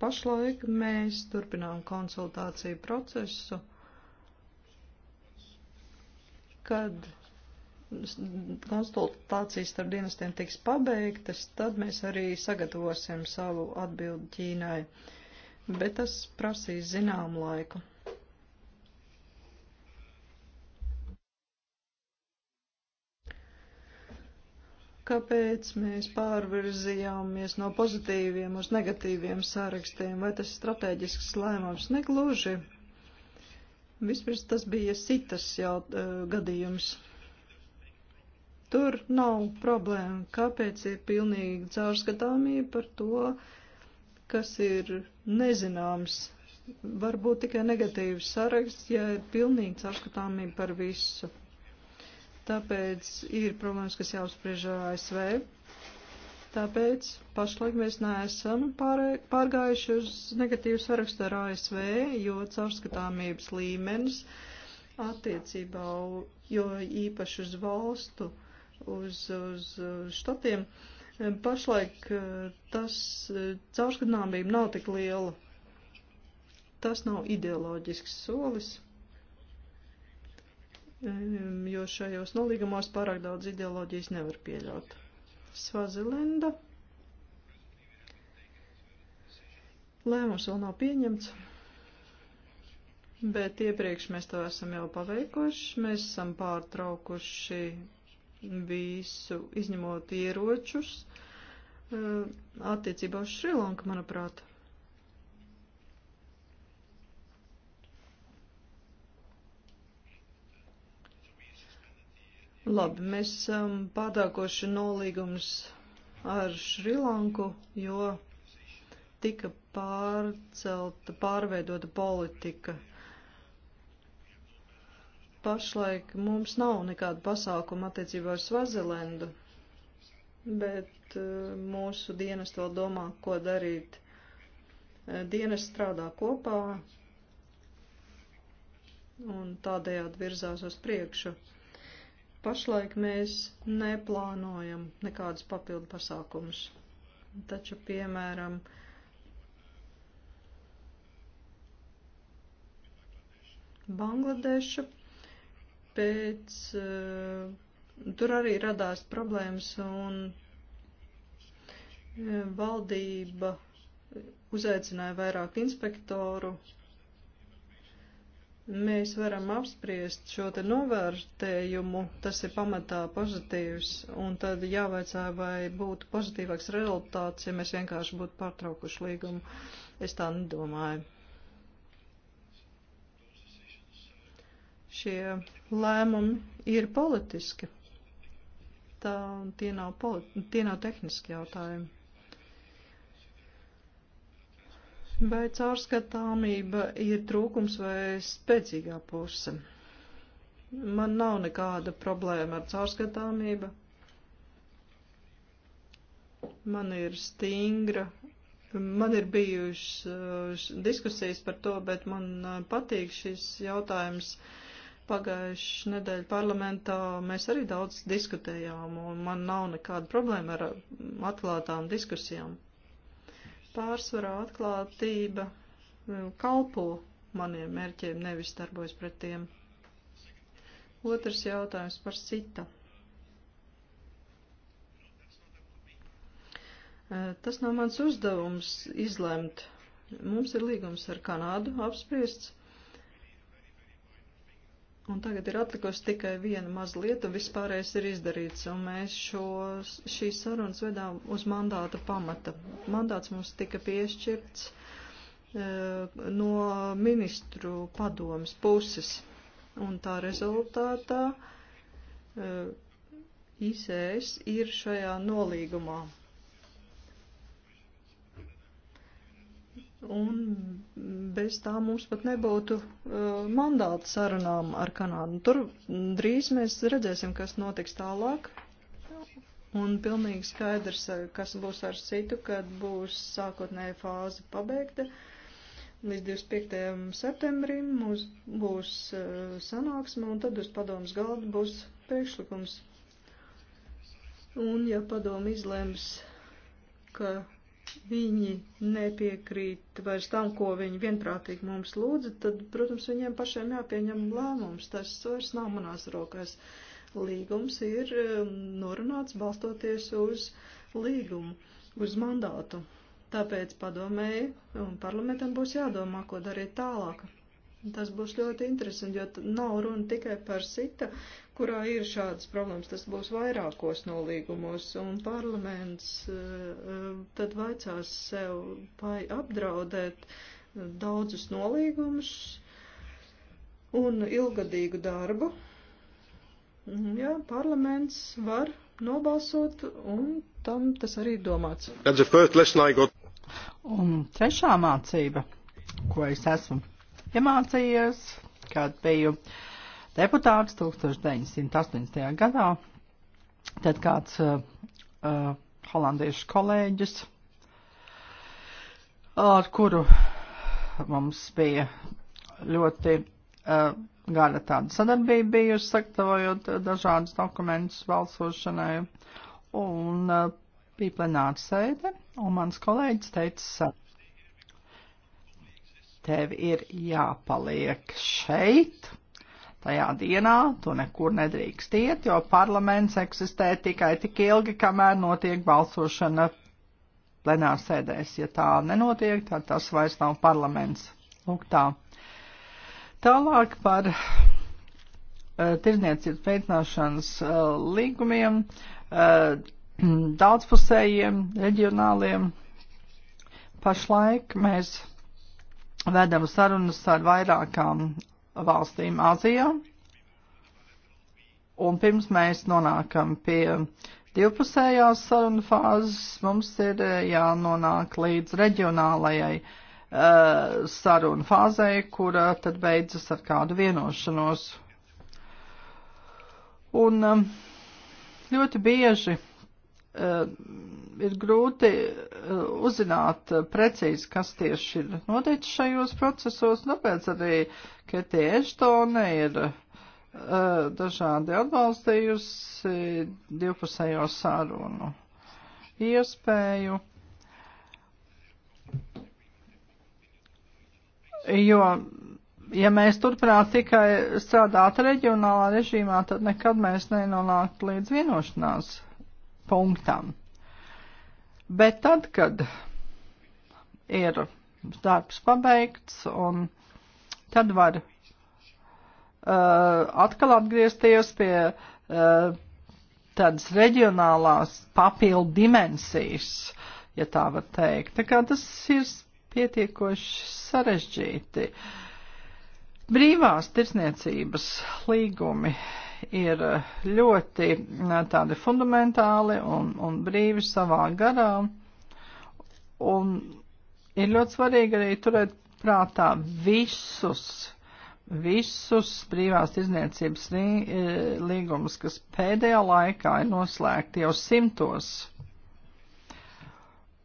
Pašlaik mēs turpinām konsultāciju procesu, kad konsultācijas starp dienestiem tiks pabeigtas, tad mēs arī sagatavosim savu atbildi Ķīnai. Bet tas prasīs zināmu laiku. kāpēc mēs pārvirzījāmies no pozitīviem uz negatīviem sārakstiem, vai tas strateģisks lēmums negluži. Vispirms tas bija sitas jau uh, eh, gadījums. Tur nav problēma, kāpēc ir pilnīgi caurskatāmība par to, kas ir nezināms. Varbūt tikai negatīvs saraksts, ja ir pilnīgi caurskatāmība par visu. Tāpēc ir problēmas, kas jāuzspriež ar ASV. Tāpēc pašlaik mēs neesam pārē, pārgājuši uz negatīvu sarakstu ar ASV, jo caurskatāmības līmenis attiecībā, jo īpaši uz valstu uh, uz, uz štatiem. Pašlaik eh, tas eh, caurskatāmība nav tik liela. Tas nav ideoloģisks solis, eh, jo šajos nolīgumos pārāk daudz ideoloģijas nevar pieļaut. Svazilenda. Lēmums vēl nav pieņemts, bet iepriekš mēs to esam jau paveikuši. Mēs esam pārtraukuši visu, izņemot ieročus, eh, attiecībā uz Šrilanku, manuprāt. Labi, mēs esam pārdākoši nolīgums ar Šrilanku, jo tika pārcelta, pārveidota politika pašlaik mums nav nekādu pasākumu attiecībā ar Svazelendu, bet eh, mūsu dienas vēl domā, ko darīt. Eh, dienas strādā kopā un tādējādi virzās uz priekšu. Pašlaik mēs neplānojam nekādus papildu pasākumus, taču, piemēram, Bangladeša pēc eh, tur arī radās problēmas un eh, valdība uzaicināja vairāk inspektoru. Mēs varam apspriest šo te novērtējumu, tas ir pamatā pozitīvs, un tad jāvaicā, vai būtu pozitīvāks rezultāts, ja mēs vienkārši būtu pārtraukuši līgumu. Es tā nedomāju. šie lēmumi ir politiski. Tā, tie, nav politi tie nav tehniski jautājumi. Vai caurskatāmība ir trūkums vai spēcīgā puse? Man nav nekāda problēma ar caurskatāmību. Man ir stingra Man ir bijušas uh, diskusijas par to, bet man uh, patīk šis jautājums. Pagājuši nedēļa parlamentā mēs arī daudz diskutējām, un man nav nekāda problēma ar atklātām diskusijām. Pārsvarā atklātība e, kalpo maniem mērķiem, nevis darbojas pret tiem. Otrs jautājums par sita. E, tas nav mans uzdevums izlemt. Mums ir līgums ar Kanādu apspriests. Un tagad ir atlikusi tikai viena maza lieta, un vispārējais ir izdarīts. Un mēs šo, šīs sarunas vedām uz mandāta pamata. Mandāts mums tika piešķirts e, no ministru padomas puses. Un tā rezultātā e, ICS ir šajā nolīgumā. un bez tā mums pat nebūtu uh, mandāta sarunām ar Kanādu. Tur drīz mēs redzēsim, kas notiks tālāk. Un pilnīgi skaidrs, uh, kas būs ar citu, kad būs sākotnēja fāze pabeigta. Līdz 25. septembrim mums būs uh, sanāksme, un tad uz padomas galda būs priekšlikums. Un ja padomu izlems, ka viņi nepiekrīt vairs tam, ko viņi vienprātīgi mums lūdza, tad, protams, viņiem pašiem jāpieņem lēmums. Tas vairs nav manās rokās. Līgums ir um, norunāts balstoties uz līgumu, uz mandātu. Tāpēc padomēji un parlamentam būs jādomā, ko darīt tālāk. Tas būs ļoti interesanti, jo nav runa tikai par sita, kurā ir šādas problēmas. Tas būs vairākos nolīgumos, un parlaments e, e, tad vaicās sev, vai apdraudēt e, daudzus nolīgumus un ilgadīgu darbu. Mm, jā, parlaments var nobalsot, un tam tas arī domāts. Un trešā mācība, ko es esmu iemācījos, kad biju deputāts 1980. gadā. Tad kāds uh, uh, holandiešu kolēģis, ar kuru mums bija ļoti uh, gara tāda sadarbība bijusi, sagatavojot dažādas dokumentus balsošanai. Un uh, bija plenāra sēde, un mans kolēģis teica, tev ir jāpaliek šeit. Tajā dienā tu nekur nedrīkst iet, jo parlaments eksistē tikai tik ilgi, kamēr notiek balsošana plenārsēdēs. Ja tā nenotiek, tad tas vairs nav parlaments. Lūk tā. Tālāk par eh, tirdzniecības veicināšanas eh, līgumiem, eh, daudzpusējiem, reģionāliem. Pašlaik mēs vedam sarunas ar vairākām valstīm Āzijā. Un pirms mēs nonākam pie divpusējās sarunu fāzes, mums ir eh, jānonāk līdz reģionālajai uh, eh, sarunu fāzei, kura tad beidzas ar kādu vienošanos. Un um, ļoti bieži Eh, ir grūti eh, uzzināt precīzi, kas tieši ir noticis šajos procesos, tāpēc nu, arī Ketī Eštone ir eh, dažādi atbalstījusi divpusējo sarunu iespēju. Jo, ja mēs turpināt tikai strādāt reģionālā režīmā, tad nekad mēs nenonāktu līdz vienošanās punktam. Bet tad, kad ir darbs pabeigts, un tad var uh, atkal atgriezties pie uh, tādas reģionālās papildu dimensijas, ja tā var teikt. Tā kā tas ir pietiekoši sarežģīti. Brīvās tirsniecības līgumi ir eh, ļoti eh, tādi fundamentāli un, un brīvi savā garā. Un ir ļoti svarīgi arī turēt prātā visus, visus brīvās izniecības eh, līgumus, kas pēdējā laikā ir noslēgti jau simtos.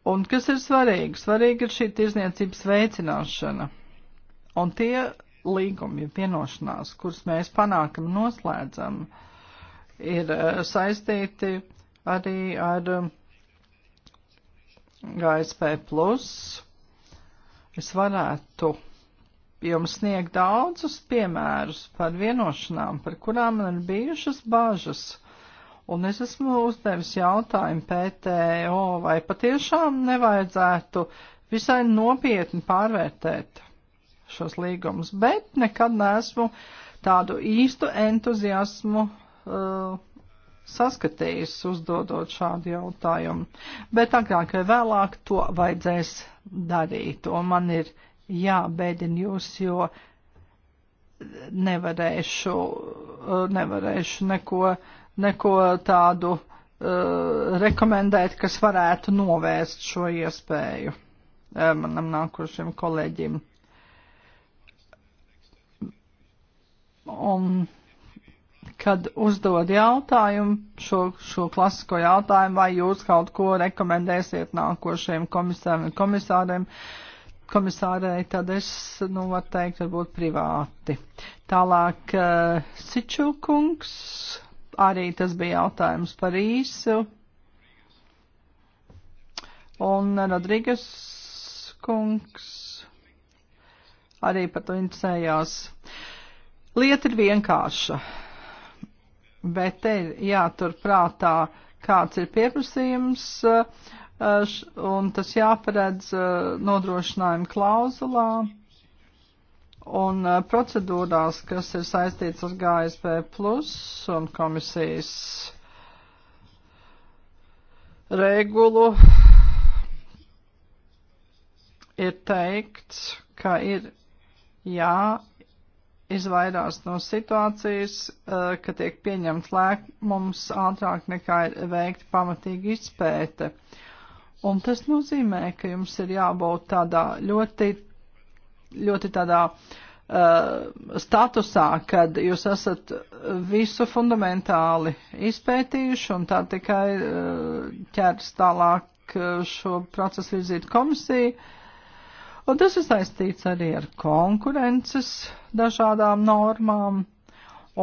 Un kas ir svarīgi? Svarīgi ir šī tirzniecības veicināšana. Un tie līgumi, vienošanās, kuras mēs panākam, noslēdzam, ir eh, saistīti arī ar um, GSP. Es varētu jums sniegt daudzus piemērus par vienošanām, par kurām man ir bijušas bažas. Un es esmu uzdevis jautājumu PTO, vai patiešām nevajadzētu visai nopietni pārvērtēt šos līgumus, bet nekad neesmu tādu īstu entuziasmu uh, saskatījis uzdodot šādu jautājumu. Bet agrāk vai vēlāk to vajadzēs darīt, un man ir jābēdina jūs, jo nevarēšu, uh, nevarēšu neko, neko tādu uh, rekomendēt, kas varētu novērst šo iespēju uh, manam nākošiem kolēģim. Un kad uzdod jautājumu, šo, šo klasisko jautājumu, vai jūs kaut ko rekomendēsiet nākošajiem komisāriem, komisāriem, komisārei, tad es, nu, var teikt, varbūt privāti. Tālāk, uh, Sičukungs, arī tas bija jautājums par īsu. Un Rodrīgas kungs arī par to interesējās. Uh, Lieta ir vienkārša, bet te ir jāturprātā, kāds ir pieprasījums, eh, un tas jāparedz eh, nodrošinājuma klauzulā un eh, procedūrās, kas ir saistīts ar GSP plus un komisijas regulu, ir teikts, ka ir jā. Ja izvairās no situācijas, eh, ka tiek pieņemts lēmums ātrāk nekā ir veikta pamatīga izpēte. Un tas nozīmē, ka jums ir jābūt tādā ļoti, ļoti tādā uh, statusā, kad jūs esat visu fundamentāli izpētījuši un tā tikai uh, ķers tālāk šo procesu virzīt komisiju. Uh, Un tas ir saistīts arī ar konkurences dažādām normām.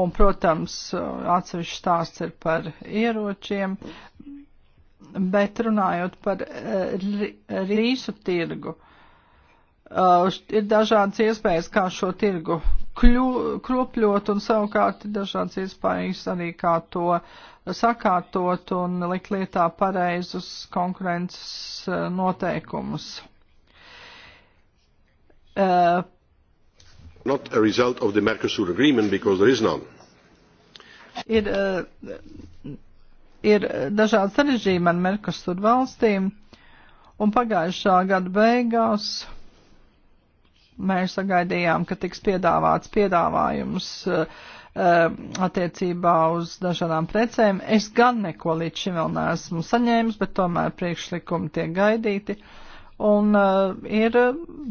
Un, protams, atsevišķi stāsts ir par ieročiem, bet runājot par eh, rīsu tirgu, eh, ir dažādas iespējas, kā šo tirgu kļu, kropļot, un savukārt ir dažādas iespējas arī, kā to sakārtot un likt lietā pareizus konkurences eh, noteikumus. Uh, Not a result of the Mercosur agreement because there is none. Ir, uh, ir dažādi sarežģījumi ar Mercosur valstīm, un pagājušā gada beigās mēs sagaidījām, ka tiks piedāvāts piedāvājums uh, uh, attiecībā uz dažādām precēm. Es gan neko līdz šim vēl neesmu saņēmis, bet tomēr priekšlikumi tiek gaidīti. Uh, un uh, ir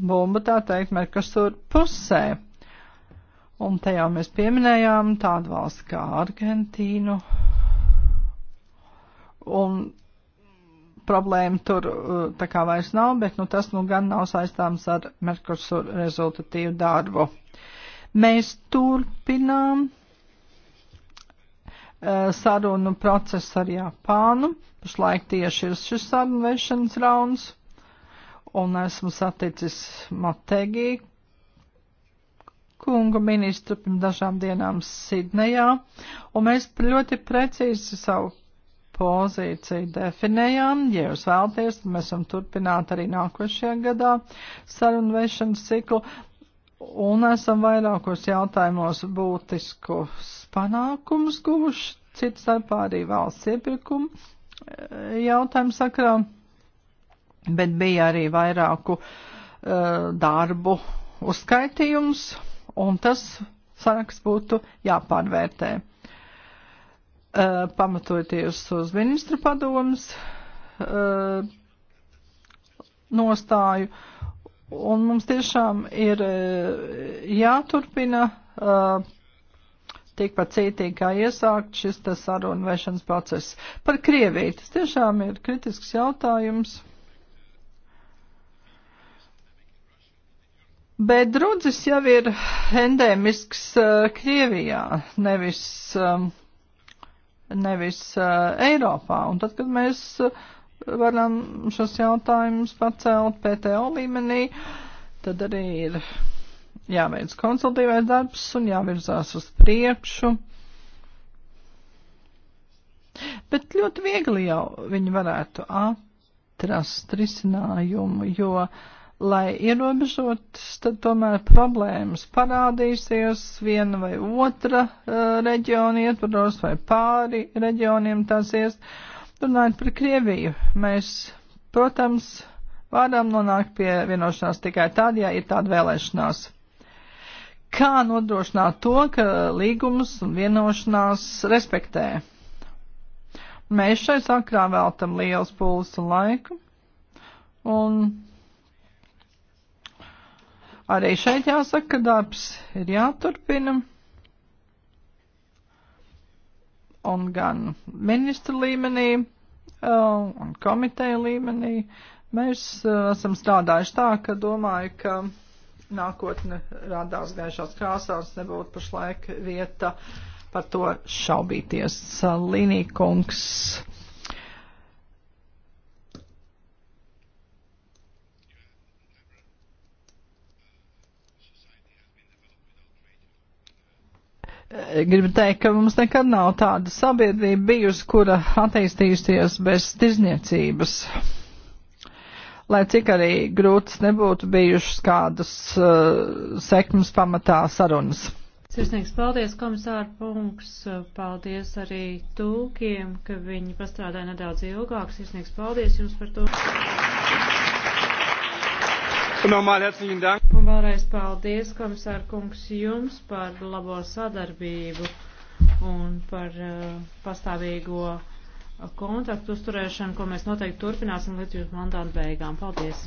bumba, tā teikt, Merkusur pusē. Un te jau mēs pieminējām tādu valsts kā Argentīnu. Un problēma tur eh, tā kā vairs nav, bet nu, tas nu gan nav saistāms ar Merkursur rezultatīvu darbu. Mēs turpinām uh, sarunu procesu ar Japānu. Pašlaik tieši ir šis sarunu vešanas rauns un esmu saticis Mategi kungu ministru pirms dažām dienām Sidnejā, un mēs ļoti precīzi savu pozīciju definējām. Ja jūs vēlaties, tad mēs varam turpināt arī nākošajā gadā sarunu vešanas ciklu, un esam vairākos jautājumos būtiskus panākumus guvuši, cits starpā arī valsts iepirkumu e, jautājumu sakrām bet bija arī vairāku uh, darbu uzskaitījums, un tas saraksts būtu jāpārvērtē. Uh, pamatoties uz ministra padomas uh, nostāju, un mums tiešām ir uh, jāturpina uh, tikpat cītīgi kā iesākt šis sarunu vešanas process. Par Krieviju tas tiešām ir kritisks jautājums. Bet drudzis jau ir endēmisks uh, Krievijā, nevis, um, nevis uh, Eiropā. Un tad, kad mēs varam šos jautājumus pacelt PTO līmenī, tad arī ir jāveic konsultīvais darbs un jāvirzās uz priekšu. Bet ļoti viegli jau viņi varētu atrast risinājumu, jo uh, lai ierobežotas, tad tomēr problēmas parādīsies viena vai otra uh, reģiona ietvaros vai pāri reģioniem tās ies. Runājot par Krieviju, mēs, protams, varam nonākt pie vienošanās tikai tad, ja ir tāda vēlēšanās. Kā nodrošināt to, ka līgumus un vienošanās respektē? Mēs šai sakrā veltam liels pulsu laiku, un Arī šeit jāsaka, ka darbs ir jāturpina. Un gan ministra līmenī, uh, un komiteja līmenī mēs uh, esam strādājuši tā, ka domāju, ka nākotne rādās gaišās krāsās, nebūtu pašlaik vieta par to šaubīties. Līnī kungs. Eh, gribu teikt, ka mums nekad nav tāda sabiedrība bijusi, kura attīstījusies bez tirzniecības. Lai cik arī grūtas nebūtu bijušas kādas uh, sekmes pamatā sarunas. Sirsnīgs paldies, komisāra Punks. Paldies arī tūkiem, ka viņi pastrādāja nedaudz ilgāk. Sirsnīgs paldies jums par to. Un vēlreiz paldies, komisāra kungs, jums par labo sadarbību un par uh, pastāvīgo kontaktu uzturēšanu, ko mēs noteikti turpināsim līdz jūsu mandāta beigām. Paldies!